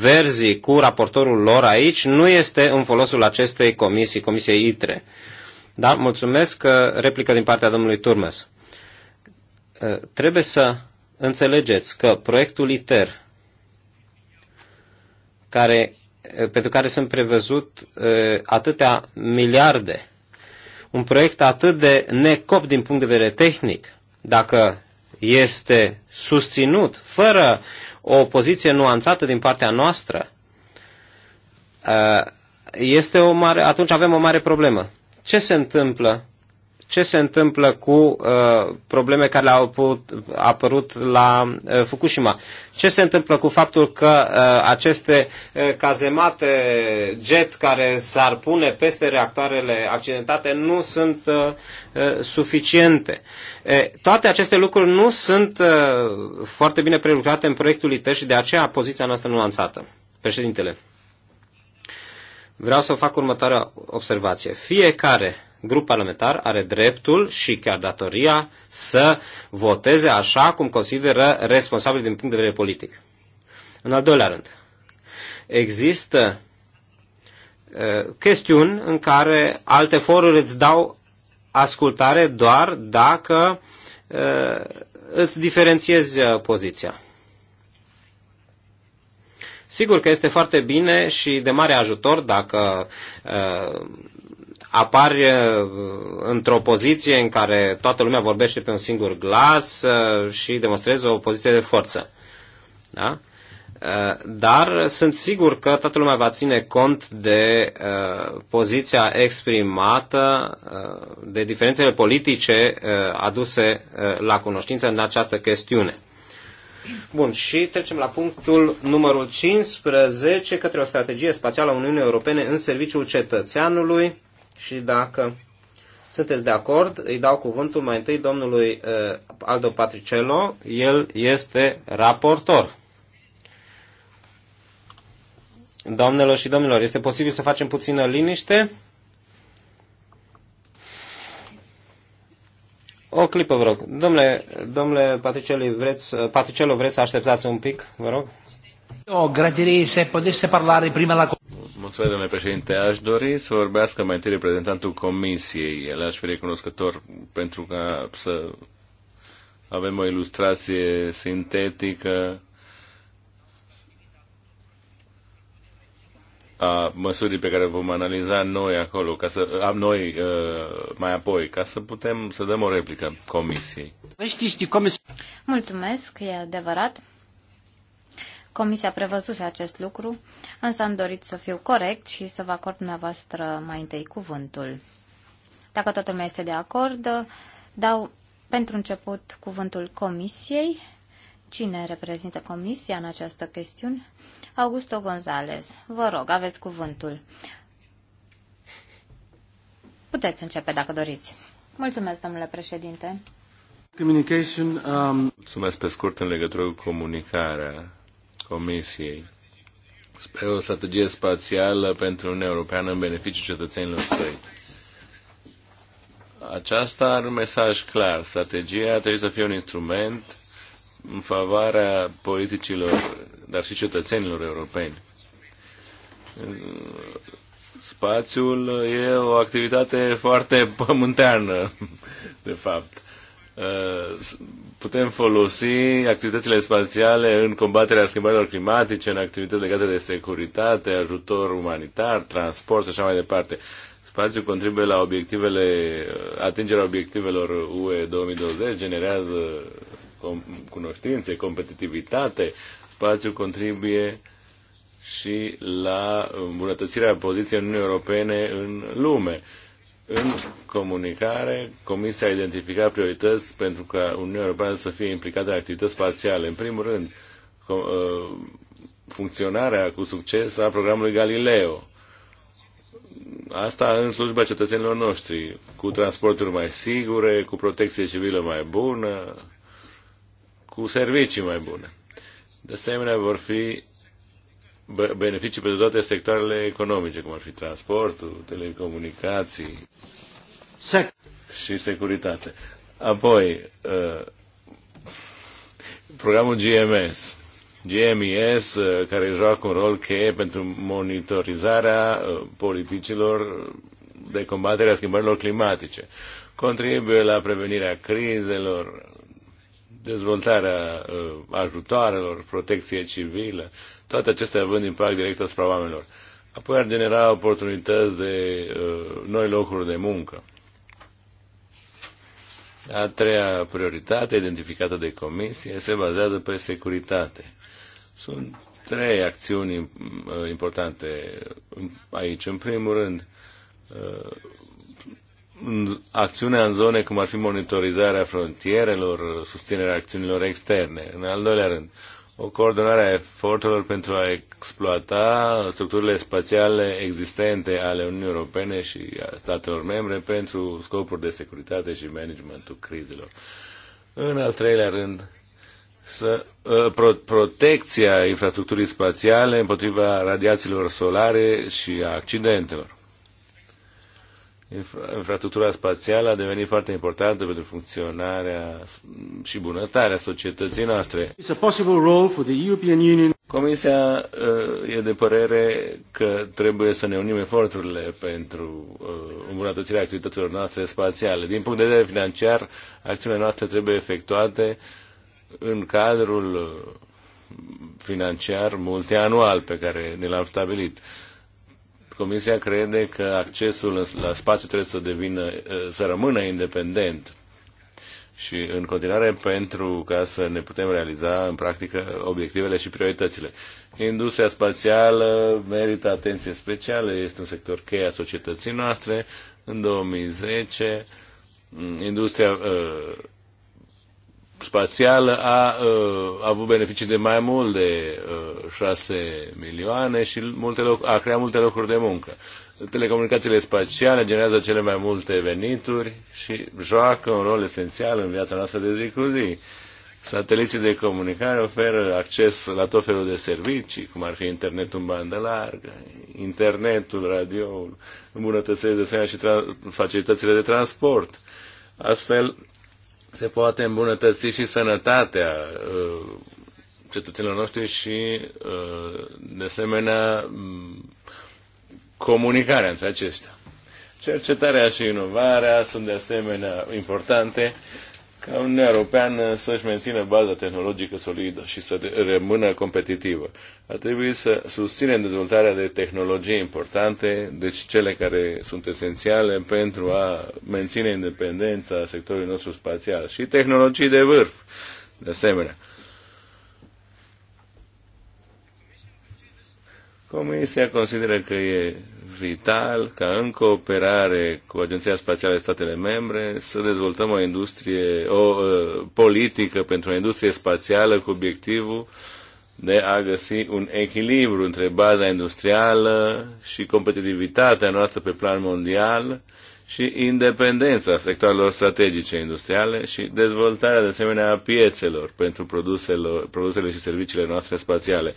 verzii cu raportorul lor aici nu este în folosul acestei comisii, Comisiei ITRE. Da? Mulțumesc. Replică din partea domnului Turmes. Eh, trebuie să înțelegeți că proiectul ITER, care, eh, pentru care sunt prevăzut eh, atâtea miliarde, un proiect atât de necop din punct de vedere tehnic, dacă este susținut fără o poziție nuanțată din partea noastră, este o mare, atunci avem o mare problemă. Ce se întâmplă ce se întâmplă cu uh, probleme care au put, apărut la uh, Fukushima. Ce se întâmplă cu faptul că uh, aceste uh, cazemate jet care s-ar pune peste reactoarele accidentate nu sunt uh, uh, suficiente. E, toate aceste lucruri nu sunt uh, foarte bine prelucrate în proiectul ITER și de aceea poziția noastră nuanțată. Președintele, vreau să fac următoarea observație. Fiecare grup parlamentar are dreptul și chiar datoria să voteze așa cum consideră responsabil din punct de vedere politic. În al doilea rând, există chestiuni în care alte foruri îți dau ascultare doar dacă îți diferențiezi poziția. Sigur că este foarte bine și de mare ajutor dacă uh, apar într-o poziție în care toată lumea vorbește pe un singur glas și demonstrează o poziție de forță. Da? Dar sunt sigur că toată lumea va ține cont de poziția exprimată, de diferențele politice aduse la cunoștință în această chestiune. Bun, și trecem la punctul numărul 15 către o strategie spațială a Uniunii Europene în serviciul cetățeanului și dacă sunteți de acord, îi dau cuvântul mai întâi domnului uh, Aldo Patricello. El este raportor. Doamnelor și domnilor, este posibil să facem puțină liniște? O clipă, vă rog. Domnule, domnule Patricello, vreți, Patricello, vreți să așteptați un pic, vă rog? Eu gradirei să potesse parlare prima la... Mulțumesc, domnule președinte. Aș dori să vorbească mai întâi reprezentantul Comisiei. El aș fi recunoscător pentru ca să avem o ilustrație sintetică a măsurii pe care vom analiza noi acolo, ca să, am noi uh, mai apoi, ca să putem să dăm o replică comisiei. Mulțumesc, e adevărat. Comisia prevăzuse acest lucru, însă am dorit să fiu corect și să vă acord dumneavoastră mai întâi cuvântul. Dacă toată lumea este de acord, dau pentru început cuvântul Comisiei. Cine reprezintă Comisia în această chestiune? Augusto González. Vă rog, aveți cuvântul. Puteți începe dacă doriți. Mulțumesc, domnule președinte. Communication, um... Mulțumesc pe scurt în legătură cu comunicarea Comisiei spre o strategie spațială pentru Uniunea Europeană în beneficiul cetățenilor săi. Aceasta are un mesaj clar. Strategia trebuie să fie un instrument în favoarea politicilor, dar și cetățenilor europeni. Spațiul e o activitate foarte pământeană, de fapt putem folosi activitățile spațiale în combaterea schimbărilor climatice, în activități legate de securitate, ajutor umanitar, transport și așa mai departe. Spațiul contribuie la obiectivele, atingerea obiectivelor UE 2020, generează cunoștințe, competitivitate, spațiul contribuie și la îmbunătățirea poziției Uniunii Europene în lume. În comunicare, Comisia a identificat priorități pentru ca Uniunea Europeană să fie implicată în activități spațiale. În primul rând, uh, funcționarea cu succes a programului Galileo. Asta în slujba cetățenilor noștri, cu transporturi mai sigure, cu protecție civilă mai bună, cu servicii mai bune. De asemenea, vor fi beneficii pentru toate sectoarele economice, cum ar fi transportul, telecomunicații Sec. și securitate. Apoi, uh, programul GMS. GMS uh, care joacă un rol cheie pentru monitorizarea uh, politicilor de combatere a schimbărilor climatice. Contribuie la prevenirea crizelor, dezvoltarea ajutoarelor, protecție civilă, toate acestea având impact direct asupra oamenilor. Apoi ar genera oportunități de uh, noi locuri de muncă. A treia prioritate identificată de comisie se bazează pe securitate. Sunt trei acțiuni uh, importante aici. În primul rând, uh, acțiunea în zone cum ar fi monitorizarea frontierelor, susținerea acțiunilor externe. În al doilea rând, o coordonare a eforturilor pentru a exploata structurile spațiale existente ale Uniunii Europene și a statelor membre pentru scopuri de securitate și managementul crizelor. În al treilea rând, să, ă, pro, protecția infrastructurii spațiale împotriva radiațiilor solare și a accidentelor infrastructura spațială a devenit foarte importantă pentru funcționarea și bunătarea societății noastre. Comisia uh, e de părere că trebuie să ne unim eforturile pentru uh, îmbunătățirea activităților noastre spațiale. Din punct de vedere financiar, acțiunile noastre trebuie efectuate în cadrul uh, financiar multianual pe care ne l-am stabilit. Comisia crede că accesul la spațiu trebuie să, devină, eh, să rămână independent și în continuare pentru ca să ne putem realiza în practică obiectivele și prioritățile. Industria spațială merită atenție specială, este un sector cheie a societății noastre. În 2010, mm, industria uh, spațială a uh, avut beneficii de mai mult de uh, ă, 6 milioane și multe loc, a creat multe locuri de muncă. Telecomunicațiile spațiale generează cele mai multe venituri și joacă un rol esențial în viața noastră de zi cu zi. Sateliții de comunicare oferă acces la tot felul de servicii, cum ar fi internetul în bandă largă, internetul, radioul, îmbunătățirea de asemenea și facilitățile de transport. Astfel, se poate îmbunătăți și sănătatea uh, cetățenilor noștri și, uh, de asemenea, comunicarea între aceștia. Cercetarea și inovarea sunt de asemenea importante ca Uniunea Europeană să-și mențină baza tehnologică solidă și să rămână competitivă. Ar trebui să susținem dezvoltarea de tehnologii importante, deci cele care sunt esențiale pentru a menține independența sectorului nostru spațial și tehnologii de vârf, de asemenea. Comisia consideră că e vital ca în cooperare cu Agenția Spațială de Statele Membre să dezvoltăm o industrie, o uh, politică pentru o industrie spațială cu obiectivul de a găsi un echilibru între baza industrială și competitivitatea noastră pe plan mondial și independența sectoarelor strategice industriale și dezvoltarea de asemenea a piețelor pentru produsele, produsele și serviciile noastre spațiale.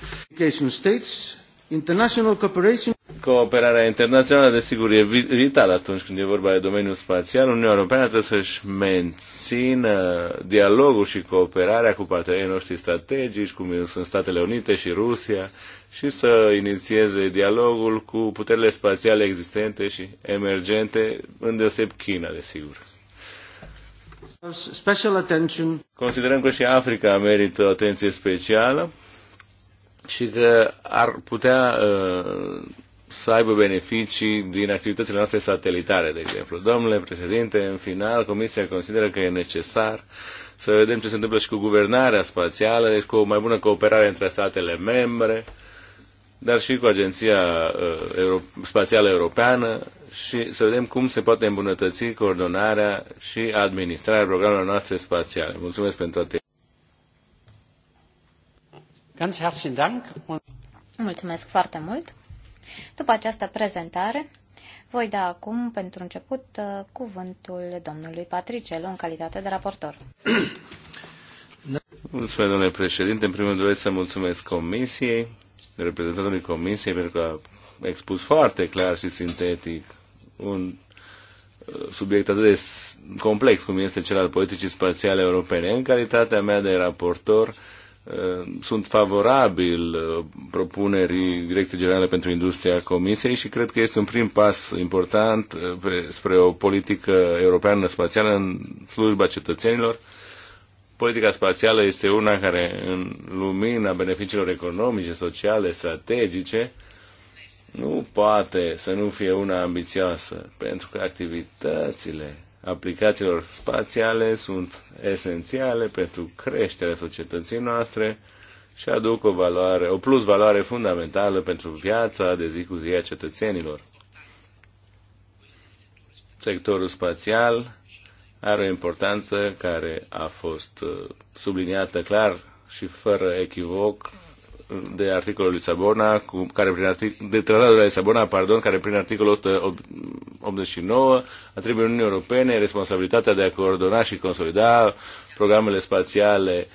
International cooperation Cooperarea internațională, desigur, e vitală atunci când e vorba de domeniul spațial. Uniunea Europeană trebuie să-și mențină dialogul și cooperarea cu partenerii noștri strategici, cum sunt Statele Unite și Rusia, și să inițieze dialogul cu puterile spațiale existente și emergente, îndeoseb China, desigur. Special attention. Considerăm că și Africa merită o atenție specială și că ar putea uh, să aibă beneficii din activitățile noastre satelitare, de exemplu. Domnule președinte, în final, Comisia consideră că e necesar să vedem ce se întâmplă și cu guvernarea spațială, deci cu o mai bună cooperare între statele membre, dar și cu Agenția uh, Euro- Spațială Europeană și să vedem cum se poate îmbunătăți coordonarea și administrarea programelor noastre spațiale. Mulțumesc pentru atenție. Ganz herzlichen Dank. Mulțumesc foarte mult. După această prezentare, voi da acum, pentru început, uh, cuvântul domnului Patricel în calitate de raportor. Mulțumesc, domnule președinte. În primul rând, să mulțumesc comisiei, reprezentantului comisiei, pentru că a expus foarte clar și sintetic un uh, subiect atât de complex cum este cel al politicii spațiale europene. În calitatea mea de raportor, Ehm, sunt favorabil uh, propunerii Direcției Generale pentru Industria Comisiei și cred că este un prim pas important uh, spre o politică europeană spațială în slujba cetățenilor. Politica spațială este una care, în lumina beneficiilor economice, sociale, strategice, nu poate să nu fie una ambițioasă, pentru că activitățile aplicațiilor spațiale sunt esențiale pentru creșterea societății noastre și aduc o valoare, o plus valoare fundamentală pentru viața de zi cu zi a cetățenilor. Sectorul spațial are o importanță care a fost uh, subliniată clar și fără echivoc de articolul Lisabona, cu, care prin artic, de tratatul de Lisabona, pardon, care prin articolul 189 atribuie Uniunii Europene responsabilitatea de a coordona și consolida programele spațiale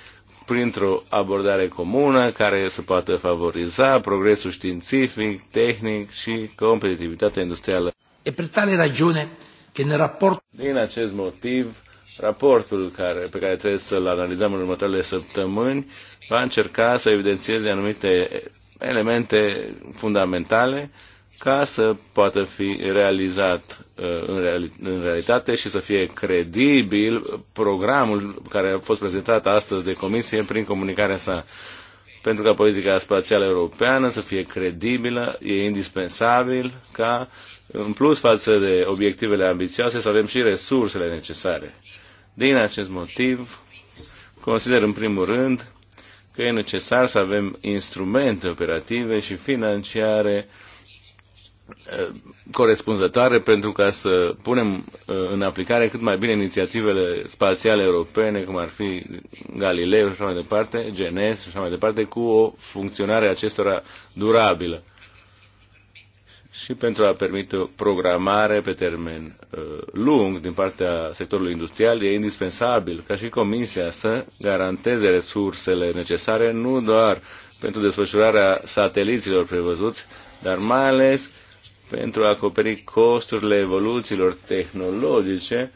printr-o abordare comună care să poată favoriza progresul științific, tehnic și competitivitatea industrială. E per tale ragione che nel rapporto... Din acest motiv, Raportul care, pe care trebuie să-l analizăm în următoarele săptămâni va încerca să evidențieze anumite elemente fundamentale ca să poată fi realizat uh, în, reali- în realitate și să fie credibil programul care a fost prezentat astăzi de Comisie prin comunicarea sa. Pentru ca politica spațială europeană să fie credibilă, e indispensabil ca, în plus față de obiectivele ambițioase, să avem și resursele necesare. Din acest motiv, consider în primul rând că e necesar să avem instrumente operative și financiare eh, corespunzătoare pentru ca să punem eh, în aplicare cât mai bine inițiativele spațiale europene, cum ar fi Galileo și așa mai departe, GNS și așa mai departe, cu o funcționare acestora durabilă și pentru a permite o programare pe termen uh, lung din partea sectorului industrial, e indispensabil ca și Comisia să garanteze resursele necesare nu doar pentru desfășurarea sateliților prevăzuți, dar mai ales pentru a acoperi costurile evoluțiilor tehnologice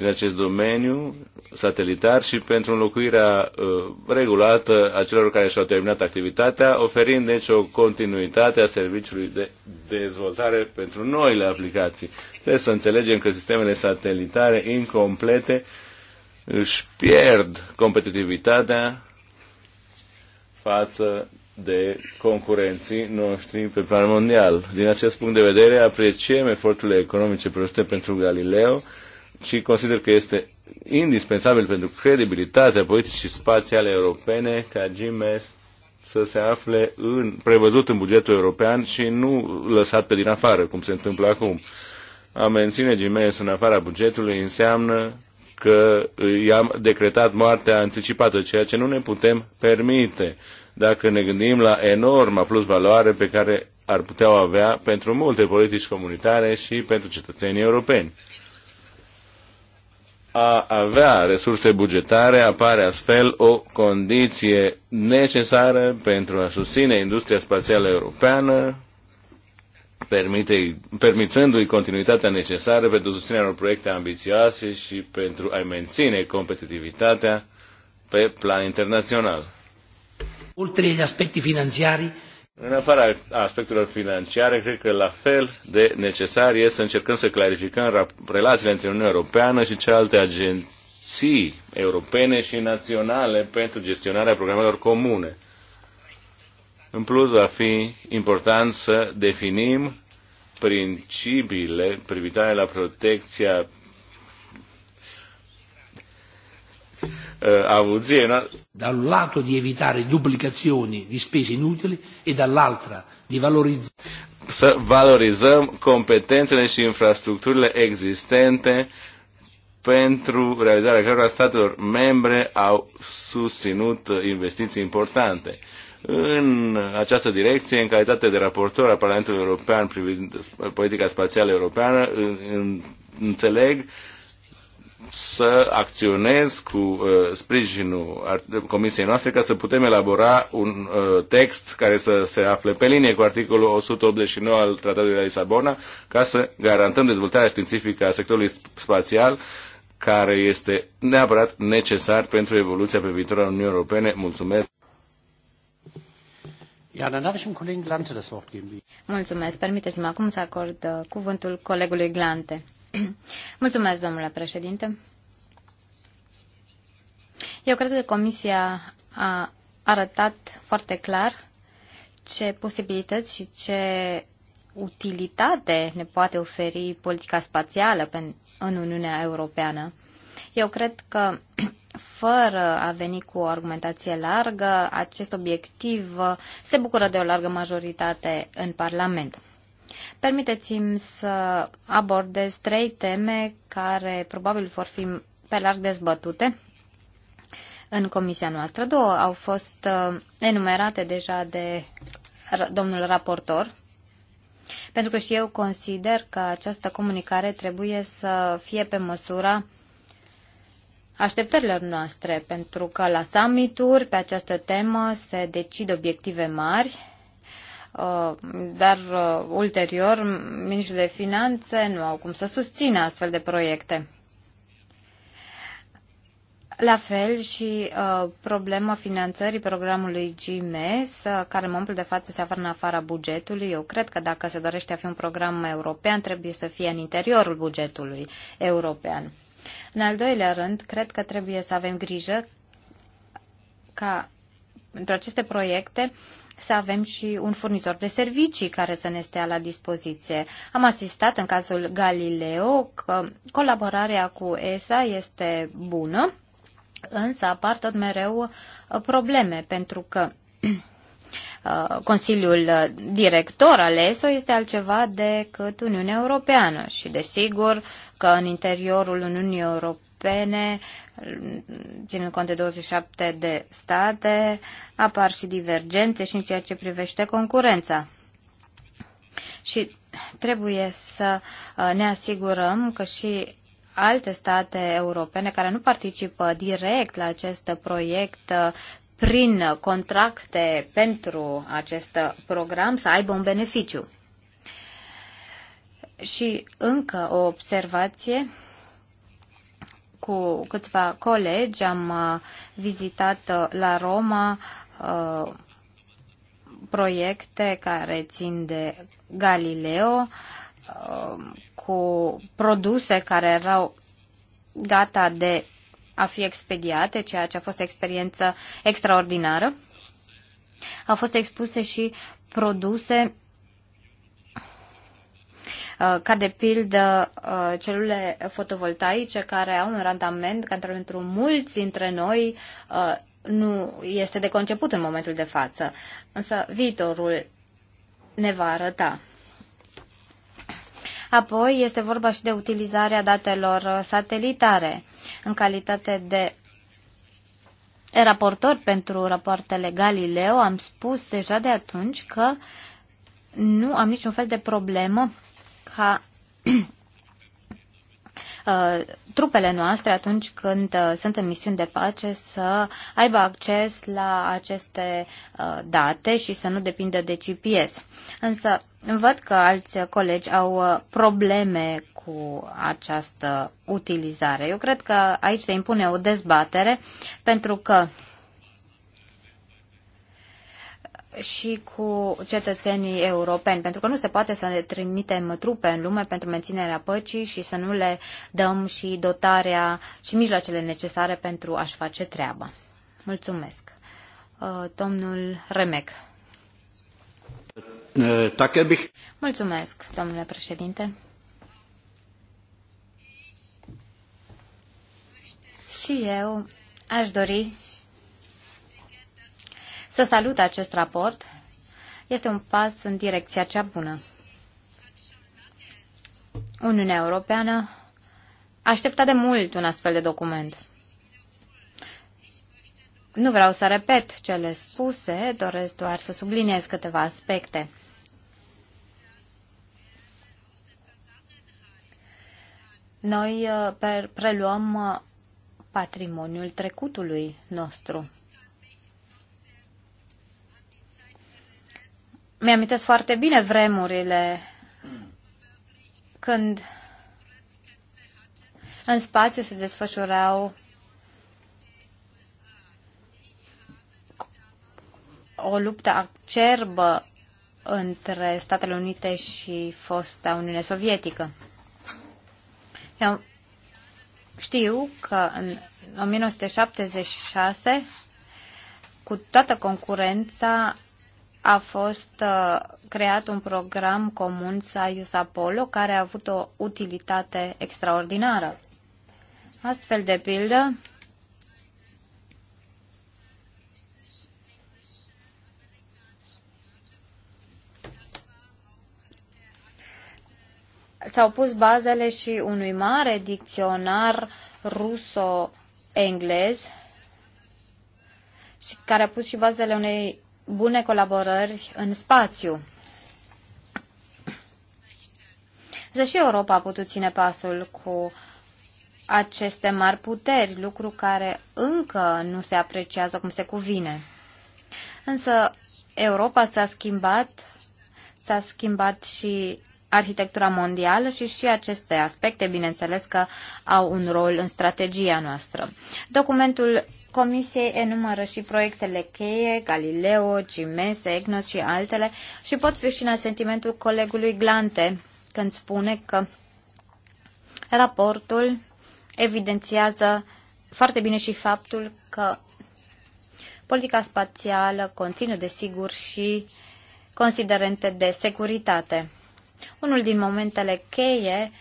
din acest domeniu satelitar și pentru înlocuirea uh, regulată a celor care și-au terminat activitatea, oferind deci o continuitate a serviciului de dezvoltare pentru noile aplicații. Trebuie să înțelegem că sistemele satelitare incomplete își pierd competitivitatea față de concurenții noștri pe plan mondial. Din acest punct de vedere, apreciem eforturile economice produse pentru Galileo, și consider că este indispensabil pentru credibilitatea politicii spațiale europene ca GMS să se afle în, prevăzut în bugetul european și nu lăsat pe din afară, cum se întâmplă acum. A menține GMS în afara bugetului înseamnă că i-am decretat moartea anticipată, ceea ce nu ne putem permite dacă ne gândim la enorma plus valoare pe care ar putea o avea pentru multe politici comunitare și pentru cetățenii europeni a avea resurse bugetare apare astfel o condiție necesară pentru a susține industria spațială europeană, permițându-i continuitatea necesară pentru susținerea unor proiecte ambițioase și pentru a-i menține competitivitatea pe plan internațional. Oltre agli aspetti finanziari, în afara aspectelor financiare, cred că la fel de necesar este să încercăm să clarificăm relațiile între Uniunea Europeană și celelalte agenții europene și naționale pentru gestionarea programelor comune. În plus, va fi important să definim principiile privitoare la protecția eh, avuzie. No? Da un lato di evitare duplicazioni di spese inutili e dall'altra di valorizzare să valorizăm competențele și infrastructurile existente pentru realizarea cărora statelor membre au susținut investiții importante. În această direcție, în calitate de raportor al Parlamentului European privind politica spațială europeană, înțeleg să acționez cu uh, sprijinul comisiei noastre ca să putem elabora un uh, text care să se afle pe linie cu articolul 189 al Tratatului de la Lisabona ca să garantăm dezvoltarea științifică a sectorului spațial care este neapărat necesar pentru evoluția pe viitorul Uniunii Europene. Mulțumesc! Mulțumesc. Permiteți-mi acum să acord uh, cuvântul colegului Glante. Mulțumesc, domnule președinte. Eu cred că Comisia a arătat foarte clar ce posibilități și ce utilitate ne poate oferi politica spațială în Uniunea Europeană. Eu cred că, fără a veni cu o argumentație largă, acest obiectiv se bucură de o largă majoritate în Parlament. Permiteți-mi să abordez trei teme care probabil vor fi pe larg dezbătute în comisia noastră. Două au fost uh, enumerate deja de domnul raportor, pentru că și eu consider că această comunicare trebuie să fie pe măsura așteptărilor noastre, pentru că la summituri pe această temă se decid obiective mari Uh, dar uh, ulterior ministrul de finanțe nu au cum să susțină astfel de proiecte. La fel și uh, problema finanțării programului GMS, uh, care în momentul de față se află în afara bugetului. Eu cred că dacă se dorește a fi un program european, trebuie să fie în interiorul bugetului european. În al doilea rând, cred că trebuie să avem grijă ca pentru aceste proiecte să avem și un furnizor de servicii care să ne stea la dispoziție. Am asistat în cazul Galileo că colaborarea cu ESA este bună, însă apar tot mereu uh, probleme pentru că uh, Consiliul director al ESO este altceva decât Uniunea Europeană și desigur că în interiorul Uniunii Europene Europene, ținând cont de 27 de state, apar și divergențe și în ceea ce privește concurența. Și trebuie să uh, ne asigurăm că și alte state europene care nu participă direct la acest proiect uh, prin contracte pentru acest program să aibă un beneficiu. Și încă o observație cu câțiva colegi am uh, vizitat uh, la Roma uh, proiecte care țin de Galileo cu produse care erau gata de a fi expediate, ceea ce a fost o experiență extraordinară. Au fost expuse și produse Uh, ca de pildă uh, celule fotovoltaice care au un randament care pentru mulți dintre noi uh, nu este de conceput în momentul de față. Însă viitorul ne va arăta. Apoi este vorba și de utilizarea datelor satelitare în calitate de raportor pentru rapoartele Galileo, am spus deja de atunci că nu am niciun fel de problemă ca uh, trupele noastre atunci când uh, sunt în misiuni de pace să aibă acces la aceste uh, date și să nu depindă de GPS. Însă văd că alți colegi au probleme cu această utilizare. Eu cred că aici se impune o dezbatere pentru că și cu cetățenii europeni, pentru că nu se poate să ne trimitem trupe în lume pentru menținerea păcii și să nu le dăm și dotarea și mijloacele necesare pentru a-și face treaba. Mulțumesc. Uh, domnul Remec. Uh, Mulțumesc, domnule președinte. Și eu aș dori să salut acest raport. Este un pas în direcția cea bună. Uniunea Europeană aștepta de mult un astfel de document. Nu vreau să repet cele spuse, doresc doar să subliniez câteva aspecte. Noi uh, preluăm uh, patrimoniul trecutului nostru. Mi-amintesc foarte bine vremurile când în spațiu se desfășurau o luptă acerbă între Statele Unite și fosta Uniune Sovietică. Eu știu că în 1976, cu toată concurența, a fost uh, creat un program comun Saius Apollo care a avut o utilitate extraordinară. Astfel de pildă, s-au pus bazele și unui mare dicționar ruso-englez și care a pus și bazele unei bune colaborări în spațiu. Deși și Europa a putut ține pasul cu aceste mari puteri, lucru care încă nu se apreciază cum se cuvine. Însă Europa s-a schimbat, s-a schimbat și arhitectura mondială și și aceste aspecte, bineînțeles că au un rol în strategia noastră. Documentul Comisiei enumără și proiectele cheie, Galileo, Gimes, EGNOS și altele și pot fi și în sentimentul colegului Glante când spune că raportul evidențiază foarte bine și faptul că politica spațială conține desigur și considerente de securitate. Unul din momentele cheie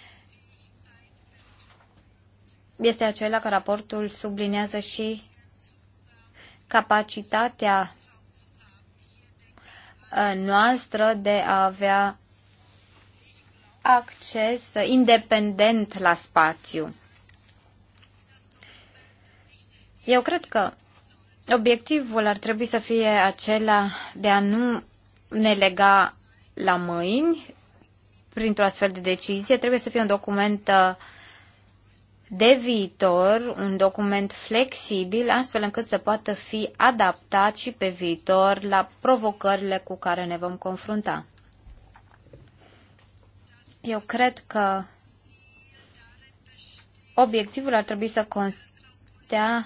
este acela că raportul sublinează și capacitatea uh, noastră de a avea acces independent la spațiu. Eu cred că obiectivul ar trebui să fie acela de a nu ne lega la mâini printr-o astfel de decizie. Trebuie să fie un document uh, de viitor un document flexibil, astfel încât să poată fi adaptat și pe viitor la provocările cu care ne vom confrunta. Eu cred că obiectivul ar trebui să constea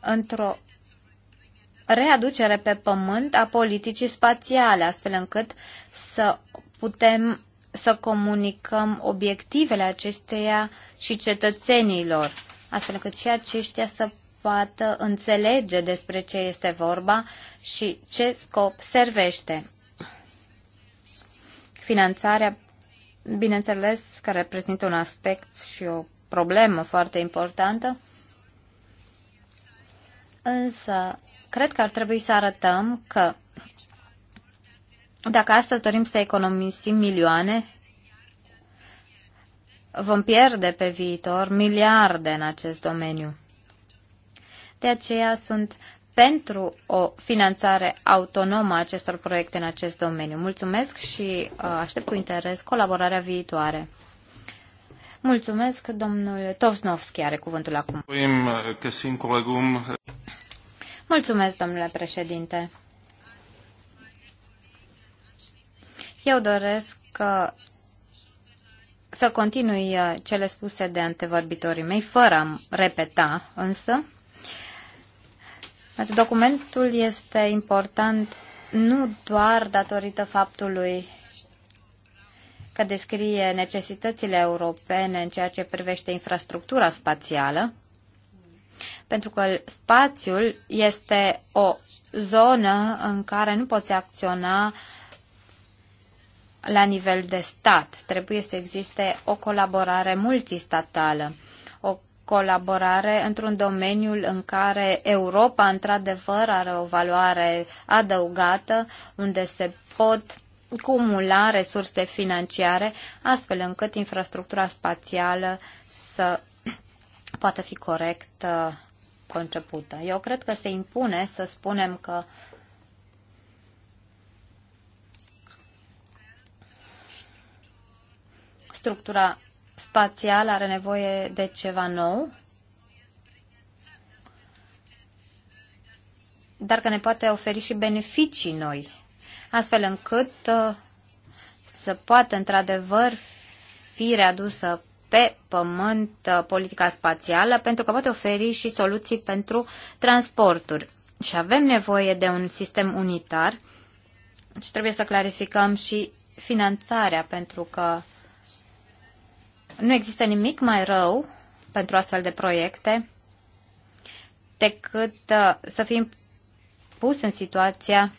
într-o readucere pe pământ a politicii spațiale, astfel încât să putem să comunicăm obiectivele acesteia și cetățenilor, astfel încât și aceștia să poată înțelege despre ce este vorba și ce scop servește. Finanțarea, bineînțeles, care reprezintă un aspect și o problemă foarte importantă, însă cred că ar trebui să arătăm că dacă astăzi dorim să economisim milioane, vom pierde pe viitor miliarde în acest domeniu. De aceea sunt pentru o finanțare autonomă a acestor proiecte în acest domeniu. Mulțumesc și uh, aștept cu interes colaborarea viitoare. Mulțumesc, domnul Tosnovski are cuvântul acum. Uh, Mulțumesc, domnule președinte. Eu doresc uh, să continui uh, cele spuse de antevorbitorii mei, fără a repeta însă. Deci, documentul este important nu doar datorită faptului că descrie necesitățile europene în ceea ce privește infrastructura spațială, pentru că spațiul este o zonă în care nu poți acționa uh, la nivel de stat. Trebuie să existe o colaborare multistatală, o colaborare într-un domeniu în care Europa, într-adevăr, are o valoare adăugată, unde se pot cumula resurse financiare, astfel încât infrastructura spațială să poată fi corect uh, concepută. Eu cred că se impune să spunem că structura spațială are nevoie de ceva nou, dar că ne poate oferi și beneficii noi, astfel încât uh, să poată într-adevăr fi readusă pe pământ uh, politica spațială, pentru că poate oferi și soluții pentru transporturi. Și avem nevoie de un sistem unitar și trebuie să clarificăm și finanțarea, pentru că nu există nimic mai rău pentru astfel de proiecte decât uh, să fim pus în situația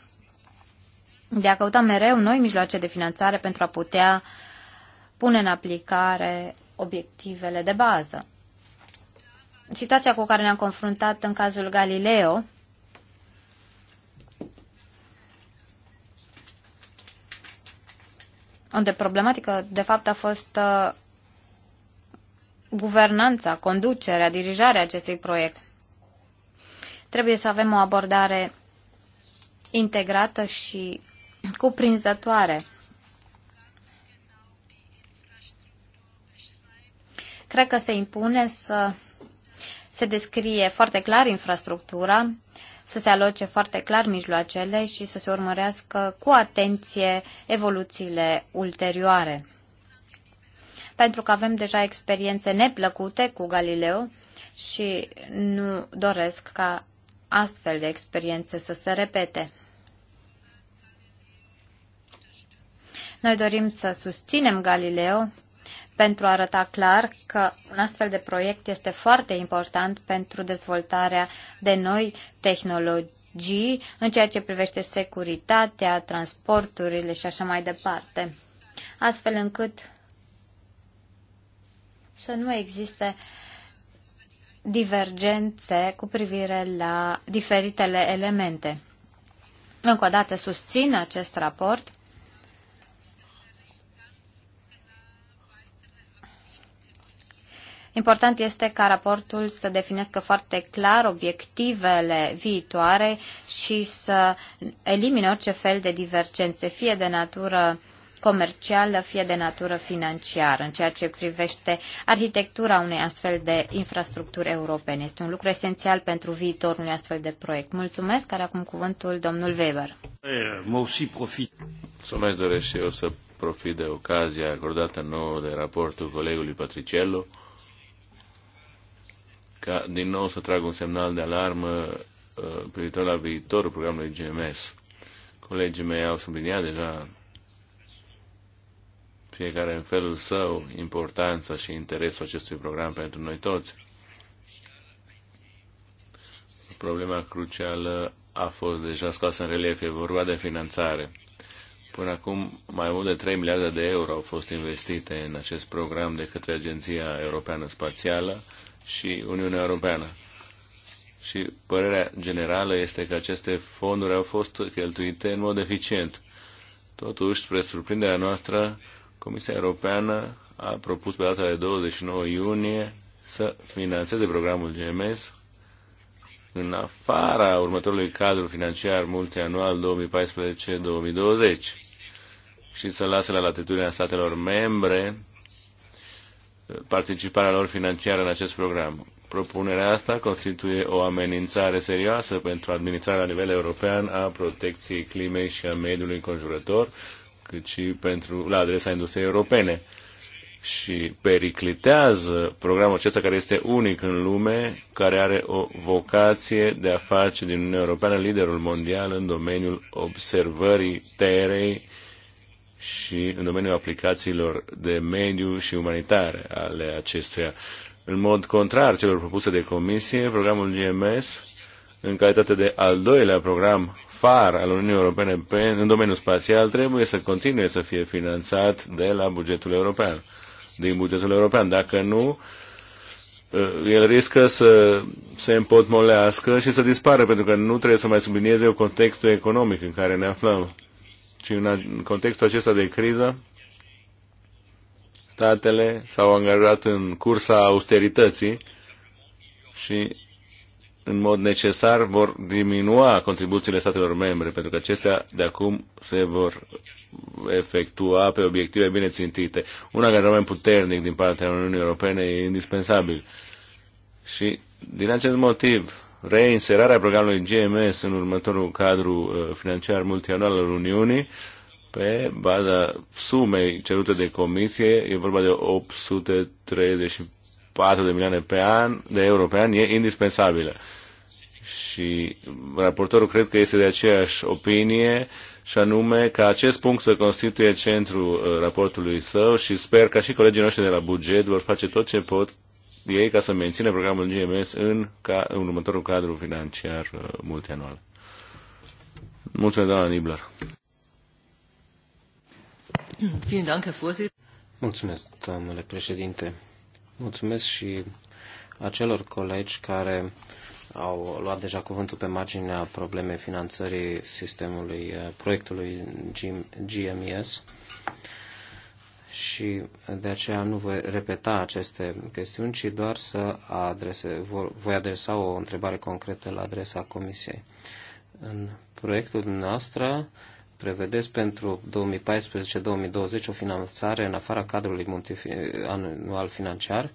de a căuta mereu noi mijloace de finanțare pentru a putea pune în aplicare obiectivele de bază. Situația cu care ne-am confruntat în cazul Galileo unde problematica de fapt a fost uh, guvernanța, conducerea, dirijarea acestui proiect. Trebuie să avem o abordare integrată și cuprinzătoare. Cred că se impune să se descrie foarte clar infrastructura, să se aloce foarte clar mijloacele și să se urmărească cu atenție evoluțiile ulterioare pentru că avem deja experiențe neplăcute cu Galileo și nu doresc ca astfel de experiențe să se repete. Noi dorim să susținem Galileo pentru a arăta clar că un astfel de proiect este foarte important pentru dezvoltarea de noi tehnologii în ceea ce privește securitatea, transporturile și așa mai departe, astfel încât să nu existe divergențe cu privire la diferitele elemente. Încă o dată susțin acest raport Important este ca raportul să definească foarte clar obiectivele viitoare și să elimine orice fel de divergențe, fie de natură comercială, fie de natură financiară, în ceea ce privește arhitectura unei astfel de infrastructuri europene. Este un lucru esențial pentru viitorul unui astfel de proiect. Mulțumesc, care acum cuvântul domnul Weber. Mă și profit. Mulțumesc, doresc și eu să profit de ocazia acordată nouă de raportul colegului Patricello ca din nou să trag un semnal de alarmă uh, privitor la viitorul programului GMS. Colegii mei au subliniat deja fiecare în felul său, importanța și interesul acestui program pentru noi toți. Problema crucială a fost deja scoasă în relief, e vorba de finanțare. Până acum, mai mult de 3 miliarde de euro au fost investite în acest program de către Agenția Europeană Spațială și Uniunea Europeană. Și părerea generală este că aceste fonduri au fost cheltuite în mod eficient. Totuși, spre surprinderea noastră, Comisia Europeană a propus pe data de 29 iunie să financeze programul GMS în afara următorului cadru financiar multianual 2014-2020 și să lase la latitudinea statelor membre participarea lor financiară în acest program. Propunerea asta constituie o amenințare serioasă pentru administrarea la nivel european a protecției climei și a mediului înconjurător, cât și pentru, la adresa industriei europene și periclitează programul acesta care este unic în lume, care are o vocație de a face din Uniunea Europeană liderul mondial în domeniul observării terei și în domeniul aplicațiilor de mediu și umanitare ale acestuia. În mod contrar celor propuse de comisie, programul GMS, în calitate de al doilea program far al Uniunii Europene pe, în domeniul spațial trebuie să continue să fie finanțat de la bugetul european, din bugetul european. Dacă nu, eh, el riscă să se împotmolească și să dispară, pentru că nu trebuie să mai sublinieze eu contextul economic în care ne aflăm. Și în contextul acesta de criză, statele s-au angajat în cursa austerității și în mod necesar vor diminua contribuțiile statelor membre, pentru că acestea de acum se vor efectua pe obiective bine țintite. Un angajament puternic din partea Uniunii Europene e indispensabil. Și din acest motiv, reinserarea programului GMS în următorul cadru uh, financiar multianual al Uniunii pe baza sumei cerute de comisie, e vorba de 830 4 de milioane pe an, de euro pe an e indispensabilă. Și raportorul cred că este de aceeași opinie și anume că acest punct să constituie centrul uh, raportului său și sper că și colegii noștri de la buget vor face tot ce pot ei ca să mențină programul GMS în, ca, în următorul cadru financiar uh, multianual. Mulțumesc, doamna Nibler. Mulțumesc, domnule președinte. Mulțumesc și acelor colegi care au luat deja cuvântul pe marginea problemei finanțării sistemului eh, proiectului GMES și de aceea nu voi repeta aceste chestiuni, ci doar să adrese, voi adresa o întrebare concretă la adresa Comisiei. În proiectul dumneavoastră, Prevedeți pentru 2014-2020 o finanțare în afara cadrului anual financiar.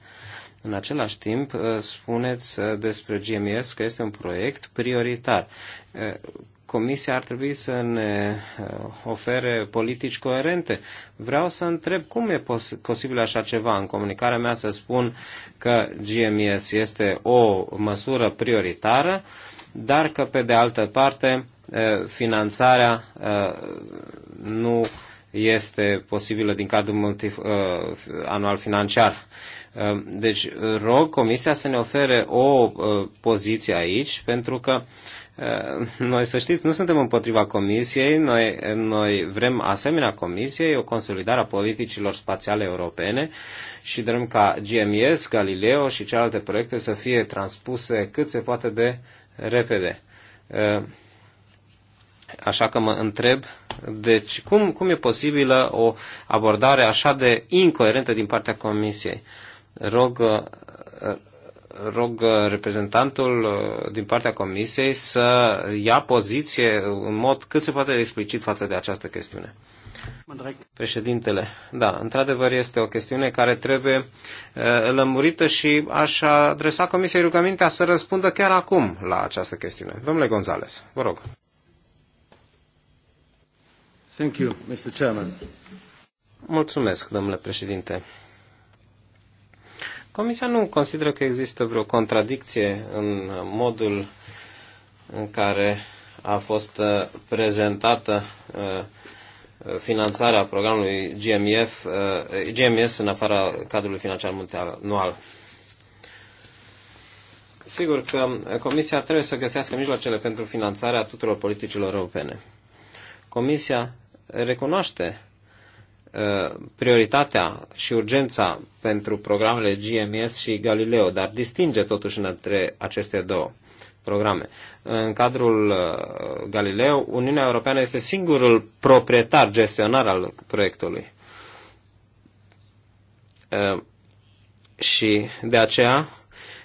În același timp, uh, spuneți uh, despre GMS că este un proiect prioritar. Uh, Comisia ar trebui să ne ofere politici coerente. Vreau să întreb cum e pos- posibil așa ceva. În comunicarea mea să spun că GMS este o măsură prioritară, dar că, pe de altă parte, finanțarea nu este posibilă din cadrul multi, anual financiar. Deci rog Comisia să ne ofere o poziție aici, pentru că noi, să știți, nu suntem împotriva Comisiei, noi, noi vrem asemenea Comisiei o consolidare a politicilor spațiale europene și vrem ca GMS, Galileo și celelalte proiecte să fie transpuse cât se poate de uh, repede. Așa că mă întreb, deci cum, cum e posibilă o abordare așa de incoerentă din partea Comisiei? Rog, rog reprezentantul din partea Comisiei să ia poziție în mod cât se poate explicit față de această chestiune. Președintele, da, într-adevăr este o chestiune care trebuie uh, lămurită și aș adresa Comisiei rugămintea să răspundă chiar acum la această chestiune. Domnule Gonzales, vă rog. Thank you, Mr. Chairman. Mulțumesc, domnule președinte. Comisia nu consideră că există vreo contradicție în modul în care a fost uh, prezentată uh, finanțarea programului GMF, eh, GMS în afara cadrului financiar multianual. Sigur că Comisia trebuie să găsească mijloacele pentru finanțarea tuturor politicilor europene. Comisia recunoaște eh, prioritatea și urgența pentru programele GMS și Galileo, dar distinge totuși între aceste două programe. În cadrul uh, Galileo, Uniunea Europeană este singurul proprietar gestionar al proiectului. Uh, și de aceea,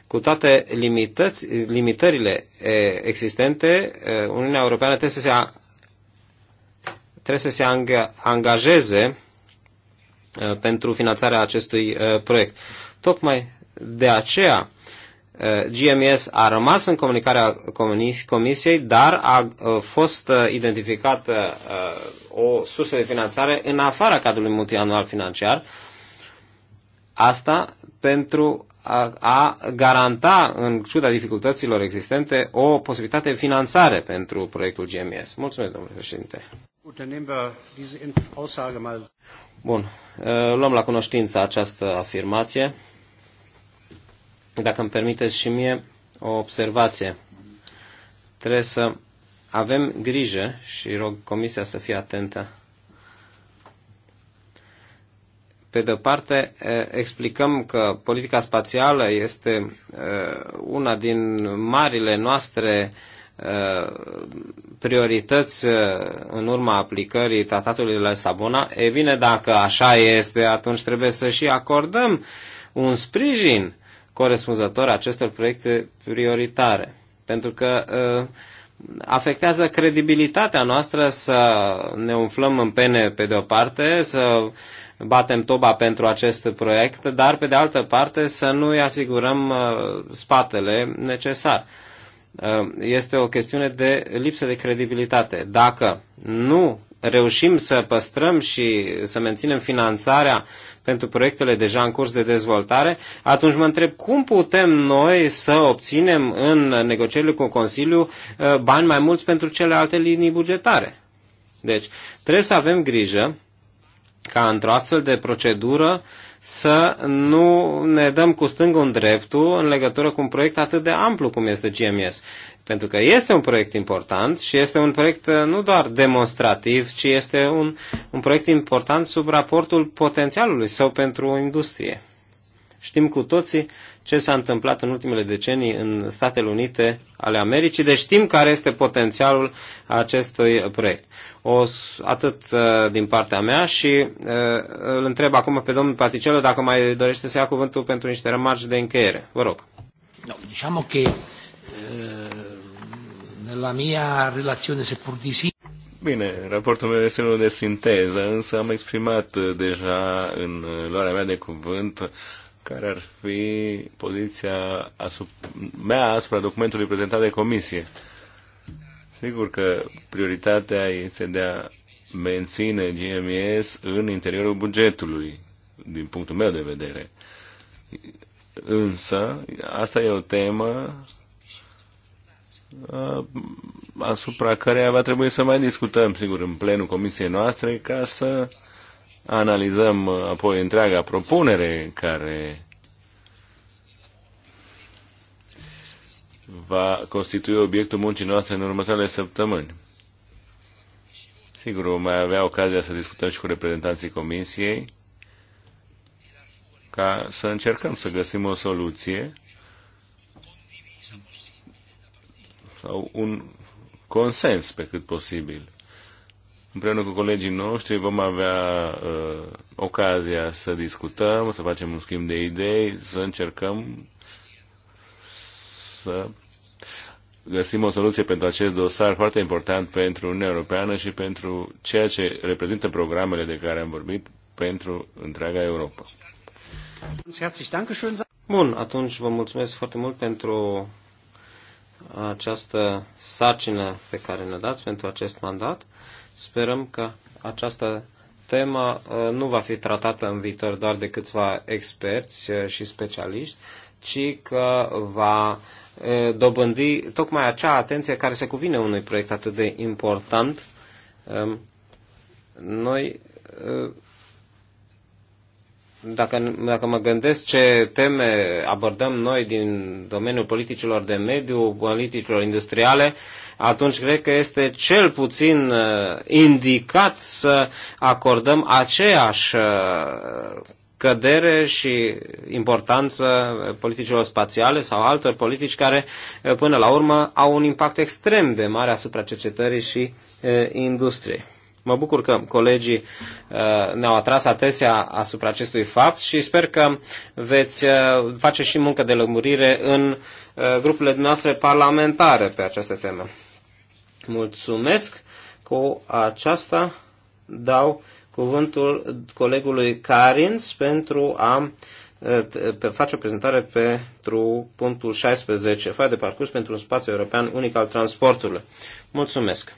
cu toate limități, limitările existente, uh, Uniunea Europeană trebuie să se, trebuie să se angajeze pentru finanțarea acestui proiect. Tocmai de aceea, GMS a rămas în comunicarea Comisiei, dar a fost uh, identificată uh, o sursă de finanțare în afara cadrului multianual financiar. Asta pentru a garanta, în ciuda dificultăților existente, o posibilitate de finanțare pentru proiectul GMS. Mulțumesc, domnule președinte. Bun, uh, luăm la cunoștință această afirmație dacă îmi permiteți și mie o observație. Trebuie să avem grijă și rog Comisia să fie atentă. Pe de parte, explicăm că politica spațială este una din marile noastre priorități în urma aplicării tratatului de la Sabona. E bine, dacă așa este, atunci trebuie să și acordăm un sprijin uh, corespunzător acestor proiecte prioritare. Pentru că ă, afectează credibilitatea noastră să ne umflăm în pene pe de o parte, să batem toba pentru acest proiect, dar pe de altă parte să nu îi asigurăm ă, spatele necesar. Ă, este o chestiune de lipsă de credibilitate. Dacă nu reușim să păstrăm și să menținem finanțarea pentru proiectele deja în curs de dezvoltare, atunci mă întreb cum putem noi să obținem în negocierile cu Consiliu uh, bani mai mulți pentru celelalte linii bugetare. Deci, trebuie să avem grijă ca într-o astfel de procedură să nu ne dăm cu stângul în dreptul în legătură cu un proiect atât de amplu cum este GMS. Pentru că este un proiect important și este un proiect uh, nu doar demonstrativ, ci este un, un proiect important sub raportul potențialului său pentru o industrie. Știm cu toții ce s-a întâmplat în ultimele decenii în Statele Unite ale Americii, deci știm care este potențialul acestui proiect. O, atât uh, din partea mea și uh, îl întreb acum pe domnul Patriciello dacă mai dorește să ia cuvântul pentru niște remarci de încheiere. Vă rog. No, diciamo che uh, nella mia relazione, seppur di sì, Bine, raportul meu este unul de sinteză, însă am exprimat deja în luarea mea de cuvânt care ar fi poziția asup- mea asupra documentului prezentat de comisie. Sigur că prioritatea este de a menține GMS în interiorul bugetului, din punctul meu de vedere. Însă, asta e o temă asupra care va trebui să mai discutăm, sigur, în plenul comisiei noastre, ca să analizăm uh, apoi întreaga propunere care va constitui obiectul muncii noastre în următoarele săptămâni. Sigur, vom mai avea ocazia să discutăm și cu reprezentanții Comisiei ca să încercăm să găsim o soluție sau un consens pe cât posibil împreună cu colegii noștri vom avea uh, ocazia să discutăm, să facem un schimb de idei, să încercăm să găsim o soluție pentru acest dosar foarte important pentru Uniunea Europeană și pentru ceea ce reprezintă programele de care am vorbit pentru întreaga Europa. Bun, atunci vă mulțumesc foarte mult pentru această sarcină pe care ne dat pentru acest mandat. Sperăm că această temă uh, nu va fi tratată în viitor doar de câțiva experți uh, și specialiști, ci că va uh, dobândi tocmai acea atenție care se cuvine unui proiect atât de important. Um, noi, dacă, dacă mă gândesc ce teme abordăm noi din domeniul politicilor de mediu, politicilor industriale, uh, atunci cred că este cel puțin uh, indicat să acordăm aceeași uh, cădere și importanță politicilor spațiale sau altor politici care, uh, până la urmă, au un impact extrem de mare asupra cercetării și industriei. Mă bucur că colegii ne-au atras atenția asupra acestui fapt și sper că veți face și muncă de lămurire în grupurile noastre parlamentare pe această temă. Mulțumesc. Cu aceasta dau cuvântul colegului Carins pentru a pe, face o prezentare pentru punctul 16, foaia de parcurs pentru un spațiu european unic al transportului. Mulțumesc!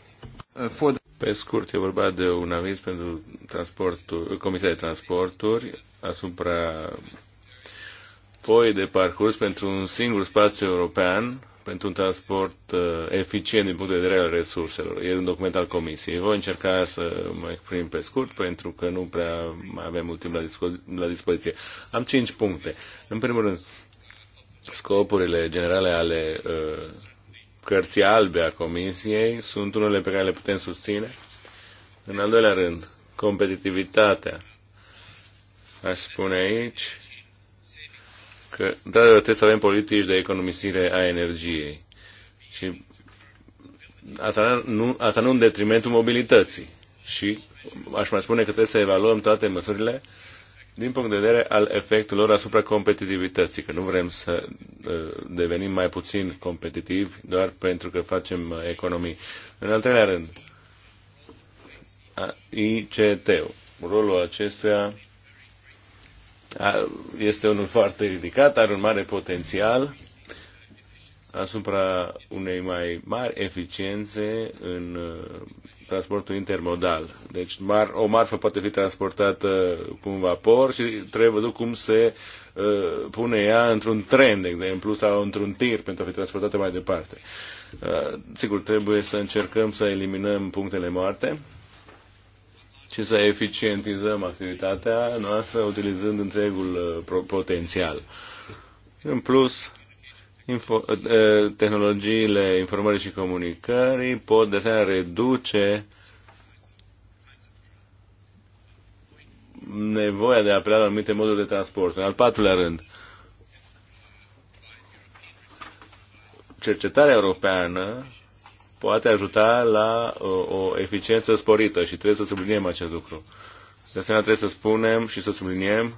Pe scurt, e vorba de un aviz pentru transportul, Comisia de Transporturi asupra foi de parcurs pentru un singur spațiu european pentru un transport uh, eficient din punct de vedere al resurselor. E un document al Comisiei. Voi încerca să mă exprim pe scurt, pentru că nu prea mai avem mult timp la, la dispoziție. Am cinci puncte. În primul rând, scopurile generale ale uh, cărții albe a Comisiei sunt unele pe care le putem susține. În al doilea rând, competitivitatea. Aș spune aici că, da, trebuie să avem politici de economisire a energiei. Și asta nu, asta nu în detrimentul mobilității. Și aș mai spune că trebuie să evaluăm toate măsurile din punct de vedere al efectelor asupra competitivității, că nu vrem să uh, devenim mai puțin competitivi doar pentru că facem uh, economii. În al treilea rând, ICT-ul, rolul acestuia este unul foarte ridicat, are un mare potențial asupra unei mai mari eficiențe în uh, transportul intermodal. Deci mar, o marfă poate fi transportată cu un vapor și trebuie văzut cum se uh, pune ea într-un tren, de exemplu, sau într-un tir pentru a fi transportată mai departe. Uh, sigur, trebuie să încercăm să eliminăm punctele moarte ci să eficientizăm activitatea noastră utilizând întregul uh, potențial. În plus, info, uh, tehnologiile informării și comunicării pot de asemenea reduce nevoia de a apela la anumite moduri de transport. În al patrulea rând, cercetarea europeană poate ajuta la o, o eficiență sporită și trebuie să subliniem acest lucru. De asemenea, trebuie să spunem și să subliniem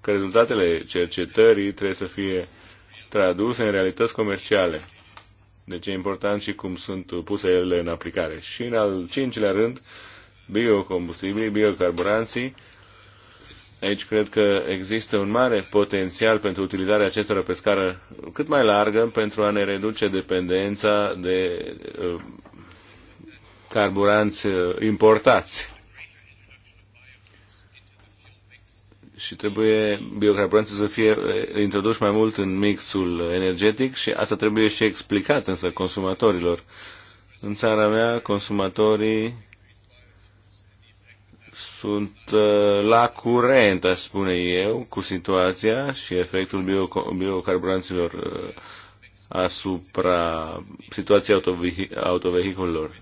că rezultatele cercetării trebuie să fie traduse în realități comerciale. Deci e important și cum sunt puse ele în aplicare. Și în al cincilea rând, biocombustibilii, biocarburanții Aici cred că există un mare potențial pentru utilizarea acestora pe scară cât mai largă pentru a ne reduce dependența de uh, carburanți uh, importați. și trebuie biocarburanții să fie uh, introduși mai mult în mixul energetic și asta trebuie și explicat însă consumatorilor. În țara mea, consumatorii sunt uh, la curent, aș spune eu, cu situația și efectul bio, biocarburanților uh, asupra situației autovehiculelor.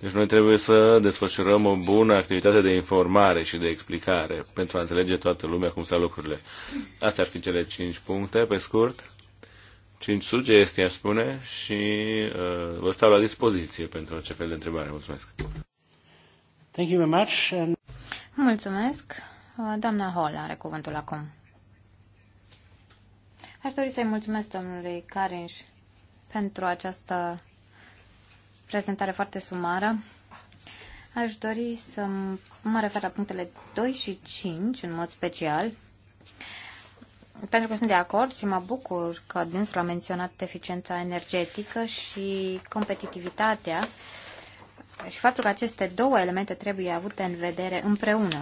Deci noi trebuie să desfășurăm o bună activitate de informare și de explicare pentru a înțelege toată lumea cum stau lucrurile. Astea ar fi cele cinci puncte, pe scurt. Cinci sugestii, aș spune, și uh, vă stau la dispoziție pentru orice fel de întrebare. Mulțumesc! Thank you very much. And... Mulțumesc. Doamna Hall are cuvântul acum. Aș dori să-i mulțumesc domnului Carinș pentru această prezentare foarte sumară. Aș dori să mă refer la punctele 2 și 5 în mod special, pentru că sunt de acord și mă bucur că dânsul a menționat eficiența energetică și competitivitatea și faptul că aceste două elemente trebuie avute în vedere împreună.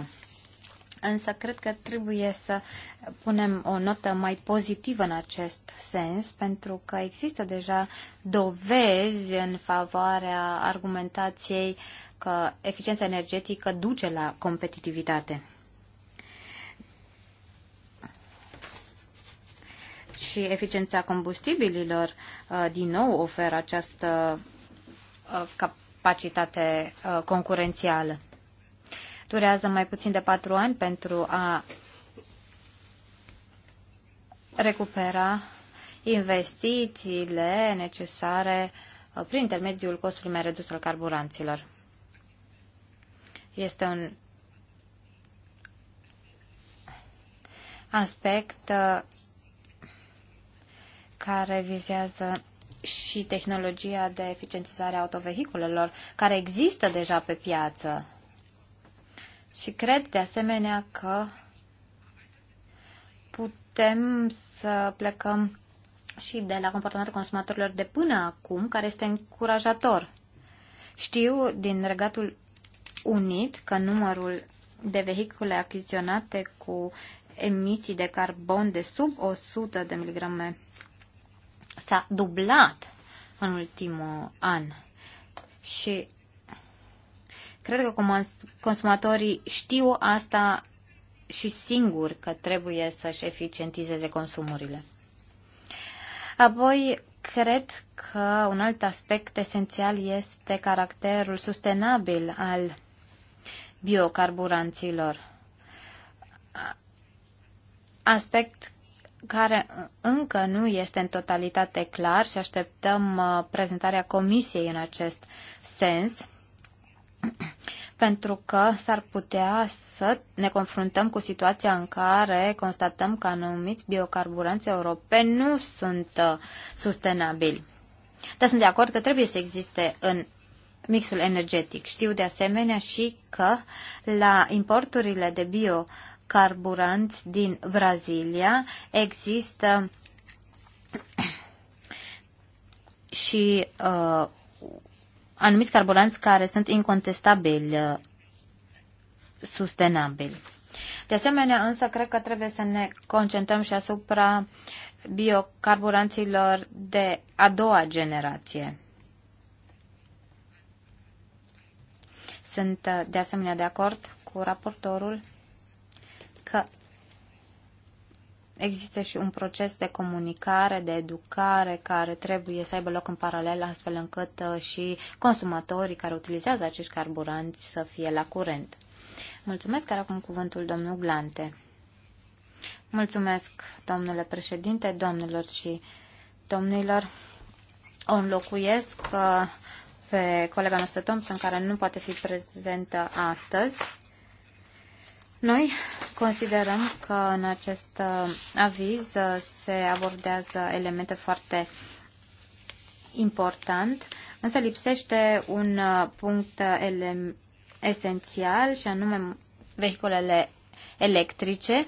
Însă cred că trebuie să punem o notă mai pozitivă în acest sens, pentru că există deja dovezi în favoarea argumentației că eficiența energetică duce la competitivitate. Și eficiența combustibililor, uh, din nou, oferă această uh, capacitate uh, concurențială. Durează mai puțin de patru ani pentru a recupera investițiile necesare uh, prin intermediul costului mai redus al carburanților. Este un aspect uh, care vizează și tehnologia de eficientizare a autovehiculelor care există deja pe piață. Și cred de asemenea că putem să plecăm și de la comportamentul consumatorilor de până acum, care este încurajator. Știu din Regatul Unit că numărul de vehicule achiziționate cu emisii de carbon de sub 100 de miligrame s-a dublat în ultimul an. Și cred că consumatorii știu asta și singuri că trebuie să-și eficientizeze consumurile. Apoi, cred că un alt aspect esențial este caracterul sustenabil al biocarburanților. Aspect care uh, încă nu este în totalitate clar și așteptăm uh, prezentarea comisiei în acest sens, pentru că s-ar putea să ne confruntăm cu situația în care constatăm că anumiți biocarburanți europeni nu sunt uh, sustenabili. Dar sunt de acord că trebuie să existe în mixul energetic. Știu de asemenea și că la importurile de bio carburanți din Brazilia. Există și uh, anumiți carburanți care sunt incontestabil uh, sustenabili. De asemenea, însă, cred că trebuie să ne concentrăm și asupra biocarburanților de a doua generație. Sunt, uh, de asemenea, de acord cu raportorul că există și un proces de comunicare, de educare care trebuie să aibă loc în paralel astfel încât uh, și consumatorii care utilizează acești carburanți să fie la curent. Mulțumesc, care acum cuvântul domnul Glante. Mulțumesc, domnule președinte, domnilor și domnilor. O înlocuiesc uh, pe colega noastră Thompson, care nu poate fi prezentă astăzi. Noi considerăm că în acest uh, aviz uh, se abordează elemente foarte important, însă lipsește un uh, punct esențial și anume vehiculele electrice.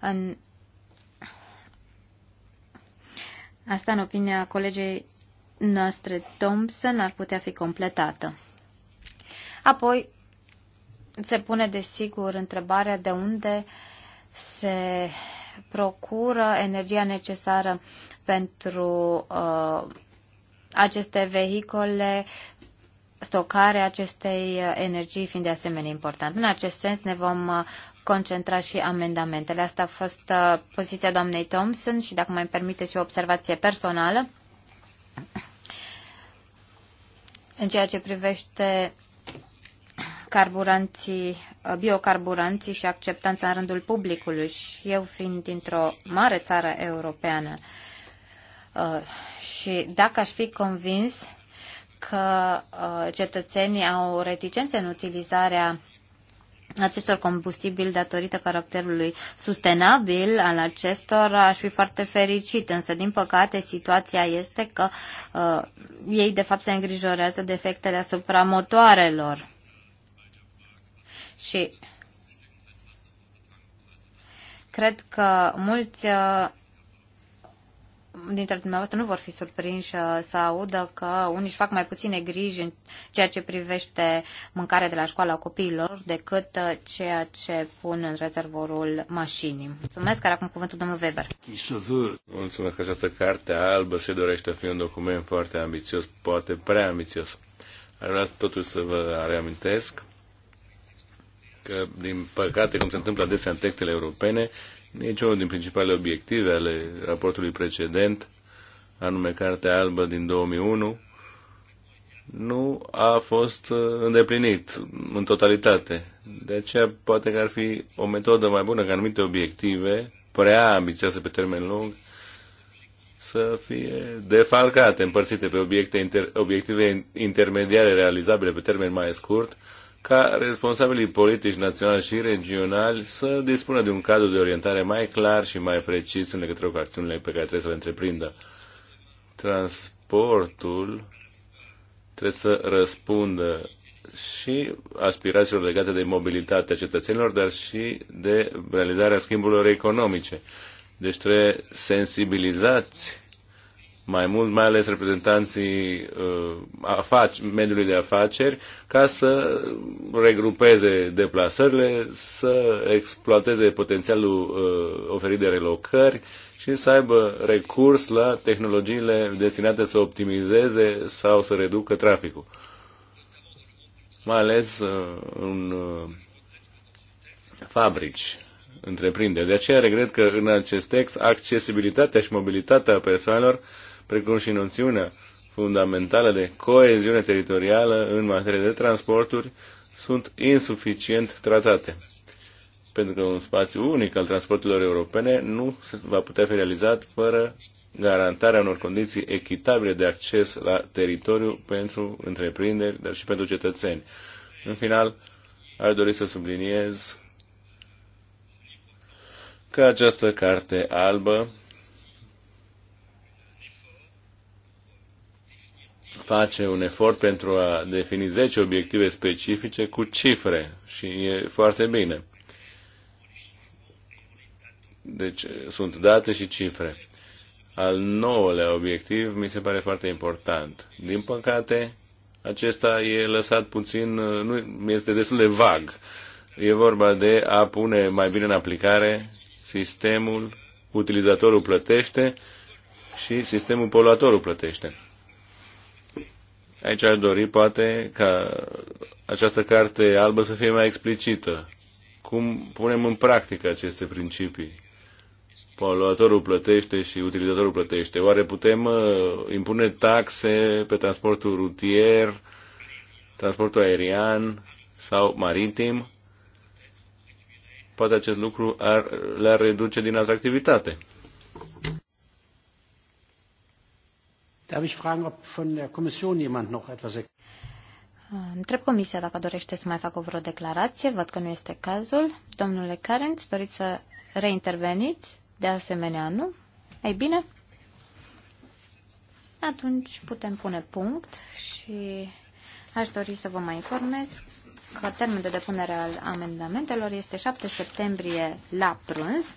În... Asta, în opinia colegei noastre Thompson, ar putea fi completată. Apoi, se pune desigur întrebarea de unde se procură energia necesară pentru uh, aceste vehicole, stocarea acestei uh, energii fiind de asemenea important. În acest sens ne vom uh, concentra și amendamentele. Asta a fost uh, poziția doamnei Thompson și dacă mai permiteți o observație personală, în ceea ce privește carburanții, uh, biocarburanții și acceptanța în rândul publicului și eu fiind dintr-o mare țară europeană uh, și dacă aș fi convins că uh, cetățenii au reticențe în utilizarea acestor combustibili datorită caracterului sustenabil al acestor, aș fi foarte fericit. Însă, din păcate, situația este că uh, ei, de fapt, se îngrijorează de efectele asupra motoarelor. Și cred că mulți uh, dintre dumneavoastră nu vor fi surprinși uh, să audă că unii își fac mai puține griji în ceea ce privește mâncarea de la școala copiilor decât uh, ceea ce pun în rezervorul mașinii. Mulțumesc, care acum cuvântul domnul Weber. Mulțumesc că această carte albă se dorește a fi un document foarte ambițios, poate prea ambițios. Aș vrea totuși să vă reamintesc că, din păcate, cum se întâmplă adesea în textele europene, niciunul din principalele obiective ale raportului precedent, anume Cartea Albă din 2001, nu a fost uh, îndeplinit în totalitate. De aceea poate că ar fi o metodă mai bună ca anumite obiective, prea ambițioase pe termen lung, să fie defalcate, împărțite pe obiecte inter, obiective intermediare realizabile pe termen mai scurt, ca responsabilii politici naționali și regionali să dispună de un cadru de orientare mai clar și mai precis în legătură cu acțiunile pe care trebuie să le întreprindă. Transportul trebuie să răspundă și aspirațiilor legate de mobilitatea cetățenilor, dar și de realizarea schimburilor economice. Deci trebuie sensibilizați mai mult, mai ales reprezentanții uh, afac- mediului de afaceri, ca să regrupeze deplasările, să exploateze potențialul uh, oferit de relocări și să aibă recurs la tehnologiile destinate să optimizeze sau să reducă traficul. Mai ales uh, în uh, fabrici De aceea regret că în acest text accesibilitatea și mobilitatea persoanelor uh, precum și noțiunea fundamentală de coeziune teritorială în materie de transporturi sunt insuficient tratate. Pentru că un spațiu unic al transporturilor europene nu va putea fi realizat fără garantarea unor condiții echitabile de acces la teritoriu pentru întreprinderi, dar și pentru cetățeni. În final, aș dori să subliniez că această carte albă face un efort pentru a defini 10 obiective specifice cu cifre și e foarte bine. Deci sunt date și cifre. Al nouălea obiectiv mi se pare foarte important. Din păcate, acesta e lăsat puțin, nu este destul de vag. E vorba de a pune mai bine în aplicare sistemul utilizatorul plătește și sistemul poluatorul plătește. Aici aș dori poate ca această carte albă să fie mai explicită. Cum punem în practică aceste principii? Poluatorul plătește și utilizatorul plătește. Oare putem uh, impune taxe pe transportul rutier, transportul aerian sau maritim? Poate acest lucru ar, le-ar reduce din atractivitate. Darf ich fragen, ob von der Kommission jemand noch etwas äh, Întreb comisia dacă dorește să mai facă vreo declarație. Văd că nu este cazul. Domnule Carenț, doriți să reinterveniți? De asemenea, nu? Ei bine, atunci putem pune punct și aș dori să vă mai informez că termenul de depunere al amendamentelor este 7 septembrie la prânz.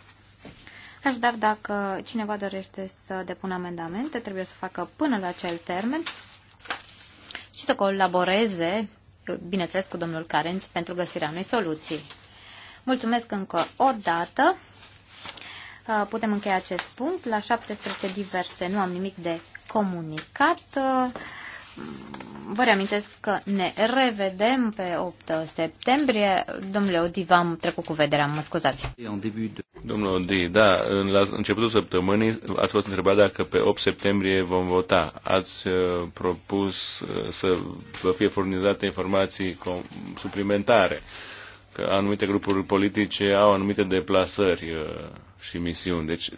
Așadar, dacă cineva dorește să depună amendamente, trebuie să facă până la acel termen și să colaboreze, bineînțeles, cu domnul Carenț pentru găsirea unei soluții. Mulțumesc încă o dată. Uh, putem încheia acest punct. La 17 diverse nu am nimic de comunicat. Uh, vă reamintesc că ne revedem pe 8 septembrie. Domnule Odi, v-am trecut cu vederea, mă scuzați. Domnule Odi, da, la începutul săptămânii ați fost întrebat dacă pe 8 septembrie vom vota. Ați uh, propus uh, să vă fie furnizate informații com- suplimentare, că anumite grupuri politice au anumite deplasări uh, și misiuni. Deci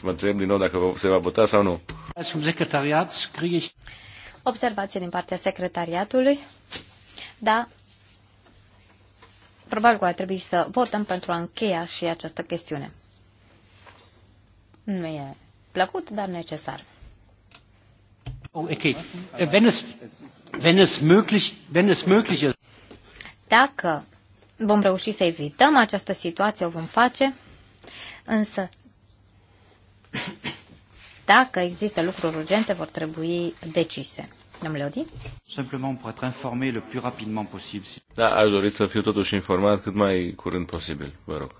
vă întreb din nou dacă se va vota sau nu. secretariat, scrie... Observație din partea secretariatului. Da, probabil că ar trebui să votăm pentru a încheia și această chestiune. Nu e plăcut, dar necesar. Oh, okay. Wenn es, wenn es möglich, wenn es möglich ist. Dacă vom reuși să evităm această situație, o vom face, însă dacă există lucruri urgente, vor trebui decise. Domnule Odi? Simplement pour être informé le plus rapidement posibil. Da, aș dori să fiu totuși informat cât mai curând posibil. Vă rog.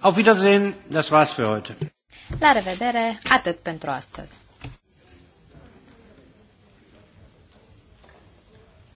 Auf Wiedersehen, das war's für heute. La revedere, atât pentru astăzi.